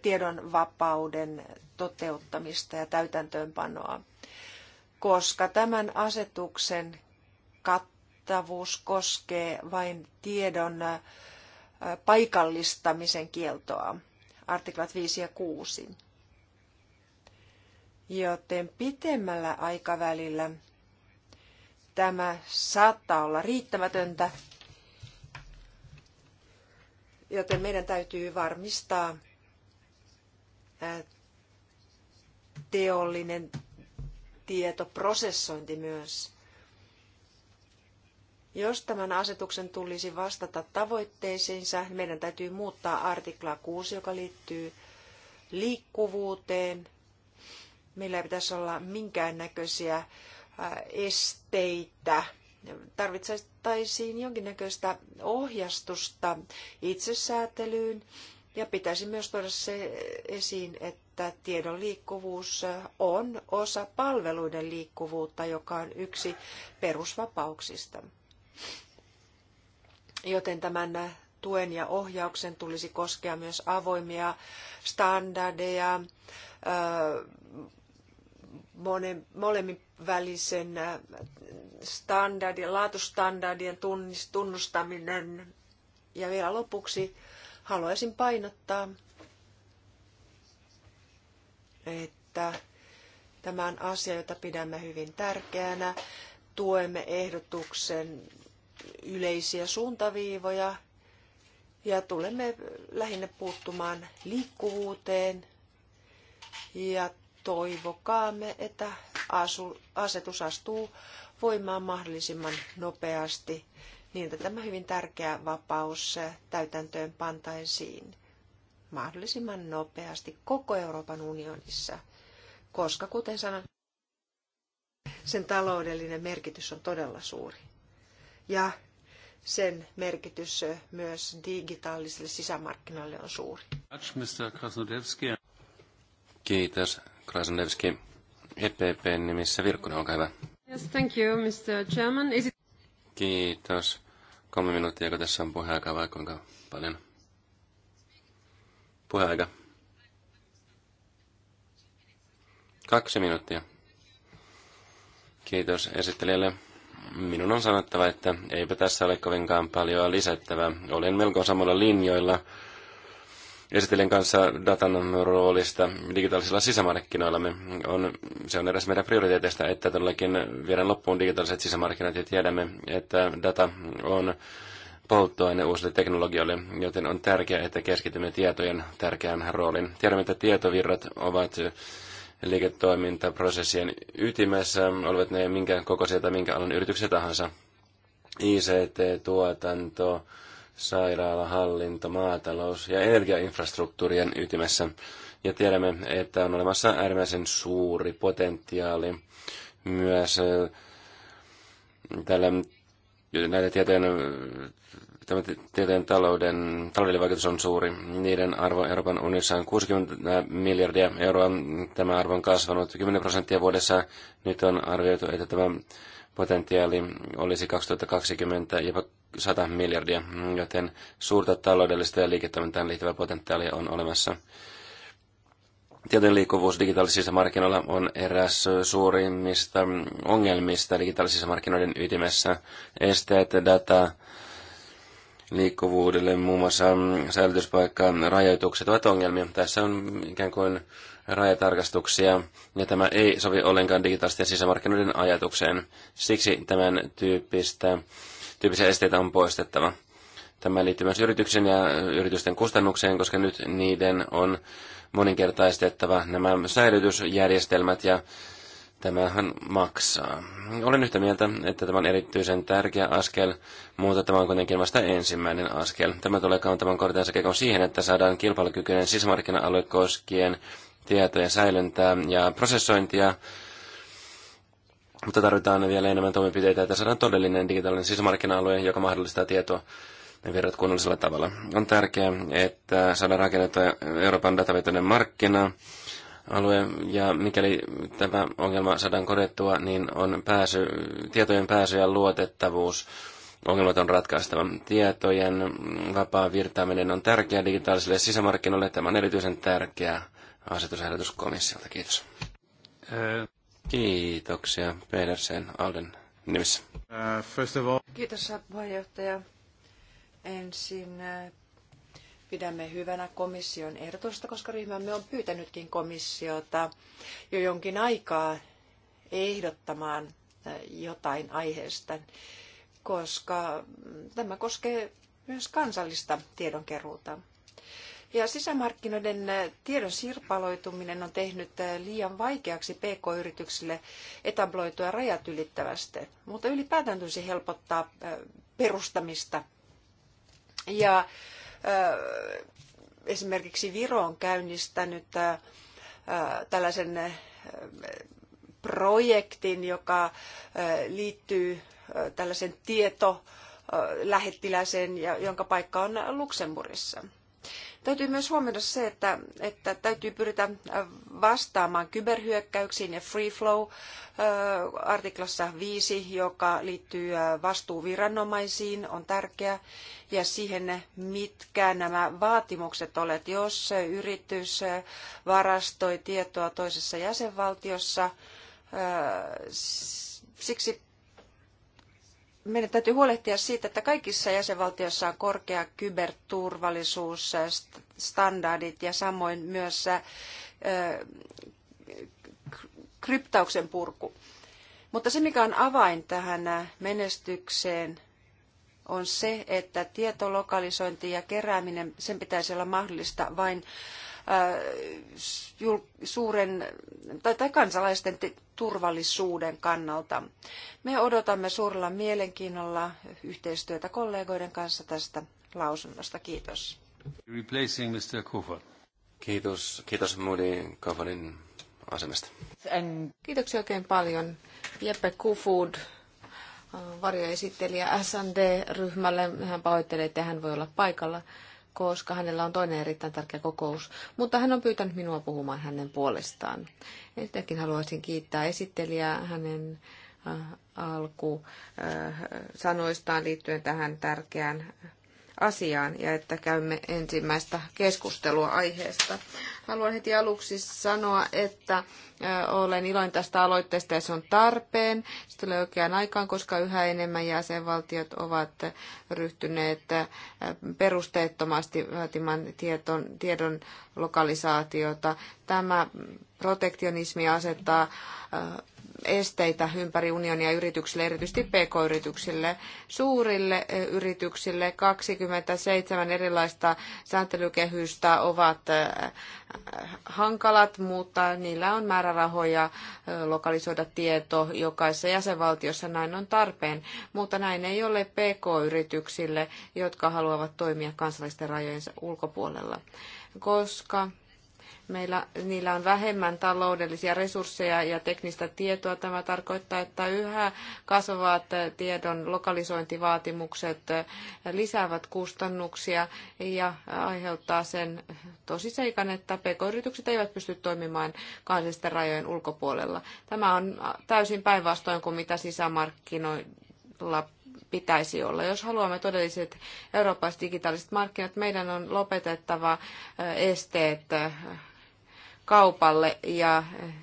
tiedon vapauden toteuttamista ja täytäntöönpanoa, koska tämän asetuksen kattavuus koskee vain tiedon paikallistamisen kieltoa, artiklat 5 ja 6. Joten pitemmällä aikavälillä tämä saattaa olla riittämätöntä, joten meidän täytyy varmistaa teollinen tietoprosessointi myös. Jos tämän asetuksen tulisi vastata tavoitteisiinsa, niin meidän täytyy muuttaa artiklaa 6, joka liittyy liikkuvuuteen Meillä ei pitäisi olla minkäännäköisiä äh, esteitä. Tarvittaisiin jonkinnäköistä ohjastusta itsesäätelyyn ja pitäisi myös tuoda se esiin, että tiedon liikkuvuus on osa palveluiden liikkuvuutta, joka on yksi perusvapauksista. Joten tämän tuen ja ohjauksen tulisi koskea myös avoimia standardeja, äh, monen, molemmin välisen äh, standardien, laatustandardien tunnustaminen. Ja vielä lopuksi haluaisin painottaa, että tämä on asia, jota pidämme hyvin tärkeänä. Tuemme ehdotuksen yleisiä suuntaviivoja ja tulemme lähinnä puuttumaan liikkuvuuteen ja toivokaamme, että asetus astuu voimaan mahdollisimman nopeasti niin, että tämä hyvin tärkeä vapaus täytäntöön pantaisiin mahdollisimman nopeasti koko Euroopan unionissa, koska kuten sanoin, sen taloudellinen merkitys on todella suuri. Ja sen merkitys myös digitaaliselle sisämarkkinalle on suuri. Kiitos Krasnodevski epp nimissä. Virkkunen, olkaa hyvä. Yes, thank you, Mr. Chairman. Is it... Kiitos. Kolme minuuttia, kun tässä on puheaikaa vai kuinka paljon? Puheaika. Kaksi minuuttia. Kiitos esittelijälle. Minun on sanottava, että eipä tässä ole kovinkaan paljon lisättävää. Olen melko samalla linjoilla esitellen kanssa datan roolista digitaalisilla sisämarkkinoillamme. On, se on eräs meidän prioriteeteista, että todellakin viedään loppuun digitaaliset sisämarkkinat ja tiedämme, että data on polttoaine uusille teknologioille, joten on tärkeää, että keskitymme tietojen tärkeään rooliin. Tiedämme, että tietovirrat ovat liiketoimintaprosessien ytimessä, olivat ne minkä kokoisia tai minkä alan yrityksiä tahansa. ICT-tuotanto, sairaala, hallinto, maatalous ja energiainfrastruktuurien ytimessä. Ja tiedämme, että on olemassa äärimmäisen suuri potentiaali myös äh, tällä näiden tieteen, tämä tieteen talouden, taloudellinen vaikutus on suuri. Niiden arvo Euroopan unionissa on 60 miljardia euroa. Tämä arvo on kasvanut 10 prosenttia vuodessa. Nyt on arvioitu, että tämä potentiaali olisi 2020 jopa 100 miljardia, joten suurta taloudellista ja liiketoimintaan liittyvää potentiaalia on olemassa. Tietojen liikkuvuus digitaalisissa markkinoilla on eräs suurimmista ongelmista digitaalisissa markkinoiden ytimessä. Esteet, data, liikkuvuudelle, muun muassa säilytyspaikka, rajoitukset ovat ongelmia. Tässä on ikään kuin rajatarkastuksia, ja tämä ei sovi ollenkaan digitaalisten sisämarkkinoiden ajatukseen. Siksi tämän tyyppistä tyyppisiä esteitä on poistettava. Tämä liittyy myös yrityksen ja yritysten kustannukseen, koska nyt niiden on moninkertaistettava nämä säilytysjärjestelmät ja tämähän maksaa. Olen yhtä mieltä, että tämä on erityisen tärkeä askel, mutta tämä on kuitenkin vasta ensimmäinen askel. Tämä tulee kantamaan kortensa kekon siihen, että saadaan kilpailukykyinen sisämarkkina-alue koskien tietojen säilyntää ja prosessointia mutta tarvitaan vielä enemmän toimenpiteitä, että saadaan todellinen digitaalinen sisämarkkina-alue, joka mahdollistaa tietoa virrat kunnollisella tavalla. On tärkeää, että saadaan rakennettua Euroopan datavetoinen markkina, alue, ja mikäli tämä ongelma saadaan korjattua, niin on pääsy, tietojen pääsy ja luotettavuus ongelmat on ratkaistava. Tietojen vapaa virtaaminen on tärkeää digitaalisille sisämarkkinoille. Tämä on erityisen tärkeä asetusehdotus komissiolta. Kiitos. Kiitoksia Pedersen Alden nimissä. Uh, Kiitos puheenjohtaja. Ensin uh, pidämme hyvänä komission ehdotusta, koska ryhmämme on pyytänytkin komissiota jo jonkin aikaa ehdottamaan uh, jotain aiheesta, koska tämä koskee myös kansallista tiedonkeruuta. Ja sisämarkkinoiden tiedon sirpaloituminen on tehnyt eh, liian vaikeaksi PK-yrityksille etabloitua rajat ylittävästi, mutta ylipäätään tulisi helpottaa eh, perustamista. Ja eh, esimerkiksi Viro on käynnistänyt tällaisen projektin, joka liittyy tällaisen tieto lähettiläseen, jonka paikka on Luxemburgissa. Täytyy myös huomioida se, että, että täytyy pyritä vastaamaan kyberhyökkäyksiin ja free flow artiklassa 5, joka liittyy vastuuviranomaisiin, on tärkeä. Ja siihen, mitkä nämä vaatimukset olet, jos yritys varastoi tietoa toisessa jäsenvaltiossa. Siksi meidän täytyy huolehtia siitä, että kaikissa jäsenvaltioissa on korkea kyberturvallisuusstandardit ja samoin myös kryptauksen purku. Mutta se, mikä on avain tähän menestykseen, on se, että tietolokalisointi ja kerääminen, sen pitäisi olla mahdollista vain Äh, suuren tai, tai kansalaisten turvallisuuden kannalta. Me odotamme suurella mielenkiinnolla yhteistyötä kollegoiden kanssa tästä lausunnosta. Kiitos. Replacing Mr. Kufa. Kiitos, kiitos Moody Kavanin asemasta. Kiitoksia oikein paljon. Jeppe Kufud, äh, varjoesittelijä SND-ryhmälle. Hän pahoittelee, että hän voi olla paikalla koska hänellä on toinen erittäin tärkeä kokous, mutta hän on pyytänyt minua puhumaan hänen puolestaan. Ensinnäkin haluaisin kiittää esittelijää hänen äh, alku äh, sanoistaan liittyen tähän tärkeään asiaan ja että käymme ensimmäistä keskustelua aiheesta. Haluan heti aluksi sanoa, että olen iloinen tästä aloitteesta ja se on tarpeen. Se tulee oikeaan aikaan, koska yhä enemmän jäsenvaltiot ovat ryhtyneet perusteettomasti vaatimaan tiedon, tiedon lokalisaatiota. Tämä protektionismi asettaa äh, esteitä ympäri unionia yrityksille, erityisesti pk-yrityksille, suurille äh, yrityksille. 27 erilaista sääntelykehystä ovat äh, hankalat, mutta niillä on määrärahoja lokalisoida tieto jokaisessa jäsenvaltiossa, näin on tarpeen. Mutta näin ei ole pk-yrityksille, jotka haluavat toimia kansallisten rajojensa ulkopuolella, koska meillä, niillä on vähemmän taloudellisia resursseja ja teknistä tietoa. Tämä tarkoittaa, että yhä kasvavat tiedon lokalisointivaatimukset lisäävät kustannuksia ja aiheuttaa sen tosiseikan, että pk-yritykset eivät pysty toimimaan kansallisten rajojen ulkopuolella. Tämä on täysin päinvastoin kuin mitä sisämarkkinoilla pitäisi olla. Jos haluamme todelliset eurooppalaiset digitaaliset markkinat, meidän on lopetettava esteet kaupalle ja eh,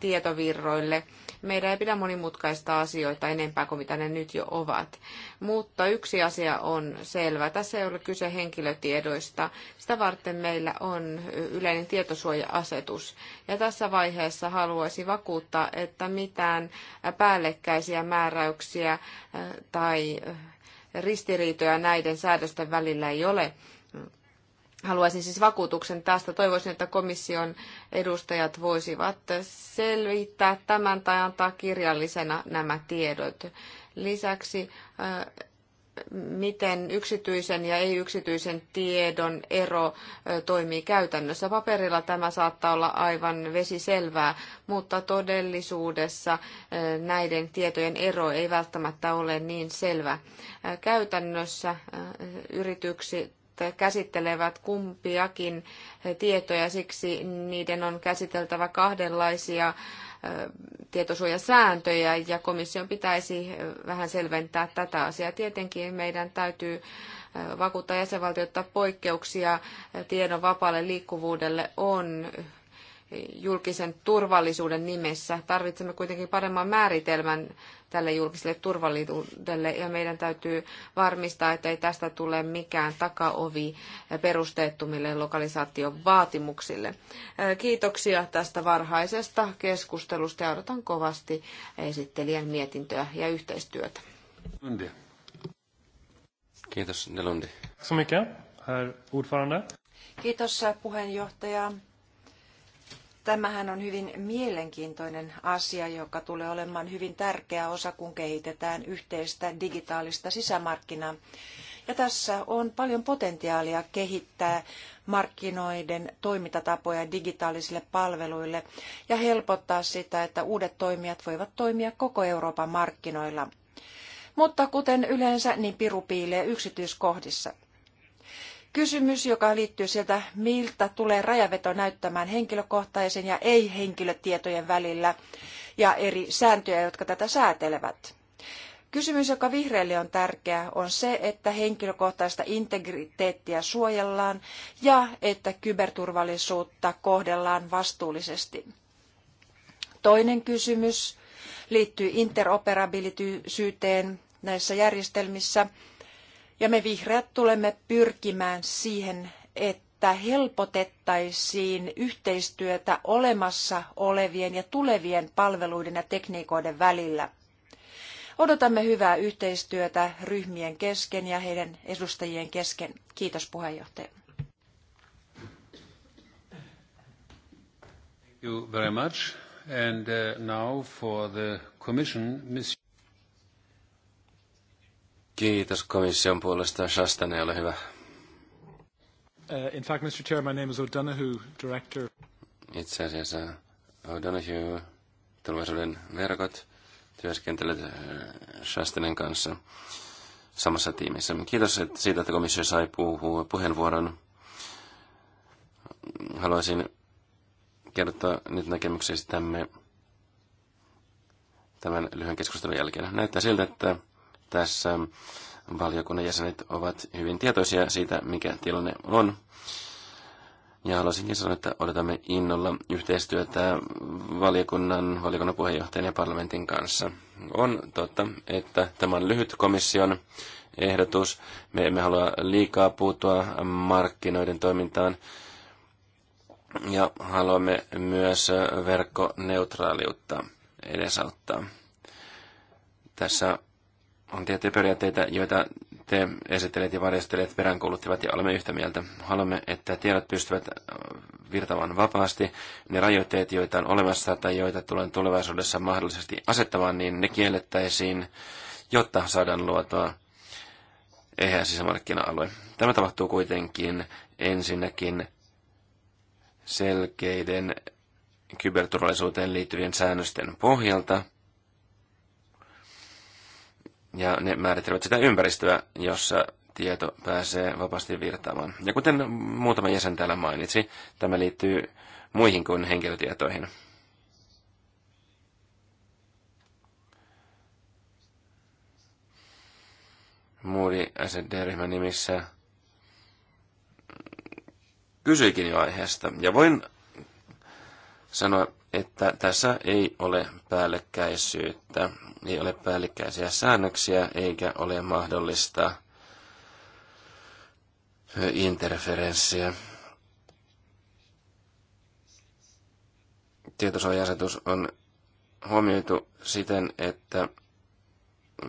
tietovirroille. Meidän ei pidä monimutkaista asioita enempää kuin mitä ne nyt jo ovat. Mutta yksi asia on selvä. Tässä ei ole kyse henkilötiedoista. Sitä varten meillä on yleinen tietosuoja-asetus. Ja tässä vaiheessa haluaisin vakuuttaa, että mitään päällekkäisiä määräyksiä eh, tai eh, ristiriitoja näiden säädösten välillä ei ole Haluaisin siis vakuutuksen tästä. Toivoisin, että komission edustajat voisivat selvittää tämän tai antaa kirjallisena nämä tiedot. Lisäksi äh, miten yksityisen ja ei-yksityisen tiedon ero äh, toimii käytännössä. Paperilla tämä saattaa olla aivan vesiselvää, mutta todellisuudessa äh, näiden tietojen ero ei välttämättä ole niin selvä. Käytännössä yritykset käsittelevät kumpiakin tietoja, siksi niiden on käsiteltävä kahdenlaisia tietosuojasääntöjä ja komission pitäisi vähän selventää tätä asiaa. Tietenkin meidän täytyy vakuuttaa jäsenvaltiota poikkeuksia tiedon vapaalle liikkuvuudelle on julkisen turvallisuuden nimessä. Tarvitsemme kuitenkin paremman määritelmän tälle julkiselle turvallisuudelle ja meidän täytyy varmistaa, että ei tästä tule mikään takaovi perusteettomille lokalisaation vaatimuksille. Kiitoksia tästä varhaisesta keskustelusta ja odotan kovasti esittelijän mietintöä ja yhteistyötä. Lundi. Kiitos, Nelundi. ordförande. Kiitos puheenjohtaja. Tämähän on hyvin mielenkiintoinen asia, joka tulee olemaan hyvin tärkeä osa, kun kehitetään yhteistä digitaalista sisämarkkinaa. Ja tässä on paljon potentiaalia kehittää markkinoiden toimintatapoja digitaalisille palveluille ja helpottaa sitä, että uudet toimijat voivat toimia koko Euroopan markkinoilla. Mutta kuten yleensä, niin piru piilee yksityiskohdissa – Kysymys, joka liittyy sieltä, miltä tulee rajaveto näyttämään henkilökohtaisen ja ei-henkilötietojen välillä ja eri sääntöjä, jotka tätä säätelevät. Kysymys, joka vihreille on tärkeä, on se, että henkilökohtaista integriteettiä suojellaan ja että kyberturvallisuutta kohdellaan vastuullisesti. Toinen kysymys liittyy interoperabilityisyyteen näissä järjestelmissä – ja me vihreät tulemme pyrkimään siihen, että helpotettaisiin yhteistyötä olemassa olevien ja tulevien palveluiden ja tekniikoiden välillä. Odotamme hyvää yhteistyötä ryhmien kesken ja heidän edustajien kesken. Kiitos puheenjohtaja. Thank you very much. And uh, now for the commission, Kiitos komission puolesta. Shastane, ole hyvä. Uh, in fact, Mr. Chair, my name is O'Donoghue, Director. Itse asiassa O'Donoghue, tulevaisuuden verkot, työskentelet uh, Shastanen kanssa samassa tiimissä. Kiitos että siitä, että komissio sai puhua puheenvuoron. Haluaisin kertoa nyt näkemyksiä tämän lyhyen keskustelun jälkeen. Näyttää siltä, että tässä valiokunnan jäsenet ovat hyvin tietoisia siitä, mikä tilanne on. Ja haluaisinkin sanoa, että odotamme innolla yhteistyötä valiokunnan, valiokunnan puheenjohtajan ja parlamentin kanssa. On totta, että tämä on lyhyt komission ehdotus. Me emme halua liikaa puuttua markkinoiden toimintaan. Ja haluamme myös verkkoneutraaliutta edesauttaa. Tässä on tiettyjä periaatteita, joita te esittelet ja varjostelijat peräänkuuluttivat ja olemme yhtä mieltä. Haluamme, että tiedot pystyvät äh, virtaamaan vapaasti. Ne rajoitteet, joita on olemassa tai joita tulen tulevaisuudessa mahdollisesti asettamaan, niin ne kiellettäisiin, jotta saadaan luotua eheä sisämarkkina-alue. Tämä tapahtuu kuitenkin ensinnäkin selkeiden kyberturvallisuuteen liittyvien säännösten pohjalta – ja ne määrittelevät sitä ympäristöä, jossa tieto pääsee vapaasti virtaamaan. Ja kuten muutama jäsen täällä mainitsi, tämä liittyy muihin kuin henkilötietoihin. Moody SD-ryhmän nimissä kysyikin jo aiheesta. Ja voin sanoa että tässä ei ole päällekkäisyyttä, ei ole päällekkäisiä säännöksiä eikä ole mahdollista interferenssiä. Tietosuojasetus on huomioitu siten, että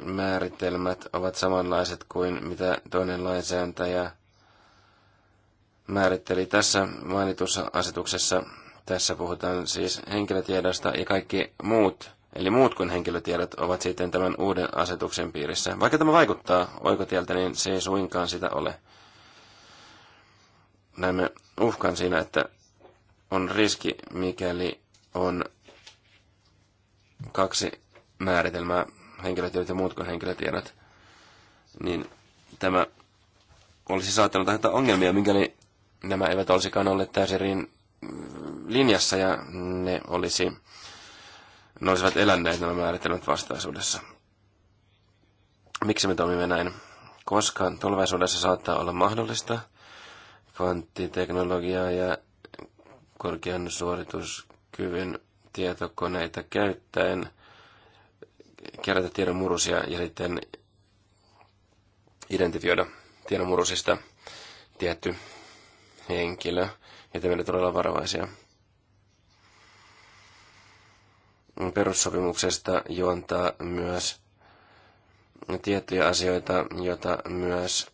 määritelmät ovat samanlaiset kuin mitä toinen lainsääntäjä määritteli tässä mainitussa asetuksessa tässä puhutaan siis henkilötiedosta ja kaikki muut, eli muut kuin henkilötiedot, ovat sitten tämän uuden asetuksen piirissä. Vaikka tämä vaikuttaa oikotieltä, niin se ei suinkaan sitä ole. Näemme uhkan siinä, että on riski, mikäli on kaksi määritelmää, henkilötiedot ja muut kuin henkilötiedot, niin tämä olisi saattanut aiheuttaa ongelmia, mikäli nämä eivät olisikaan olleet täysin linjassa ja ne olisi, ne olisivat eläneet nämä määritelmät vastaisuudessa. Miksi me toimimme näin? Koska tulevaisuudessa saattaa olla mahdollista kvanttiteknologiaa ja korkean suorituskyvyn tietokoneita käyttäen kerätä tiedon murusia ja sitten identifioida tiedon murusista tietty henkilö, joten meidän tulee olla varovaisia. perussopimuksesta juontaa myös tiettyjä asioita, joita myös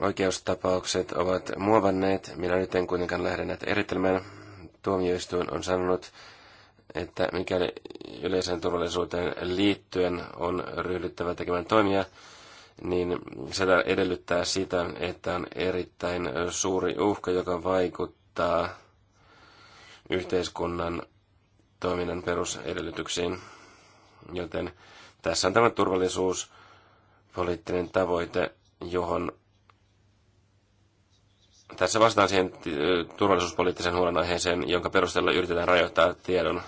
oikeustapaukset ovat muovanneet. Minä nyt en kuitenkaan lähde näitä erittelemään. Tuomioistuin on sanonut, että mikäli yleiseen turvallisuuteen liittyen on ryhdyttävä tekemään toimia, niin se edellyttää sitä, että on erittäin suuri uhka, joka vaikuttaa yhteiskunnan toiminnan perusedellytyksiin. Joten tässä on tämä turvallisuuspoliittinen tavoite, johon tässä vastaan siihen äh, turvallisuuspoliittisen huolenaiheeseen, jonka perusteella yritetään rajoittaa tiedon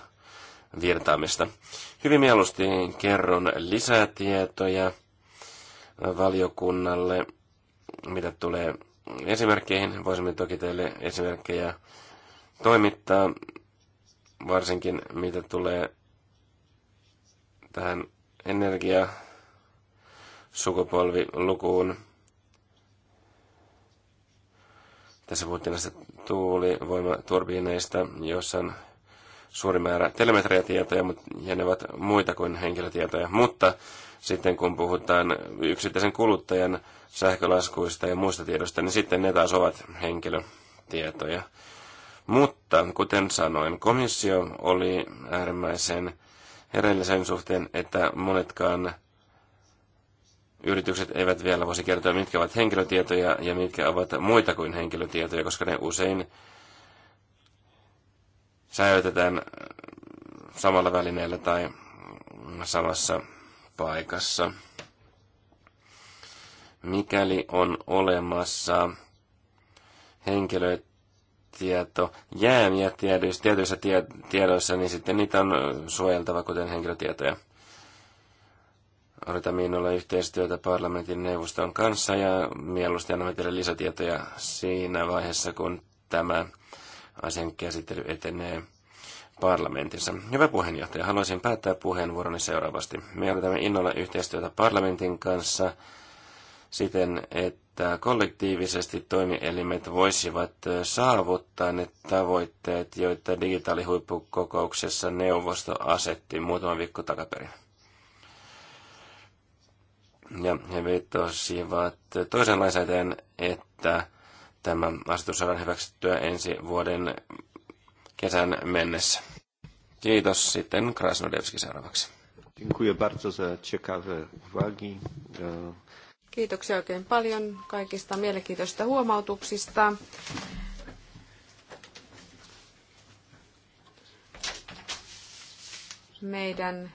virtaamista. Hyvin mieluusti kerron lisätietoja valiokunnalle, mitä tulee esimerkkeihin. Voisimme toki teille esimerkkejä toimittaa, varsinkin mitä tulee tähän energia sukupolvilukuun. Tässä puhuttiin näistä tuulivoimaturbiineista, joissa on suuri määrä telemetriatietoja, ja ne ovat muita kuin henkilötietoja. Mutta sitten kun puhutaan yksittäisen kuluttajan sähkölaskuista ja muista tiedosta, niin sitten ne taas ovat henkilötietoja. Mutta kuten sanoin, komissio oli äärimmäisen hereillä suhteen, että monetkaan yritykset eivät vielä voisi kertoa, mitkä ovat henkilötietoja ja mitkä ovat muita kuin henkilötietoja, koska ne usein säilytetään samalla välineellä tai samassa paikassa. Mikäli on olemassa henkilöt, tieto jäämiä tiedoissa, tietyissä tie, tiedoissa, niin sitten niitä on suojeltava, kuten henkilötietoja. Odotamme minulla yhteistyötä parlamentin neuvoston kanssa ja mieluusti annamme teille lisätietoja siinä vaiheessa, kun tämä asian käsittely etenee parlamentissa. Hyvä puheenjohtaja, haluaisin päättää puheenvuoroni seuraavasti. Me odotamme innolla yhteistyötä parlamentin kanssa siten, että että kollektiivisesti toimielimet voisivat saavuttaa ne tavoitteet, joita digitaalihuippukokouksessa neuvosto asetti muutama viikko takaperin. Ja he vetosivat toisenlaiseen, että tämä asetus saadaan hyväksyttyä ensi vuoden kesän mennessä. Kiitos sitten Krasnodevski seuraavaksi. Dziękuję bardzo za ciekawe uwagi. E, Kiitoksia oikein paljon kaikista mielenkiintoisista huomautuksista. Meidän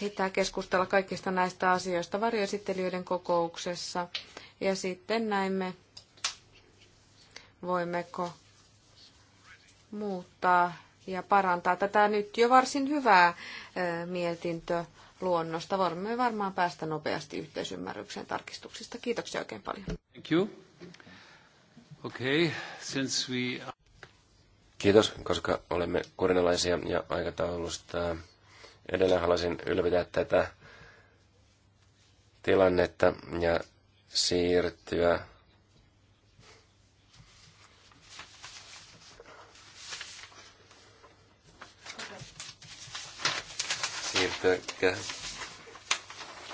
pitää keskustella kaikista näistä asioista varjoesittelijöiden kokouksessa. Ja sitten näemme, voimmeko muuttaa ja parantaa tätä nyt jo varsin hyvää mietintöä luonnosta. Voimme varmaan päästä nopeasti yhteisymmärrykseen tarkistuksista. Kiitoksia oikein paljon. Thank you. Okay, since we... Kiitos, koska olemme kurinalaisia ja aikataulusta edelleen haluaisin ylläpitää tätä tilannetta ja siirtyä että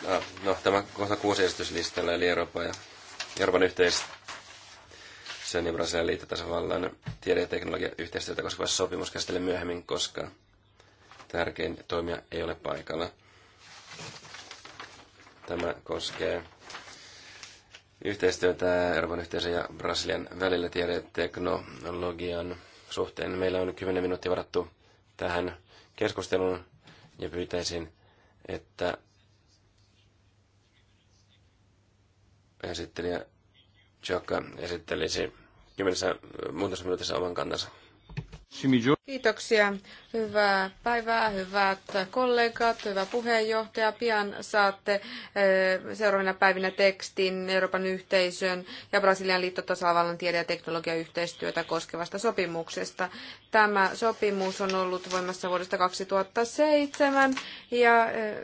no, no tämä kohta kuusi esityslistalla, eli Euroopan ja Euroopan yhteis sen ja Brasilian liittotasavallan tiede- ja yhteistyötä koskeva sopimus käsitellen myöhemmin, koska tärkein toimija ei ole paikalla. Tämä koskee yhteistyötä Euroopan yhteisön ja Brasilian välillä teknologian suhteen. Meillä on 10 minuuttia varattu tähän keskusteluun ja pyytäisin, että esittelijä Joka esittelisi kymmenessä muutamassa minuutissa oman kantansa. Kiitoksia. Hyvää päivää, hyvät kollegat, hyvä puheenjohtaja. Pian saatte eh, seuraavina päivinä tekstin Euroopan yhteisön ja Brasilian liittotasavallan tiede- ja teknologiayhteistyötä koskevasta sopimuksesta. Tämä sopimus on ollut voimassa vuodesta 2007 ja eh,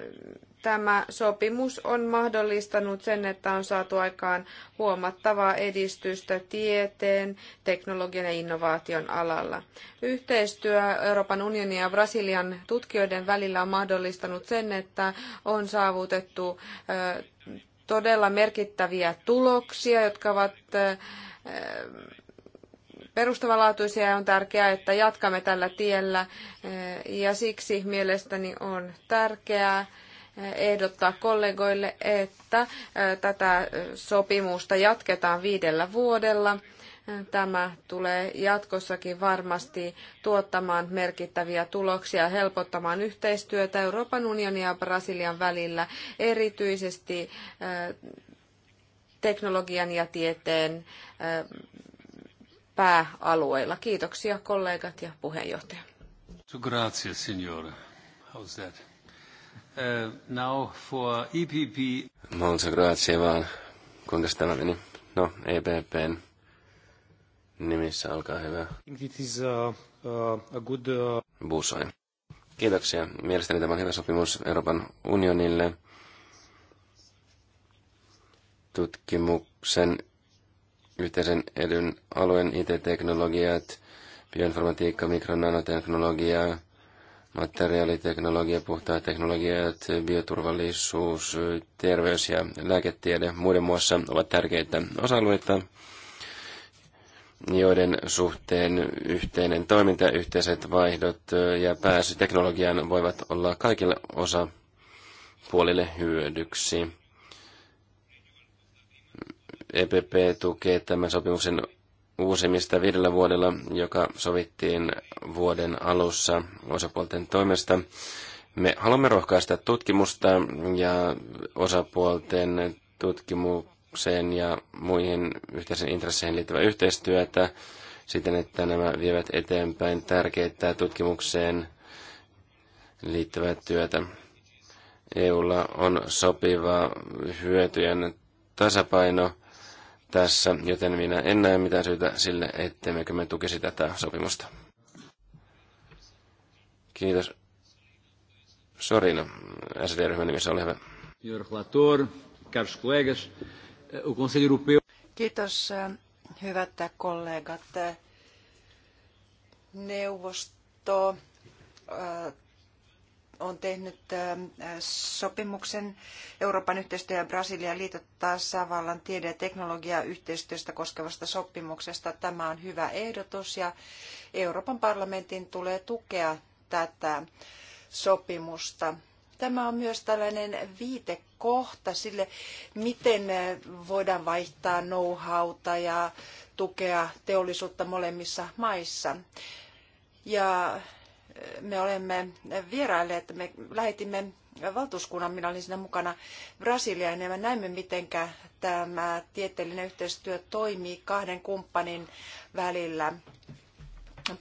Tämä sopimus on mahdollistanut sen, että on saatu aikaan huomattavaa edistystä tieteen, teknologian ja innovaation alalla. Yhteistyö Euroopan unionin ja Brasilian tutkijoiden välillä on mahdollistanut sen, että on saavutettu todella merkittäviä tuloksia, jotka ovat perustavanlaatuisia ja on tärkeää, että jatkamme tällä tiellä. Ja siksi mielestäni on tärkeää, ehdottaa kollegoille, että tätä sopimusta jatketaan viidellä vuodella. Tämä tulee jatkossakin varmasti tuottamaan merkittäviä tuloksia ja helpottamaan yhteistyötä Euroopan unionin ja Brasilian välillä, erityisesti teknologian ja tieteen pääalueilla. Kiitoksia kollegat ja puheenjohtaja. Grazie, How's that? Uh, now for EPP. Monza vaan. Kuinka tämä meni? No, EPPn nimissä, olkaa hyvä. It is a, uh, uh, a good... Uh... Busai. Kiitoksia. Mielestäni tämä on hyvä sopimus Euroopan unionille. Tutkimuksen yhteisen edyn alueen IT-teknologiat, bioinformatiikka, mikronanoteknologiaa, materiaaliteknologia, puhtaa teknologiat, bioturvallisuus, terveys ja lääketiede muiden muassa ovat tärkeitä osa-alueita, joiden suhteen yhteinen toiminta, yhteiset vaihdot ja pääsy teknologiaan voivat olla kaikille osa puolille hyödyksi. EPP tukee tämän sopimuksen uusimista viidellä vuodella, joka sovittiin vuoden alussa osapuolten toimesta. Me haluamme rohkaista tutkimusta ja osapuolten tutkimukseen ja muihin yhteisen intresseihin liittyvää yhteistyötä siten, että nämä vievät eteenpäin tärkeitä tutkimukseen liittyvää työtä. EUlla on sopiva hyötyjen tasapaino – tässä, joten minä en näe mitään syytä sille, ettemmekö me tukisi tätä sopimusta. Kiitos. Sorina, no, SD-ryhmän nimissä, ole hyvä. Kiitos, hyvät kollegat. Neuvosto on tehnyt sopimuksen Euroopan yhteistyö ja Brasilian liitotasavallan tiede- ja teknologiayhteistyöstä koskevasta sopimuksesta. Tämä on hyvä ehdotus ja Euroopan parlamentin tulee tukea tätä sopimusta. Tämä on myös tällainen viitekohta sille, miten voidaan vaihtaa know-howta ja tukea teollisuutta molemmissa maissa. Ja me olemme vierailleet, me lähetimme valtuuskunnan, minä olin siinä mukana Brasiliaan, ja me näimme, miten tämä tieteellinen yhteistyö toimii kahden kumppanin välillä.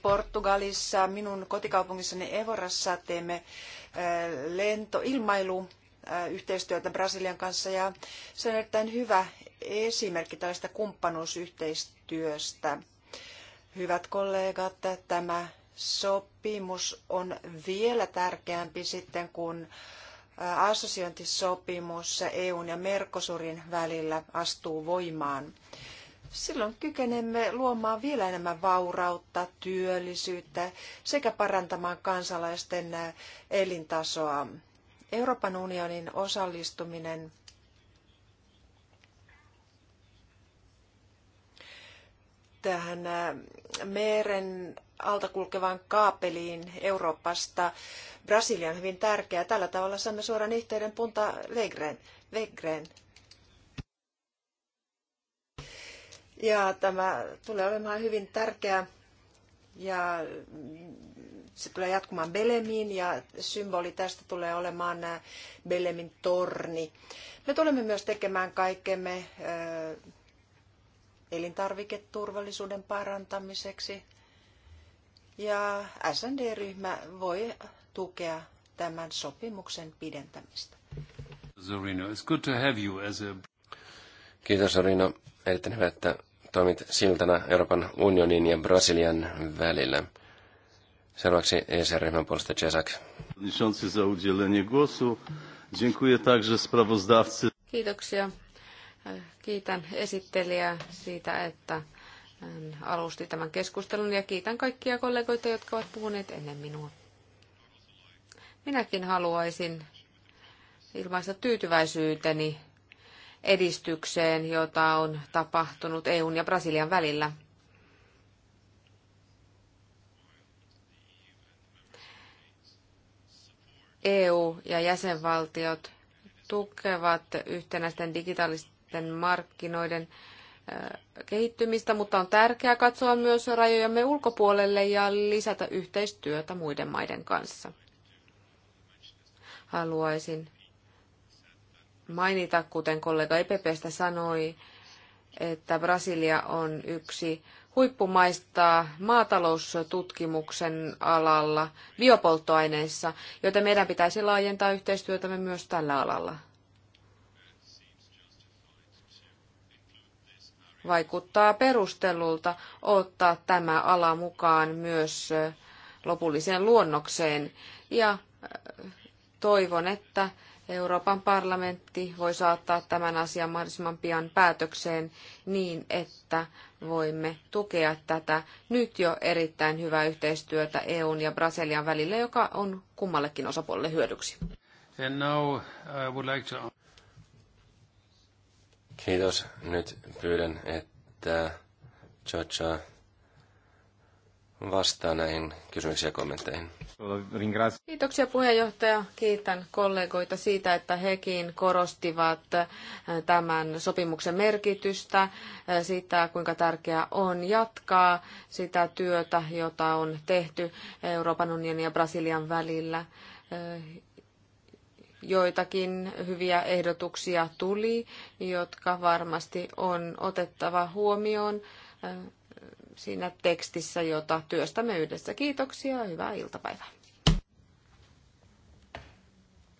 Portugalissa, minun kotikaupungissani Evorassa teemme äh, lentoilmailu äh, yhteistyötä Brasilian kanssa ja se on erittäin hyvä esimerkki tällaista kumppanuusyhteistyöstä. Hyvät kollegat, tämä sopii sopimus on vielä tärkeämpi sitten kuin assosiointisopimus EUn ja Mercosurin välillä astuu voimaan. Silloin kykenemme luomaan vielä enemmän vaurautta, työllisyyttä sekä parantamaan kansalaisten elintasoa. Euroopan unionin osallistuminen tähän meren alta kulkevaan kaapeliin Euroopasta Brasiliaan hyvin tärkeää. Tällä tavalla saamme suoran yhteyden Punta Vegren. Vegreen. Ja tämä tulee olemaan hyvin tärkeä ja se tulee jatkumaan Belemiin ja symboli tästä tulee olemaan äh, Belemin torni. Me tulemme myös tekemään kaikkemme äh, elintarviketurvallisuuden parantamiseksi ja SND-ryhmä voi tukea tämän sopimuksen pidentämistä. Zorino, it's good to have you as a... Kiitos Zorino, erittäin hyvä, että toimit siltana Euroopan unionin ja Brasilian välillä. Seuraavaksi ESR-ryhmän puolesta Cesak. Kiitoksia. Kiitän esittelijää siitä, että hän alusti tämän keskustelun ja kiitän kaikkia kollegoita, jotka ovat puhuneet ennen minua. Minäkin haluaisin ilmaista tyytyväisyyteni edistykseen, jota on tapahtunut EUn ja Brasilian välillä. EU ja jäsenvaltiot tukevat yhtenäisten digitaalisten markkinoiden kehittymistä, mutta on tärkeää katsoa myös rajojamme ulkopuolelle ja lisätä yhteistyötä muiden maiden kanssa. Haluaisin mainita, kuten kollega EPPstä sanoi, että Brasilia on yksi huippumaista maataloustutkimuksen alalla biopolttoaineissa, joten meidän pitäisi laajentaa yhteistyötämme myös tällä alalla. vaikuttaa perustellulta ottaa tämä ala mukaan myös lopulliseen luonnokseen. Ja toivon, että Euroopan parlamentti voi saattaa tämän asian mahdollisimman pian päätökseen niin, että voimme tukea tätä nyt jo erittäin hyvää yhteistyötä EUn ja Brasilian välillä, joka on kummallekin osapuolelle hyödyksi. Like to... Kiitos. Nyt pyydän, että Georgia vastaa näihin kysymyksiin ja kommentteihin. Kiitoksia puheenjohtaja. Kiitän kollegoita siitä, että hekin korostivat tämän sopimuksen merkitystä, sitä kuinka tärkeää on jatkaa sitä työtä, jota on tehty Euroopan unionin ja Brasilian välillä joitakin hyviä ehdotuksia tuli, jotka varmasti on otettava huomioon äh, siinä tekstissä, jota työstämme yhdessä. Kiitoksia ja hyvää iltapäivää.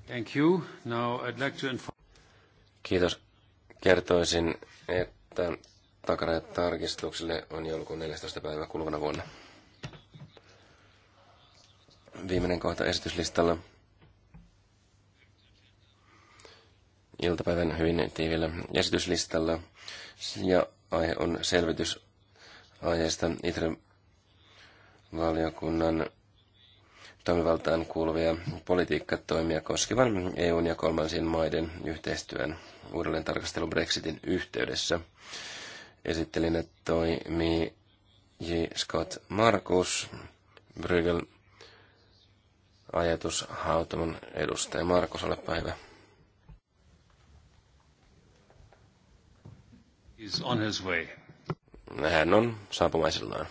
Thank you. Now I'd like to inform... Kiitos. Kertoisin, että takarajat tarkistukselle on joulukuun 14. päivä kuluvana vuonna. Viimeinen kohta esityslistalla. iltapäivän hyvin tiivillä esityslistalla. Ja aihe on selvitys aiheesta Itren valiokunnan toimivaltaan kuuluvia politiikkatoimia koskevan EUn ja kolmansien maiden yhteistyön uudelleen tarkastelu Brexitin yhteydessä. että toimii J. Scott Markus, Brygel, ajatus Hautamon edustaja. Markus, olepa hyvä. is on his way. Hän on saapumaisillaan.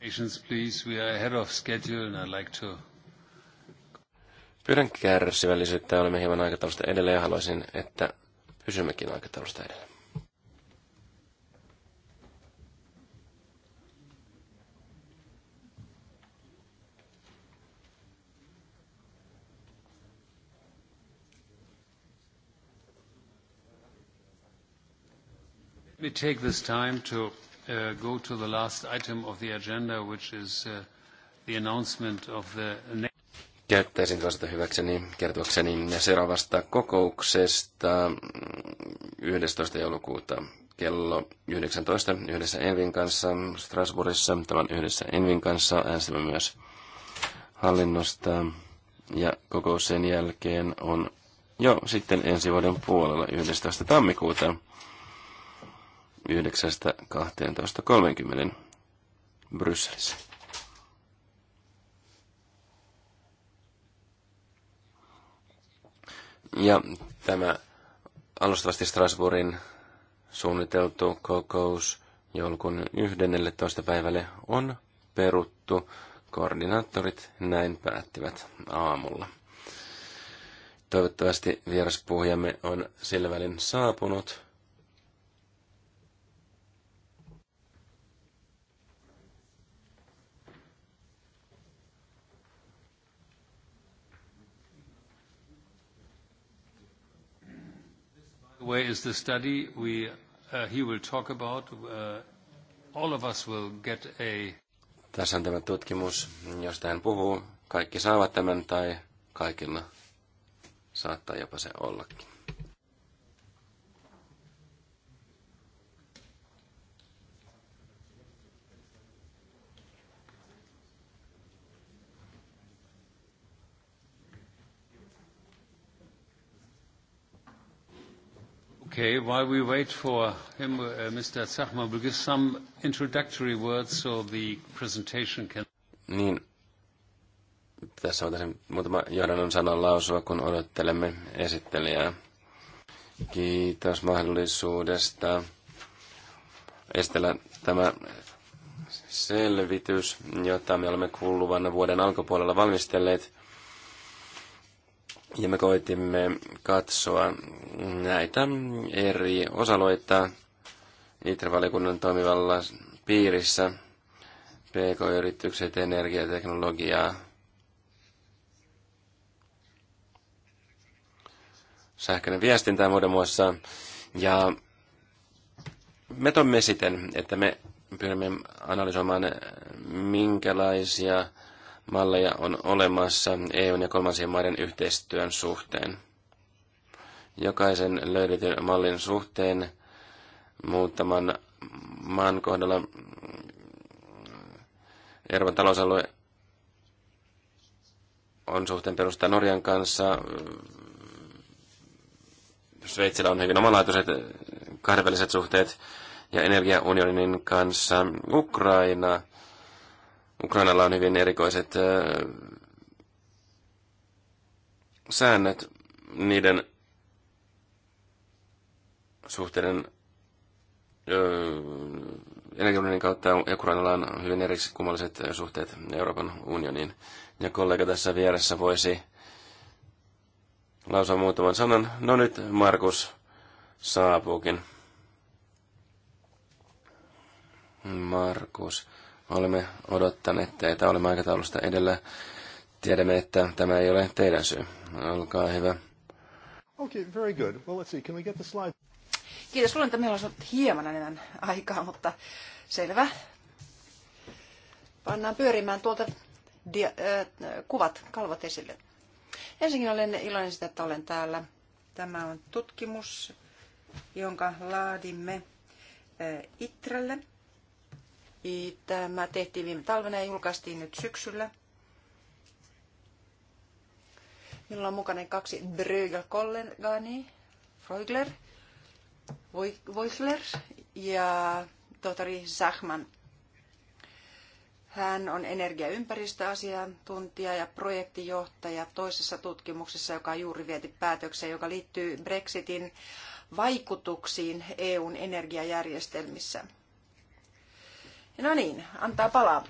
Patience, please. We are ahead of schedule, and I'd like to Pyydän kärsivällisyyttä, olemme hieman aikataulusta edelleen ja haluaisin, että pysymmekin aikataulusta edelleen. Let me take this time to uh, go to the last item of the agenda, which is uh, the announcement of the käyttäisin tilaisuutta hyväkseni niin kertoakseni seuraavasta kokouksesta 11. joulukuuta kello 19 yhdessä Envin kanssa Strasbourgissa. Tämän yhdessä Envin kanssa äänestämme myös hallinnosta. Ja kokous sen jälkeen on jo sitten ensi vuoden puolella 11. tammikuuta 9.12.30 Brysselissä. Ja tämä alustavasti Strasbourgin suunniteltu kokous joulukuun 11. päivälle on peruttu. Koordinaattorit näin päättivät aamulla. Toivottavasti vieraspuhujamme on sillä välin saapunut. Where is the study we, uh, he will talk about? Uh, all of us will get a... Tässä on tämä tutkimus, josta hän puhuu. Kaikki saavat tämän tai kaikilla saattaa jopa se ollakin. Okay, while we wait for him, uh, Mr. Zachman will give some introductory words so the presentation can... Niin, tässä voitaisiin muutama johdannon sanan lausua, kun odottelemme esittelijää. Kiitos mahdollisuudesta esitellä tämä selvitys, jota me olemme kuluvan vuoden alkupuolella valmistelleet. Ja me koitimme katsoa näitä eri osaloita intervallikunnan toimivalla piirissä, pk-yritykset, energiateknologiaa, sähköinen viestintä muiden muassa. Ja me toimme siten, että me pyrimme analysoimaan, minkälaisia malleja on olemassa EUn ja kolmansien maiden yhteistyön suhteen. Jokaisen löydetyn mallin suhteen muutaman maan kohdalla Euroopan talousalue on suhteen perustaa Norjan kanssa. Sveitsillä on hyvin omalaatuiset kahdenväliset suhteet ja energiaunionin kanssa Ukraina Ukrainalla on hyvin erikoiset säännöt niiden suhteiden energiaunionin kautta ja Ukrainalla on hyvin eri kummalliset suhteet Euroopan unioniin. Ja kollega tässä vieressä voisi lausua muutaman sanan. No nyt Markus saapuukin. Markus Olemme odottaneet teitä, olemme aikataulusta edellä. Tiedämme, että tämä ei ole teidän syy. Olkaa hyvä. Okay, very good. Well, let's see. Can we get the slide? Kiitos. Luulen, että meillä on hieman enemmän aikaa, mutta selvä. Pannaan pyörimään tuolta dia- äh, kuvat, kalvot esille. Ensinnäkin olen iloinen sitä, että olen täällä. Tämä on tutkimus, jonka laadimme äh, Itrelle – Tämä tehtiin viime talvena ja julkaistiin nyt syksyllä. Minulla on mukana kaksi Brögel-kollegaani, Freugler, Voisler ja tohtori Sachman. Hän on energia- ja ympäristöasiantuntija ja projektijohtaja toisessa tutkimuksessa, joka on juuri vieti päätökseen, joka liittyy Brexitin vaikutuksiin EUn energiajärjestelmissä. No niin, antaa palaa.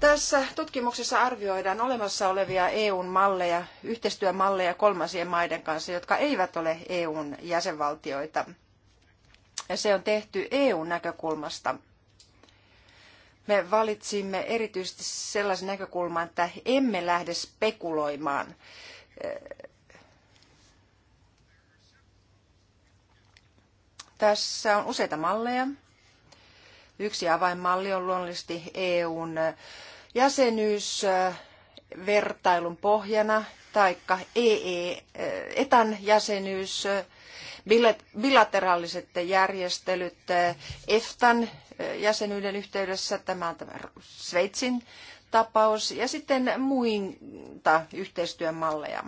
Tässä tutkimuksessa arvioidaan olemassa olevia EUn malleja, yhteistyömalleja kolmansien maiden kanssa, jotka eivät ole EUn jäsenvaltioita. Ja se on tehty EUn näkökulmasta. Me valitsimme erityisesti sellaisen näkökulman, että emme lähde spekuloimaan Tässä on useita malleja. Yksi avainmalli on luonnollisesti EUn äh, jäsenyys äh, vertailun pohjana, taikka EE, e, äh, etan jäsenyys, bilateraaliset järjestelyt EFTAn jäsenyyden yhteydessä, tämä on tämä Sveitsin tapaus, ja sitten muita yhteistyömalleja.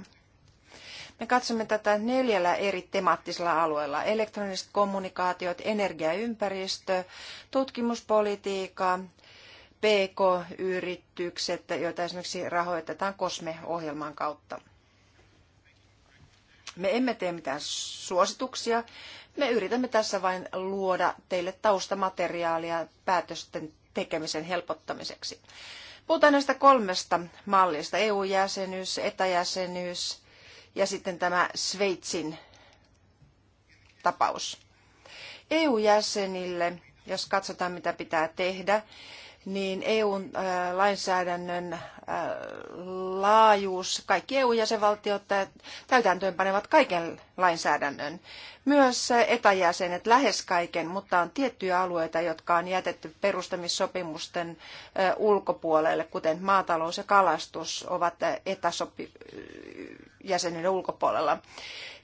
Me katsomme tätä neljällä eri temaattisella alueella. Elektroniset kommunikaatiot, energiaympäristö, tutkimuspolitiikka, PK-yritykset, joita esimerkiksi rahoitetaan COSME-ohjelman kautta. Me emme tee mitään suosituksia. Me yritämme tässä vain luoda teille taustamateriaalia päätösten tekemisen helpottamiseksi. Puhutaan näistä kolmesta mallista, EU-jäsenyys, etäjäsenyys ja sitten tämä Sveitsin tapaus. EU-jäsenille, jos katsotaan mitä pitää tehdä, niin EUn äh, lainsäädännön äh, laajuus, kaikki EU-jäsenvaltiot äh, täytäntöönpanevat kaiken lainsäädännön. Myös etäjäsenet lähes kaiken, mutta on tiettyjä alueita, jotka on jätetty perustamissopimusten ulkopuolelle, kuten maatalous ja kalastus ovat etäjäsenyyden ulkopuolella.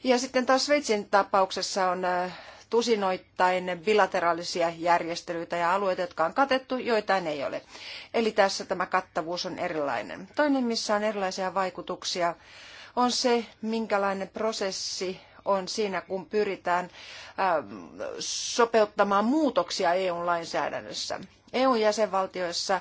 Ja sitten taas Sveitsin tapauksessa on tusinoittain bilateraalisia järjestelyitä ja alueita, jotka on katettu, joitain ei ole. Eli tässä tämä kattavuus on erilainen. Toinen, missä on erilaisia vaikutuksia, on se, minkälainen prosessi on siinä, kun pyritään ähm, sopeuttamaan muutoksia eu lainsäädännössä. EUn jäsenvaltioissa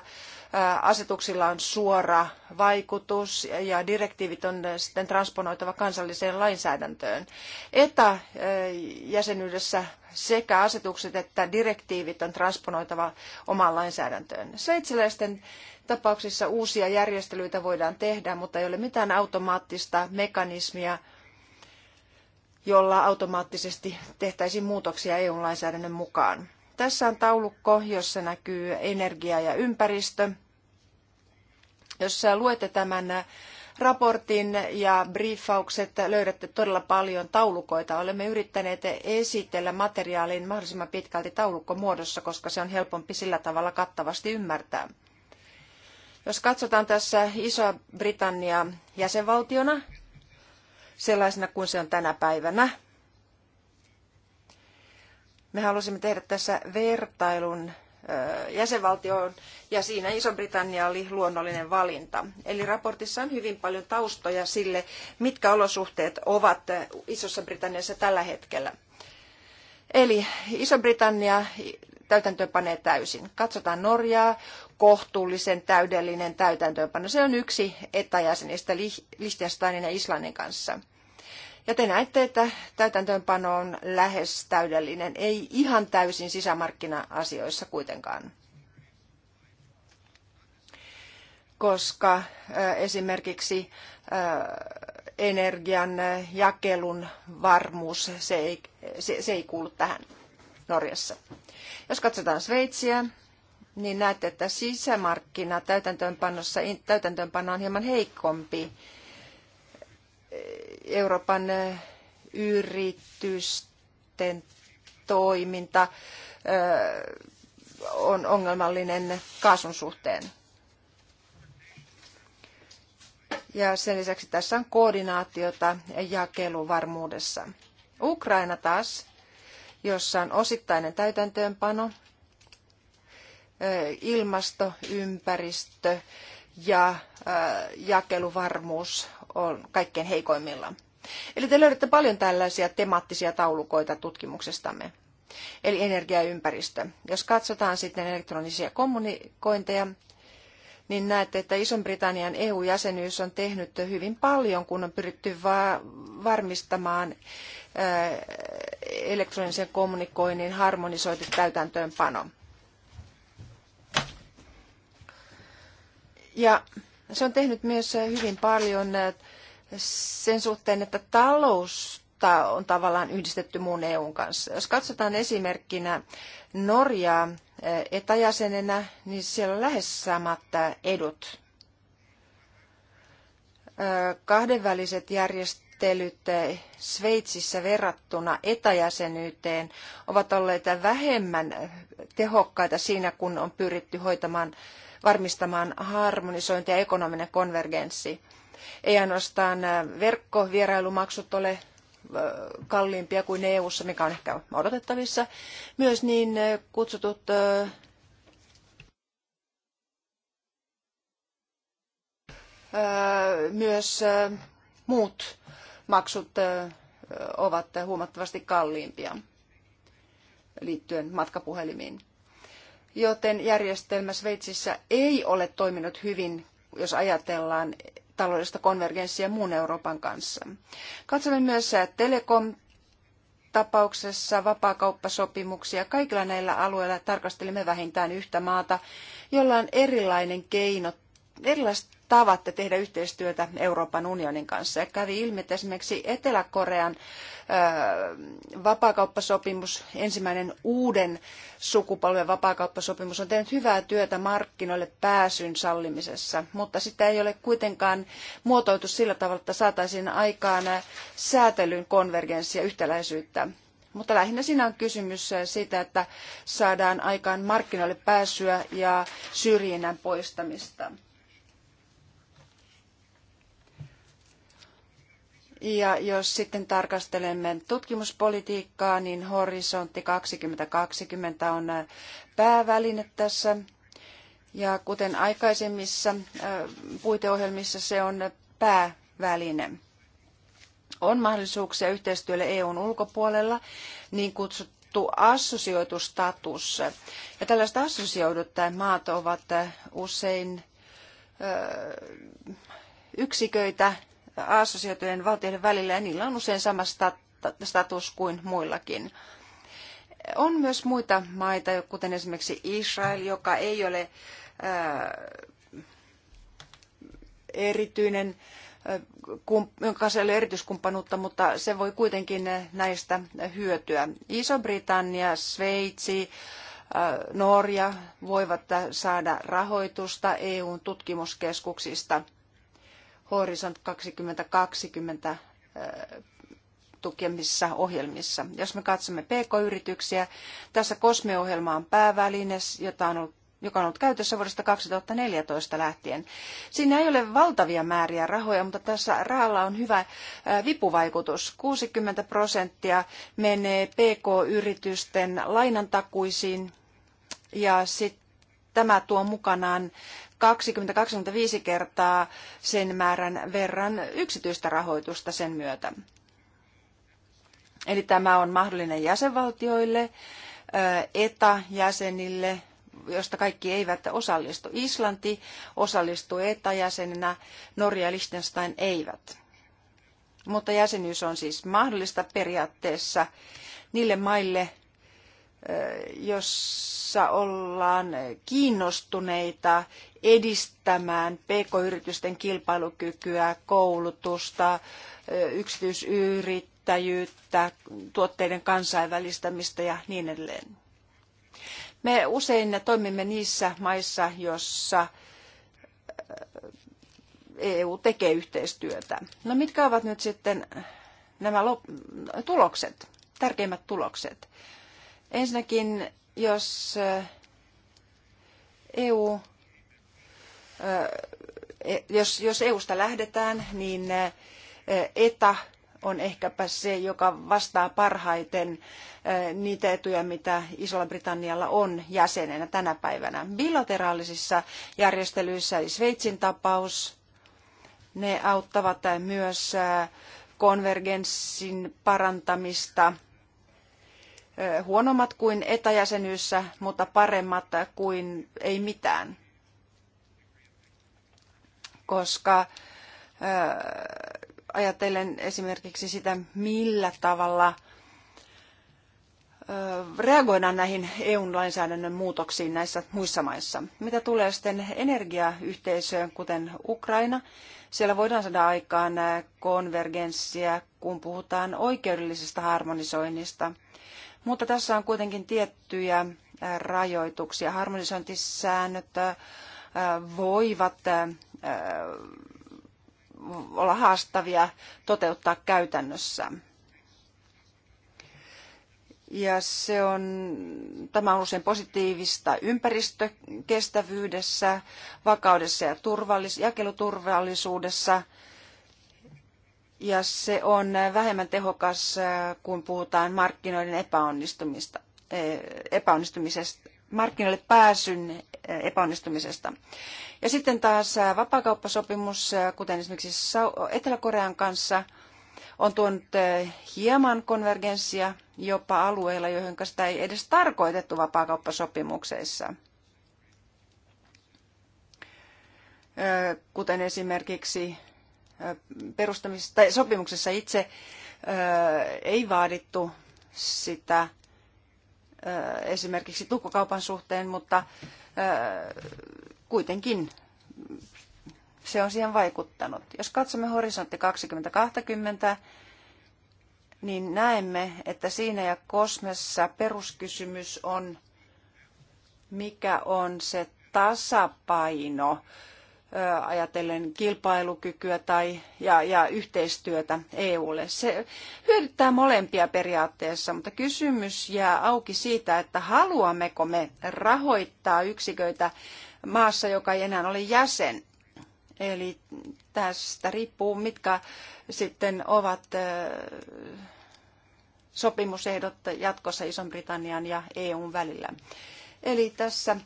asetuksilla on suora vaikutus ja direktiivit on sitten transponoitava kansalliseen lainsäädäntöön. ETA-jäsenyydessä eh, sekä asetukset että direktiivit on transponoitava omaan lainsäädäntöön. Sveitsiläisten tapauksissa uusia järjestelyitä voidaan tehdä, mutta ei ole mitään automaattista mekanismia, jolla automaattisesti tehtäisiin muutoksia EU-lainsäädännön mukaan. Tässä on taulukko, jossa näkyy energia ja ympäristö. Jos luette tämän raportin ja briefaukset löydätte todella paljon taulukoita. Olemme yrittäneet esitellä materiaalin mahdollisimman pitkälti taulukkomuodossa, koska se on helpompi sillä tavalla kattavasti ymmärtää. Jos katsotaan tässä iso Britannia jäsenvaltiona, sellaisena kuin se on tänä päivänä, me halusimme tehdä tässä vertailun jäsenvaltioon ja siinä Iso-Britannia oli luonnollinen valinta. Eli raportissa on hyvin paljon taustoja sille, mitkä olosuhteet ovat Isossa Britanniassa tällä hetkellä. Eli Iso-Britannia täytäntöönpanee täysin. Katsotaan Norjaa, kohtuullisen täydellinen täytäntöönpano. Se on yksi etäjäsenistä Liechtensteinin ja Islannin kanssa. Ja te näette, että täytäntöönpano on lähes täydellinen, ei ihan täysin sisämarkkina-asioissa kuitenkaan. Koska esimerkiksi energian jakelun varmuus, se ei, se, se ei kuulu tähän Norjassa. Jos katsotaan Sveitsiä, niin näette, että sisämarkkina täytäntöönpanossa, täytäntöönpano on hieman heikompi Euroopan eh, yritysten toiminta eh, on ongelmallinen kaasun suhteen. Ja sen lisäksi tässä on koordinaatiota jakeluvarmuudessa. Ukraina taas, jossa on osittainen täytäntöönpano, eh, ilmasto, ympäristö ja jakeluvarmuus on kaikkein heikoimmilla. Eli te löydätte paljon tällaisia temaattisia taulukoita tutkimuksestamme. Eli energiaympäristö. Jos katsotaan sitten elektronisia kommunikointeja, niin näette, että iso britannian EU-jäsenyys on tehnyt hyvin paljon, kun on pyritty va- varmistamaan ää, äh, elektronisen kommunikoinnin harmonisoitu täytäntöönpano. Ja se on tehnyt myös hyvin paljon äh, sen suhteen, että talous on tavallaan yhdistetty muun EUn kanssa. Jos katsotaan esimerkkinä Norjaa äh, etäjäsenenä, niin siellä on lähes samat äh, edut. Kahdenväliset järjestelyt Sveitsissä verrattuna etäjäsenyyteen ovat olleet vähemmän tehokkaita siinä, kun on pyritty hoitamaan varmistamaan harmonisointi ja ekonominen konvergenssi. Ei ainoastaan äh, verkkovierailumaksut ole äh, kalliimpia kuin EU-ssa, mikä on ehkä odotettavissa. Myös niin äh, kutsutut myös muut maksut ovat huomattavasti kalliimpia liittyen matkapuhelimiin joten järjestelmä Sveitsissä ei ole toiminut hyvin, jos ajatellaan taloudellista konvergenssia muun Euroopan kanssa. Katsomme myös äh, telekom tapauksessa vapaakauppasopimuksia. Kaikilla näillä alueilla tarkastelimme vähintään yhtä maata, jolla on erilainen keino erilaiset tavat tehdä yhteistyötä Euroopan unionin kanssa. Ja kävi ilmi, että esimerkiksi Etelä-Korean vapaakauppasopimus, ensimmäinen uuden sukupolven vapaakauppasopimus, on tehnyt hyvää työtä markkinoille pääsyn sallimisessa, mutta sitä ei ole kuitenkaan muotoiltu sillä tavalla, että saataisiin aikaan säätelyn konvergenssia yhtäläisyyttä. Mutta lähinnä siinä on kysymys siitä, että saadaan aikaan markkinoille pääsyä ja syrjinnän poistamista. Ja jos sitten tarkastelemme tutkimuspolitiikkaa, niin horisontti 2020 on äh, pääväline tässä. Ja kuten aikaisemmissa äh, puiteohjelmissa se on pääväline. On mahdollisuuksia yhteistyölle EUn ulkopuolella, niin kutsuttu assosioitustatus. Ja tällaiset assosioidut maat ovat äh, usein yksiköitä, assosioitujen valtioiden välillä ja niillä on usein sama status kuin muillakin. On myös muita maita, kuten esimerkiksi Israel, joka ei ole äh, erityinen, äh, jonka kanssa ei ole erityiskumppanuutta, mutta se voi kuitenkin äh, näistä hyötyä. Iso-Britannia, Sveitsi, Norja voivat saada rahoitusta EUn tutkimuskeskuksista – Horisont 2020 äh, tukemissa ohjelmissa. Jos me katsomme PK-yrityksiä, tässä COSME-ohjelma on pääväline, jota on ollut joka on ollut käytössä vuodesta 2014 lähtien. Siinä ei ole valtavia määriä rahoja, mutta tässä rahalla on hyvä äh, vipuvaikutus. 60 prosenttia menee PK-yritysten lainantakuisiin ja sitten tämä tuo mukanaan 20-25 kertaa sen määrän verran yksityistä rahoitusta sen myötä. Eli tämä on mahdollinen jäsenvaltioille, ETA-jäsenille, josta kaikki eivät osallistu. Islanti osallistuu ETA-jäsenenä, Norja ja Liechtenstein eivät. Mutta jäsenyys on siis mahdollista periaatteessa niille maille, jossa ollaan kiinnostuneita edistämään pk-yritysten kilpailukykyä, koulutusta, yksityisyrittäjyyttä, tuotteiden kansainvälistämistä ja niin edelleen. Me usein toimimme niissä maissa, joissa EU tekee yhteistyötä. No mitkä ovat nyt sitten nämä tulokset, tärkeimmät tulokset? Ensinnäkin, jos EU, eh, e eh, e, jos, jos EUsta lähdetään, niin ETA eh, e on ehkäpä se, joka vastaa parhaiten niitä etuja, mitä Isolla-Britannialla on jäsenenä tänä päivänä. Bilateraalisissa järjestelyissä, eli Sveitsin tapaus, ne auttavat myös konvergenssin parantamista – huonommat kuin etäjäsenyssä, mutta paremmat kuin ei mitään. Koska ajatellen esimerkiksi sitä, millä tavalla reagoidaan näihin EU-lainsäädännön muutoksiin näissä muissa maissa. Mitä tulee sitten energiayhteisöön, kuten Ukraina, siellä voidaan saada aikaan konvergenssia, kun puhutaan oikeudellisesta harmonisoinnista – mutta tässä on kuitenkin tiettyjä rajoituksia. Harmonisointisäännöt voivat olla haastavia toteuttaa käytännössä. Ja se on, tämä on usein positiivista ympäristökestävyydessä, vakaudessa ja turvallis, jakeluturvallisuudessa ja se on vähemmän tehokas, äh, kun puhutaan markkinoiden epäonnistumista, äh, epäonnistumisesta, markkinoille pääsyn äh, epäonnistumisesta. Ja sitten taas vapaakauppasopimus, kuten esimerkiksi Etelä-Korean kanssa, on tuonut hieman konvergenssia jopa alueilla, joihin sitä ei edes tarkoitettu vapaakauppasopimuksessa. Kuten esimerkiksi perustamisessa tai sopimuksessa itse ei vaadittu sitä esimerkiksi tukkukaupan suhteen, mutta kuitenkin se on siihen vaikuttanut. Jos katsomme horisontti 2020, niin näemme, että siinä ja kosmessa peruskysymys on, mikä on se tasapaino ajatellen kilpailukykyä tai, ja, ja yhteistyötä EUlle. Se hyödyttää molempia periaatteessa, mutta kysymys jää auki siitä, että haluammeko me rahoittaa yksiköitä maassa, joka ei enää ole jäsen. Eli tästä riippuu, mitkä sitten ovat sopimusehdot jatkossa Ison-Britannian ja EUn välillä. Eli tässä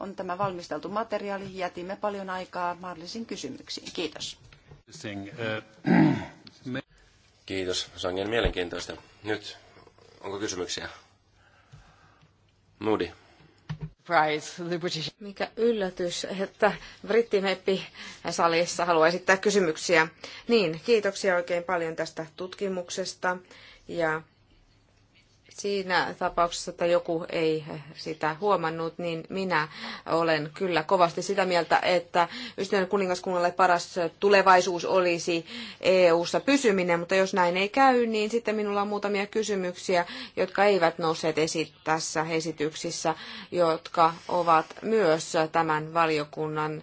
on tämä valmisteltu materiaali. Jätimme paljon aikaa mahdollisiin kysymyksiin. Kiitos. Kiitos. Sangen niin mielenkiintoista. Nyt onko kysymyksiä? Moody. Mikä yllätys, että brittimeppi salissa haluaa esittää kysymyksiä. Niin, kiitoksia oikein paljon tästä tutkimuksesta ja siinä tapauksessa, että joku ei sitä huomannut, niin minä olen kyllä kovasti sitä mieltä, että ystävän kuningaskunnalle paras tulevaisuus olisi EU-ssa pysyminen, mutta jos näin ei käy, niin sitten minulla on muutamia kysymyksiä, jotka eivät nousseet esiin tässä esityksissä, jotka ovat myös tämän valiokunnan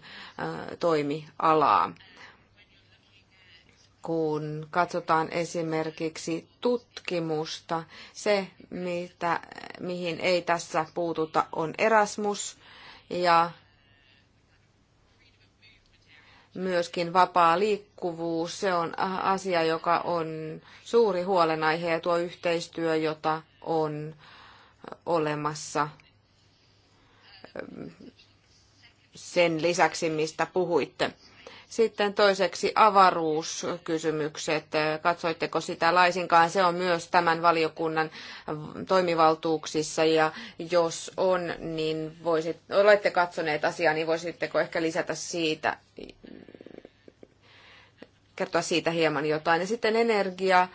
toimialaa kun katsotaan esimerkiksi tutkimusta, se, mitä, mihin ei tässä puututa, on Erasmus ja myöskin vapaa liikkuvuus. Se on asia, joka on suuri huolenaihe ja tuo yhteistyö, jota on olemassa sen lisäksi, mistä puhuitte. Sitten toiseksi avaruuskysymykset. Katsoitteko sitä laisinkaan? Se on myös tämän valiokunnan toimivaltuuksissa ja jos on, niin voisit, olette katsoneet asiaa, niin voisitteko ehkä lisätä siitä, kertoa siitä hieman jotain. Ja sitten energia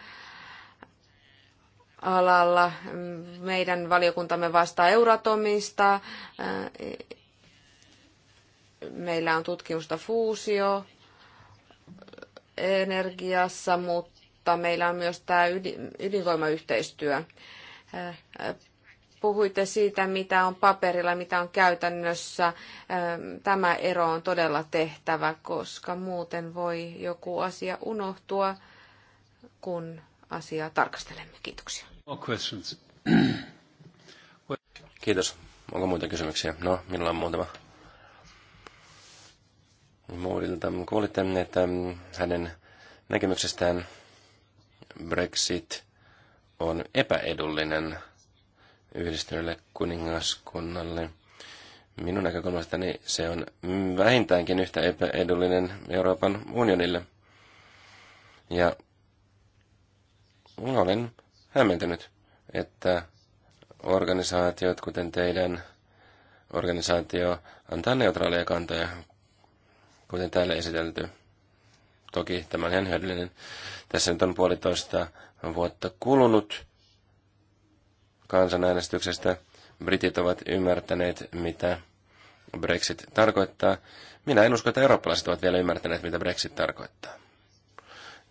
alalla meidän valiokuntamme vastaa Euratomista meillä on tutkimusta fuusio energiassa, mutta meillä on myös tämä ydinvoimayhteistyö. Puhuitte siitä, mitä on paperilla, mitä on käytännössä. Tämä ero on todella tehtävä, koska muuten voi joku asia unohtua, kun asiaa tarkastelemme. Kiitoksia. Kiitos. Onko muita kysymyksiä? No, minulla on muutama Moodilta kuulitte, että hänen näkemyksestään Brexit on epäedullinen yhdistyneelle kuningaskunnalle. Minun näkökulmastani se on vähintäänkin yhtä epäedullinen Euroopan unionille. Ja olen hämmentynyt, että organisaatiot, kuten teidän organisaatio, antaa neutraaleja kantoja kuten täällä esitelty. Toki tämä on ihan hyödyllinen. Tässä nyt on puolitoista vuotta kulunut kansanäänestyksestä. Britit ovat ymmärtäneet, mitä Brexit tarkoittaa. Minä en usko, että eurooppalaiset ovat vielä ymmärtäneet, mitä Brexit tarkoittaa.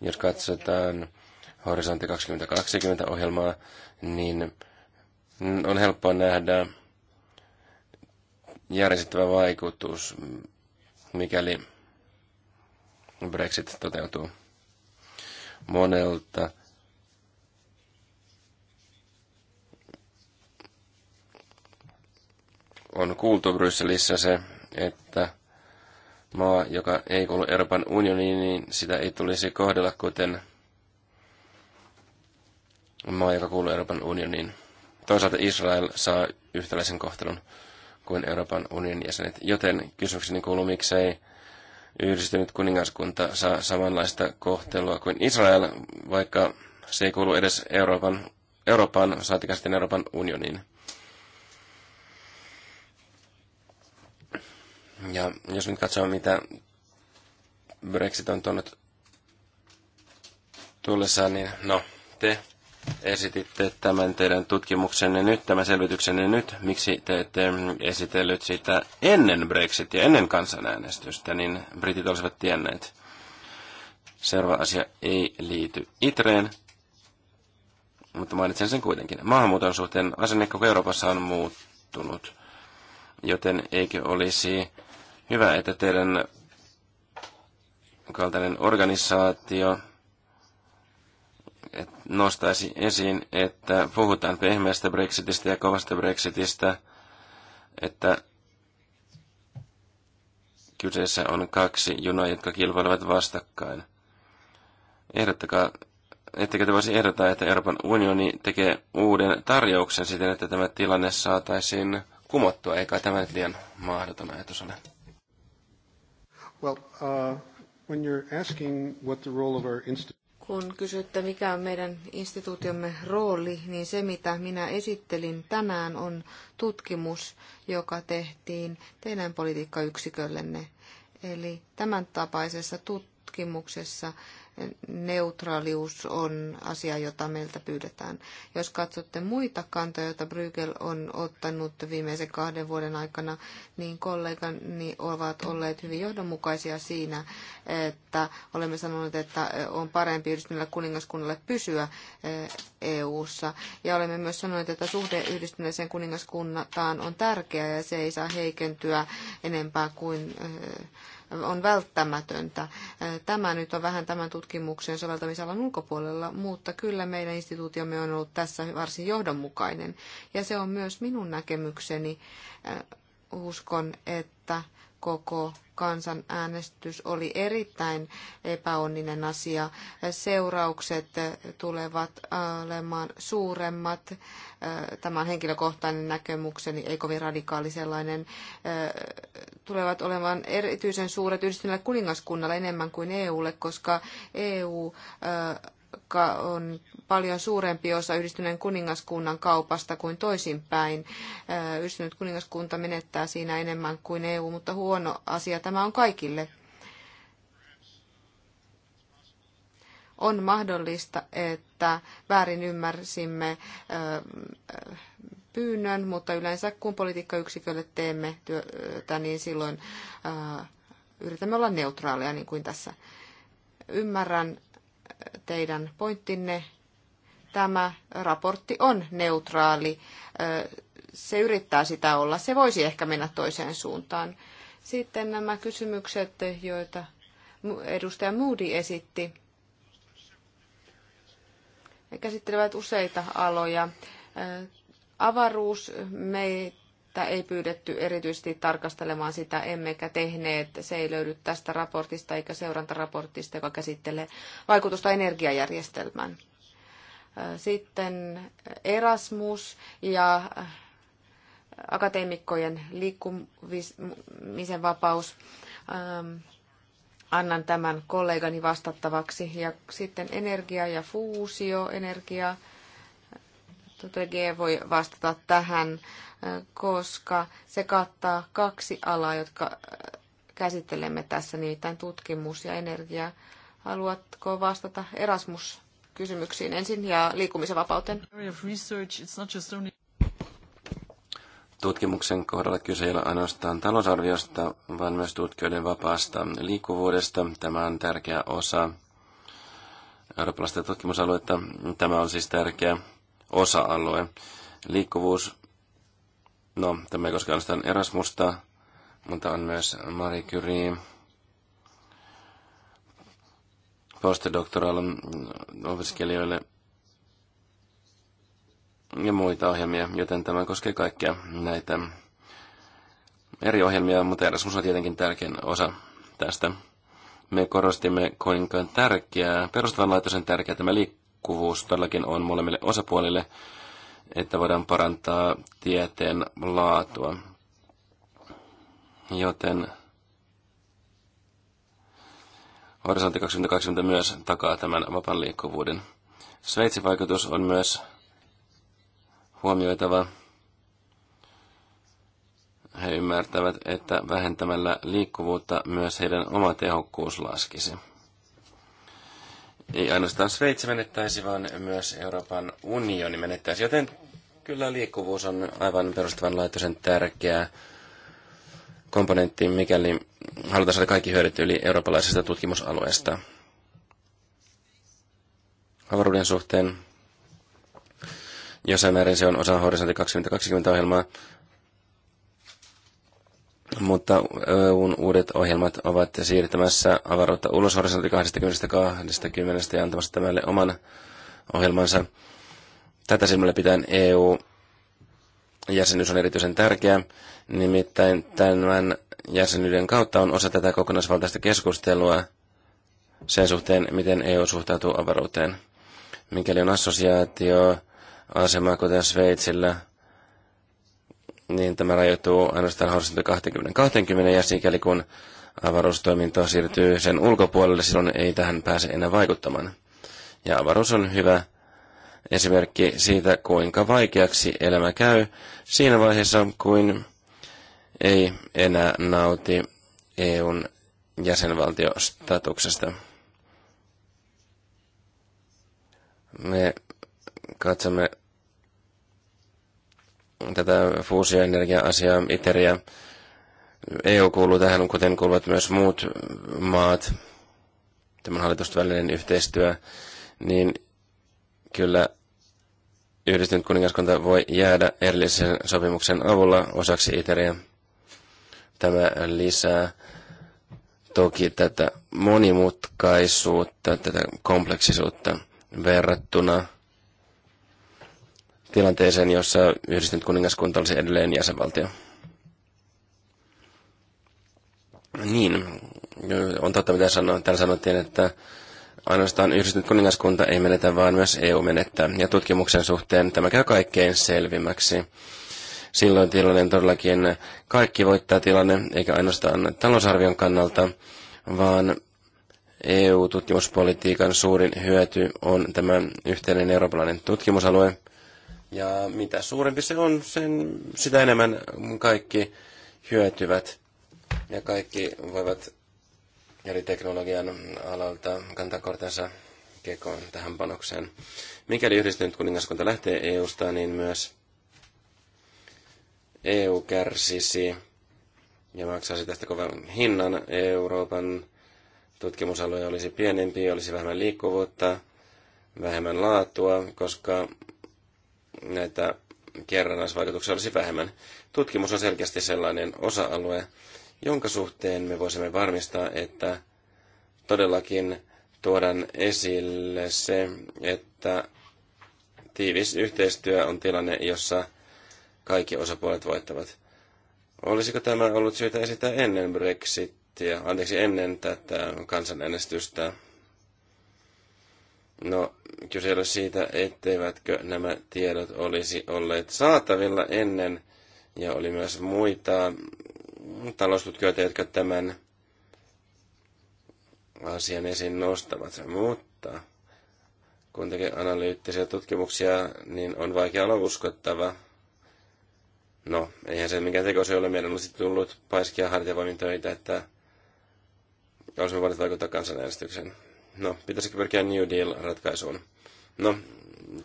Jos katsotaan Horisontti 2020-ohjelmaa, niin on helppoa nähdä järjestettävä vaikutus, mikäli Brexit toteutuu. Monelta on kuultu Brysselissä se, että maa, joka ei kuulu Euroopan unioniin, niin sitä ei tulisi kohdella kuten maa, joka kuuluu Euroopan unioniin. Toisaalta Israel saa yhtäläisen kohtelun kuin Euroopan unionin jäsenet. Joten kysymykseni kuuluu, miksei yhdistynyt kuningaskunta saa samanlaista kohtelua kuin Israel, vaikka se ei kuulu edes Euroopan, Euroopan saatikaan sitten Euroopan unioniin. Ja jos nyt katsoo, mitä Brexit on tuonut tullessaan, niin no, te esititte tämän teidän tutkimuksenne nyt, tämän selvityksenne nyt, miksi te ette mm, esitellyt sitä ennen Brexitia, ennen kansanäänestystä, niin britit olisivat tienneet. Seuraava asia ei liity Itreen, mutta mainitsen sen kuitenkin. Maahanmuuton suhteen asenne koko Euroopassa on muuttunut, joten eikö olisi hyvä, että teidän kaltainen organisaatio – nostaisi esiin, että puhutaan pehmeästä Brexitistä ja kovasta Brexitistä, että kyseessä on kaksi junaa, jotka kilpailevat vastakkain. Ehdottakaa, ettekö te voisi ehdottaa, että Euroopan unioni tekee uuden tarjouksen siten, että tämä tilanne saataisiin kumottua, eikä tämä nyt liian mahdoton ajatus ole. Well, uh, when you're asking what the role of our institution kun kysytte, mikä on meidän instituutiomme rooli, niin se, mitä minä esittelin tänään, on tutkimus, joka tehtiin teidän politiikkayksiköllenne. Eli tämän tapaisessa tutkimuksessa neutraalius on asia, jota meiltä pyydetään. Jos katsotte muita kantoja, joita Brygel on ottanut viimeisen kahden vuoden aikana, niin kollegani ovat olleet hyvin johdonmukaisia siinä, että olemme sanoneet, että on parempi yhdistyneellä kuningaskunnalle pysyä EU-ssa. Eh, e ja olemme myös sanoneet, että suhde yhdistyneeseen kuningaskuntaan on tärkeä ja se ei saa heikentyä enempää kuin eh, on välttämätöntä. Äh, Tämä nyt on vähän tämän tutkimuksen soveltamisalan ulkopuolella, mutta kyllä meidän instituutiomme on ollut tässä varsin johdonmukainen. Ja se on myös minun näkemykseni. Äh, Uskon, että koko kansanäänestys oli erittäin epäonninen asia. Seuraukset tulevat olemaan suuremmat. Tämä on henkilökohtainen näkemykseni, ei kovin radikaali sellainen. Tulevat olemaan erityisen suuret yhdistyneelle kuningaskunnalle enemmän kuin EUlle, koska EU on paljon suurempi osa yhdistyneen kuningaskunnan kaupasta kuin toisinpäin. Yhdistynyt kuningaskunta menettää siinä enemmän kuin EU, mutta huono asia tämä on kaikille. On mahdollista, että väärin ymmärsimme pyynnön, mutta yleensä kun politiikkayksikölle teemme työtä, niin silloin yritämme olla neutraaleja, niin kuin tässä ymmärrän teidän pointtinne. Tämä raportti on neutraali. Se yrittää sitä olla. Se voisi ehkä mennä toiseen suuntaan. Sitten nämä kysymykset, joita edustaja Moody esitti. Ne käsittelevät useita aloja. Avaruus meitä että ei pyydetty erityisesti tarkastelemaan sitä, emmekä tehneet. Se ei löydy tästä raportista eikä seurantaraportista, joka käsittelee vaikutusta energiajärjestelmään. Sitten Erasmus ja akateemikkojen liikkumisen vapaus. Ähm, annan tämän kollegani vastattavaksi. Ja sitten energia ja fuusio, energia. G voi vastata tähän koska se kattaa kaksi alaa, jotka äh, käsittelemme tässä, nimittäin tutkimus ja energia. Haluatko vastata Erasmus-kysymyksiin ensin ja liikkumisen vapauteen? Tutkimuksen kohdalla kyse ei ole ainoastaan talousarviosta, vaan myös tutkijoiden vapaasta liikkuvuudesta. Tämä on tärkeä osa eurooppalaista tutkimusaluetta. Tämä on siis tärkeä osa-alue. Liikkuvuus No, tämä ei koske ainoastaan Erasmusta, mutta on myös Marie Curie, postdoctoral opiskelijoille ja muita ohjelmia, joten tämä koskee kaikkia näitä eri ohjelmia, mutta Erasmus on tietenkin tärkein osa tästä. Me korostimme, kuinka tärkeää, perustavanlaatuisen tärkeää tämä liikkuvuus todellakin on molemmille osapuolille, että voidaan parantaa tieteen laatua. Joten Horisontti 2020 myös takaa tämän vapaan liikkuvuuden. Sveitsin vaikutus on myös huomioitava. He ymmärtävät, että vähentämällä liikkuvuutta myös heidän oma tehokkuus laskisi ei ainoastaan Sveitsi menettäisi, vaan myös Euroopan unioni menettäisi. Joten kyllä liikkuvuus on aivan perustavanlaatuisen tärkeä komponentti, mikäli halutaan saada kaikki hyödyt yli eurooppalaisesta tutkimusalueesta. Avaruuden suhteen jossain määrin se on osa Horisontti 2020-ohjelmaa, mutta EUn uudet ohjelmat ovat siirtämässä avaruutta ulos horisontti 2020 ja antamassa tämälle oman ohjelmansa. Tätä silmällä pitäen EU-jäsenyys on erityisen tärkeä, nimittäin tämän jäsenyyden kautta on osa tätä kokonaisvaltaista keskustelua sen suhteen, miten EU suhtautuu avaruuteen. Mikäli on assosiaatio, asema kuten Sveitsillä – niin tämä rajoittuu ainoastaan horisontti 2020 ja sikäli kun avaruustoiminto siirtyy sen ulkopuolelle, silloin ei tähän pääse enää vaikuttamaan. Ja avaruus on hyvä esimerkki siitä, kuinka vaikeaksi elämä käy siinä vaiheessa, kuin ei enää nauti EUn jäsenvaltiostatuksesta. Me katsomme tätä fuusioenergia-asiaa, ITERiä. EU kuuluu tähän, kuten kuuluvat myös muut maat, tämän hallitusten yhteistyö, niin kyllä yhdistynyt kuningaskunta voi jäädä erillisen sopimuksen avulla osaksi ITERiä. Tämä lisää toki tätä monimutkaisuutta, tätä kompleksisuutta verrattuna tilanteeseen, jossa yhdistynyt kuningaskunta olisi edelleen jäsenvaltio. Niin, on totta mitä sanoin. Täällä sanottiin, että ainoastaan yhdistynyt kuningaskunta ei menetä, vaan myös EU menettää. Ja tutkimuksen suhteen tämä käy kaikkein selvimmäksi. Silloin tilanne on todellakin kaikki voittaa tilanne, eikä ainoastaan talousarvion kannalta, vaan EU-tutkimuspolitiikan suurin hyöty on tämä yhteinen eurooppalainen tutkimusalue – ja mitä suurempi se on, sen, sitä enemmän kaikki hyötyvät ja kaikki voivat eri teknologian alalta kantaa kortensa kekoon tähän panokseen. Mikäli yhdistynyt kuningaskunta lähtee EUsta, niin myös EU kärsisi ja maksaisi tästä kovan hinnan. Euroopan tutkimusalue olisi pienempi, olisi vähemmän liikkuvuutta, vähemmän laatua, koska näitä kerrannaisvaikutuksia olisi vähemmän. Tutkimus on selkeästi sellainen osa-alue, jonka suhteen me voisimme varmistaa, että todellakin tuodaan esille se, että tiivis yhteistyö on tilanne, jossa kaikki osapuolet voittavat. Olisiko tämä ollut syytä esittää ennen Brexitia, anteeksi, ennen tätä kansanäänestystä? No, Kyse ole siitä, etteivätkö nämä tiedot olisi olleet saatavilla ennen, ja oli myös muita taloustutkijoita, jotka tämän asian esiin nostavat. Mutta kun tekee analyyttisiä tutkimuksia, niin on vaikea olla uskottava. No, eihän se mikään teko se ole. Meidän olisi tullut paiskia hartiavoimin töitä, että olisimme voineet vaikuttaa kansanäänestykseen. No, pitäisikö pyrkiä New Deal-ratkaisuun? No,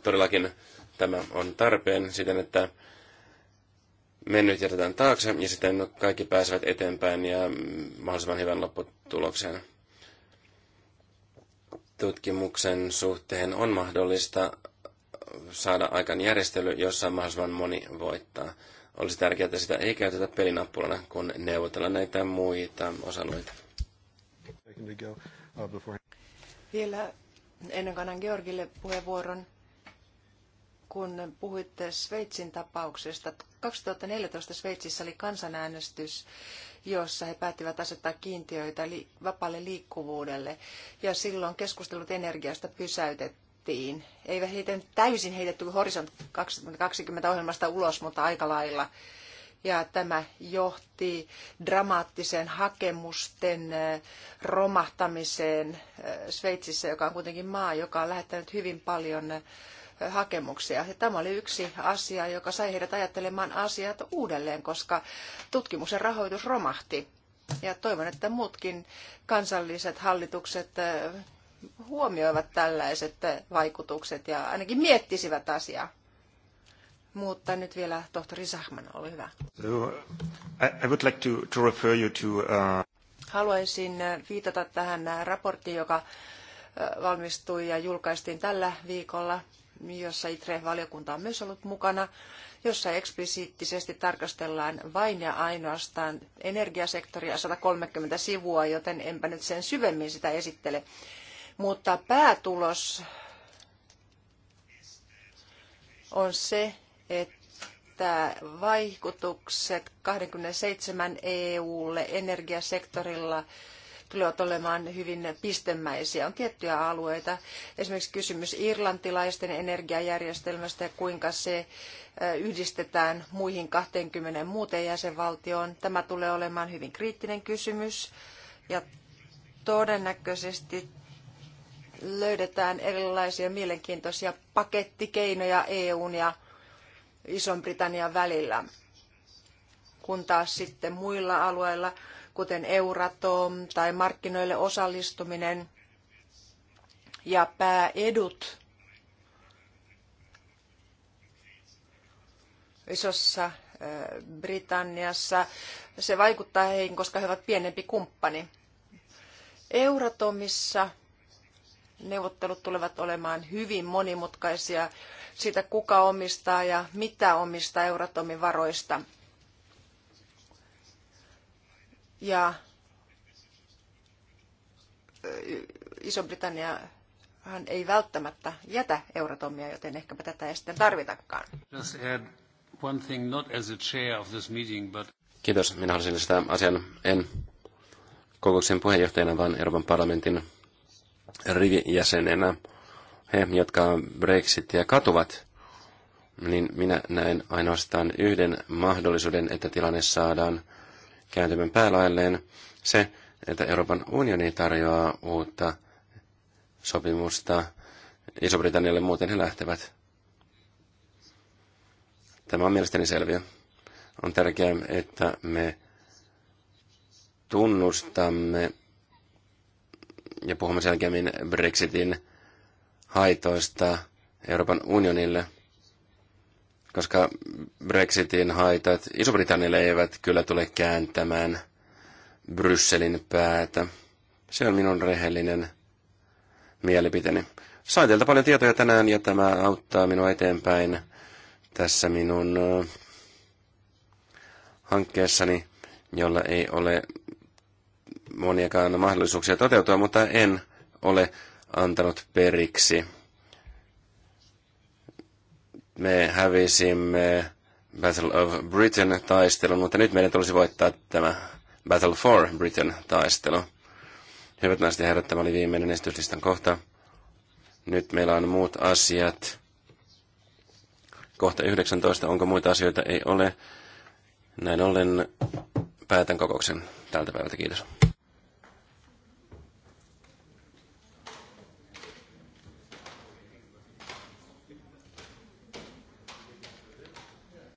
todellakin tämä on tarpeen siten, että mennyt jätetään taakse ja sitten kaikki pääsevät eteenpäin ja mahdollisimman hyvän lopputulokseen. Tutkimuksen suhteen on mahdollista saada aikaan järjestely, jossa mahdollisimman moni voittaa. Olisi tärkeää, että sitä ei käytetä pelinappulana, kun neuvotella näitä muita osaloita. Vielä ennen kuin annan Georgille puheenvuoron, kun puhuitte Sveitsin tapauksesta. 2014 Sveitsissä oli kansanäänestys, jossa he päättivät asettaa kiintiöitä vapaalle liikkuvuudelle. Ja silloin keskustelut energiasta pysäytettiin. Ei heitä täysin heitetty Horisont 2020 ohjelmasta ulos, mutta aika lailla ja tämä johti dramaattiseen hakemusten romahtamiseen Sveitsissä, joka on kuitenkin maa, joka on lähettänyt hyvin paljon hakemuksia. Ja tämä oli yksi asia, joka sai heidät ajattelemaan asiat uudelleen, koska tutkimuksen rahoitus romahti. Ja toivon, että muutkin kansalliset hallitukset huomioivat tällaiset vaikutukset ja ainakin miettisivät asiaa mutta nyt vielä tohtori Sahman, ole hyvä. So, I, would like to, to refer you to, uh... Haluaisin äh, viitata tähän äh, raporttiin, joka äh, valmistui ja julkaistiin tällä viikolla, jossa ITRE-valiokunta on myös ollut mukana, jossa eksplisiittisesti tarkastellaan vain ja ainoastaan energiasektoria 130 sivua, joten enpä nyt sen syvemmin sitä esittele. Mutta päätulos on se, että vaikutukset 27 EUlle energiasektorilla tulevat olemaan hyvin pistemäisiä. On tiettyjä alueita, esimerkiksi kysymys irlantilaisten energiajärjestelmästä ja kuinka se yhdistetään muihin 20 muuteen jäsenvaltioon. Tämä tulee olemaan hyvin kriittinen kysymys ja todennäköisesti löydetään erilaisia mielenkiintoisia pakettikeinoja EUn ja Ison-Britannian välillä. Kun taas sitten muilla alueilla, kuten Euratom tai markkinoille osallistuminen ja pääedut Isossa Britanniassa, se vaikuttaa heihin, koska he ovat pienempi kumppani. Euratomissa neuvottelut tulevat olemaan hyvin monimutkaisia siitä, kuka omistaa ja mitä omistaa Euratomin varoista. Ja iso britanniahan ei välttämättä jätä Euratomia, joten ehkäpä tätä ei sitten tarvitakaan. Kiitos. Minä haluaisin lisätä asian en kokouksen puheenjohtajana, vaan Euroopan parlamentin rivijäsenenä he, jotka Brexitia katuvat, niin minä näen ainoastaan yhden mahdollisuuden, että tilanne saadaan kääntymään päälailleen. Se, että Euroopan unioni tarjoaa uutta sopimusta Iso-Britannialle, muuten he lähtevät. Tämä on mielestäni selviö. On tärkeää, että me tunnustamme ja puhumme selkeämmin Brexitin haitoista Euroopan unionille, koska Brexitin haitat Iso-Britannialle eivät kyllä tule kääntämään Brysselin päätä. Se on minun rehellinen mielipiteeni. Sain teiltä paljon tietoja tänään ja tämä auttaa minua eteenpäin tässä minun hankkeessani, jolla ei ole moniakaan mahdollisuuksia toteutua, mutta en ole antanut periksi. Me hävisimme Battle of Britain taistelun, mutta nyt meidän tulisi voittaa tämä Battle for Britain taistelu. Hyvät naiset ja herrat, tämä oli viimeinen esityslistan kohta. Nyt meillä on muut asiat. Kohta 19. Onko muita asioita? Ei ole. Näin ollen päätän kokouksen tältä päivältä. Kiitos.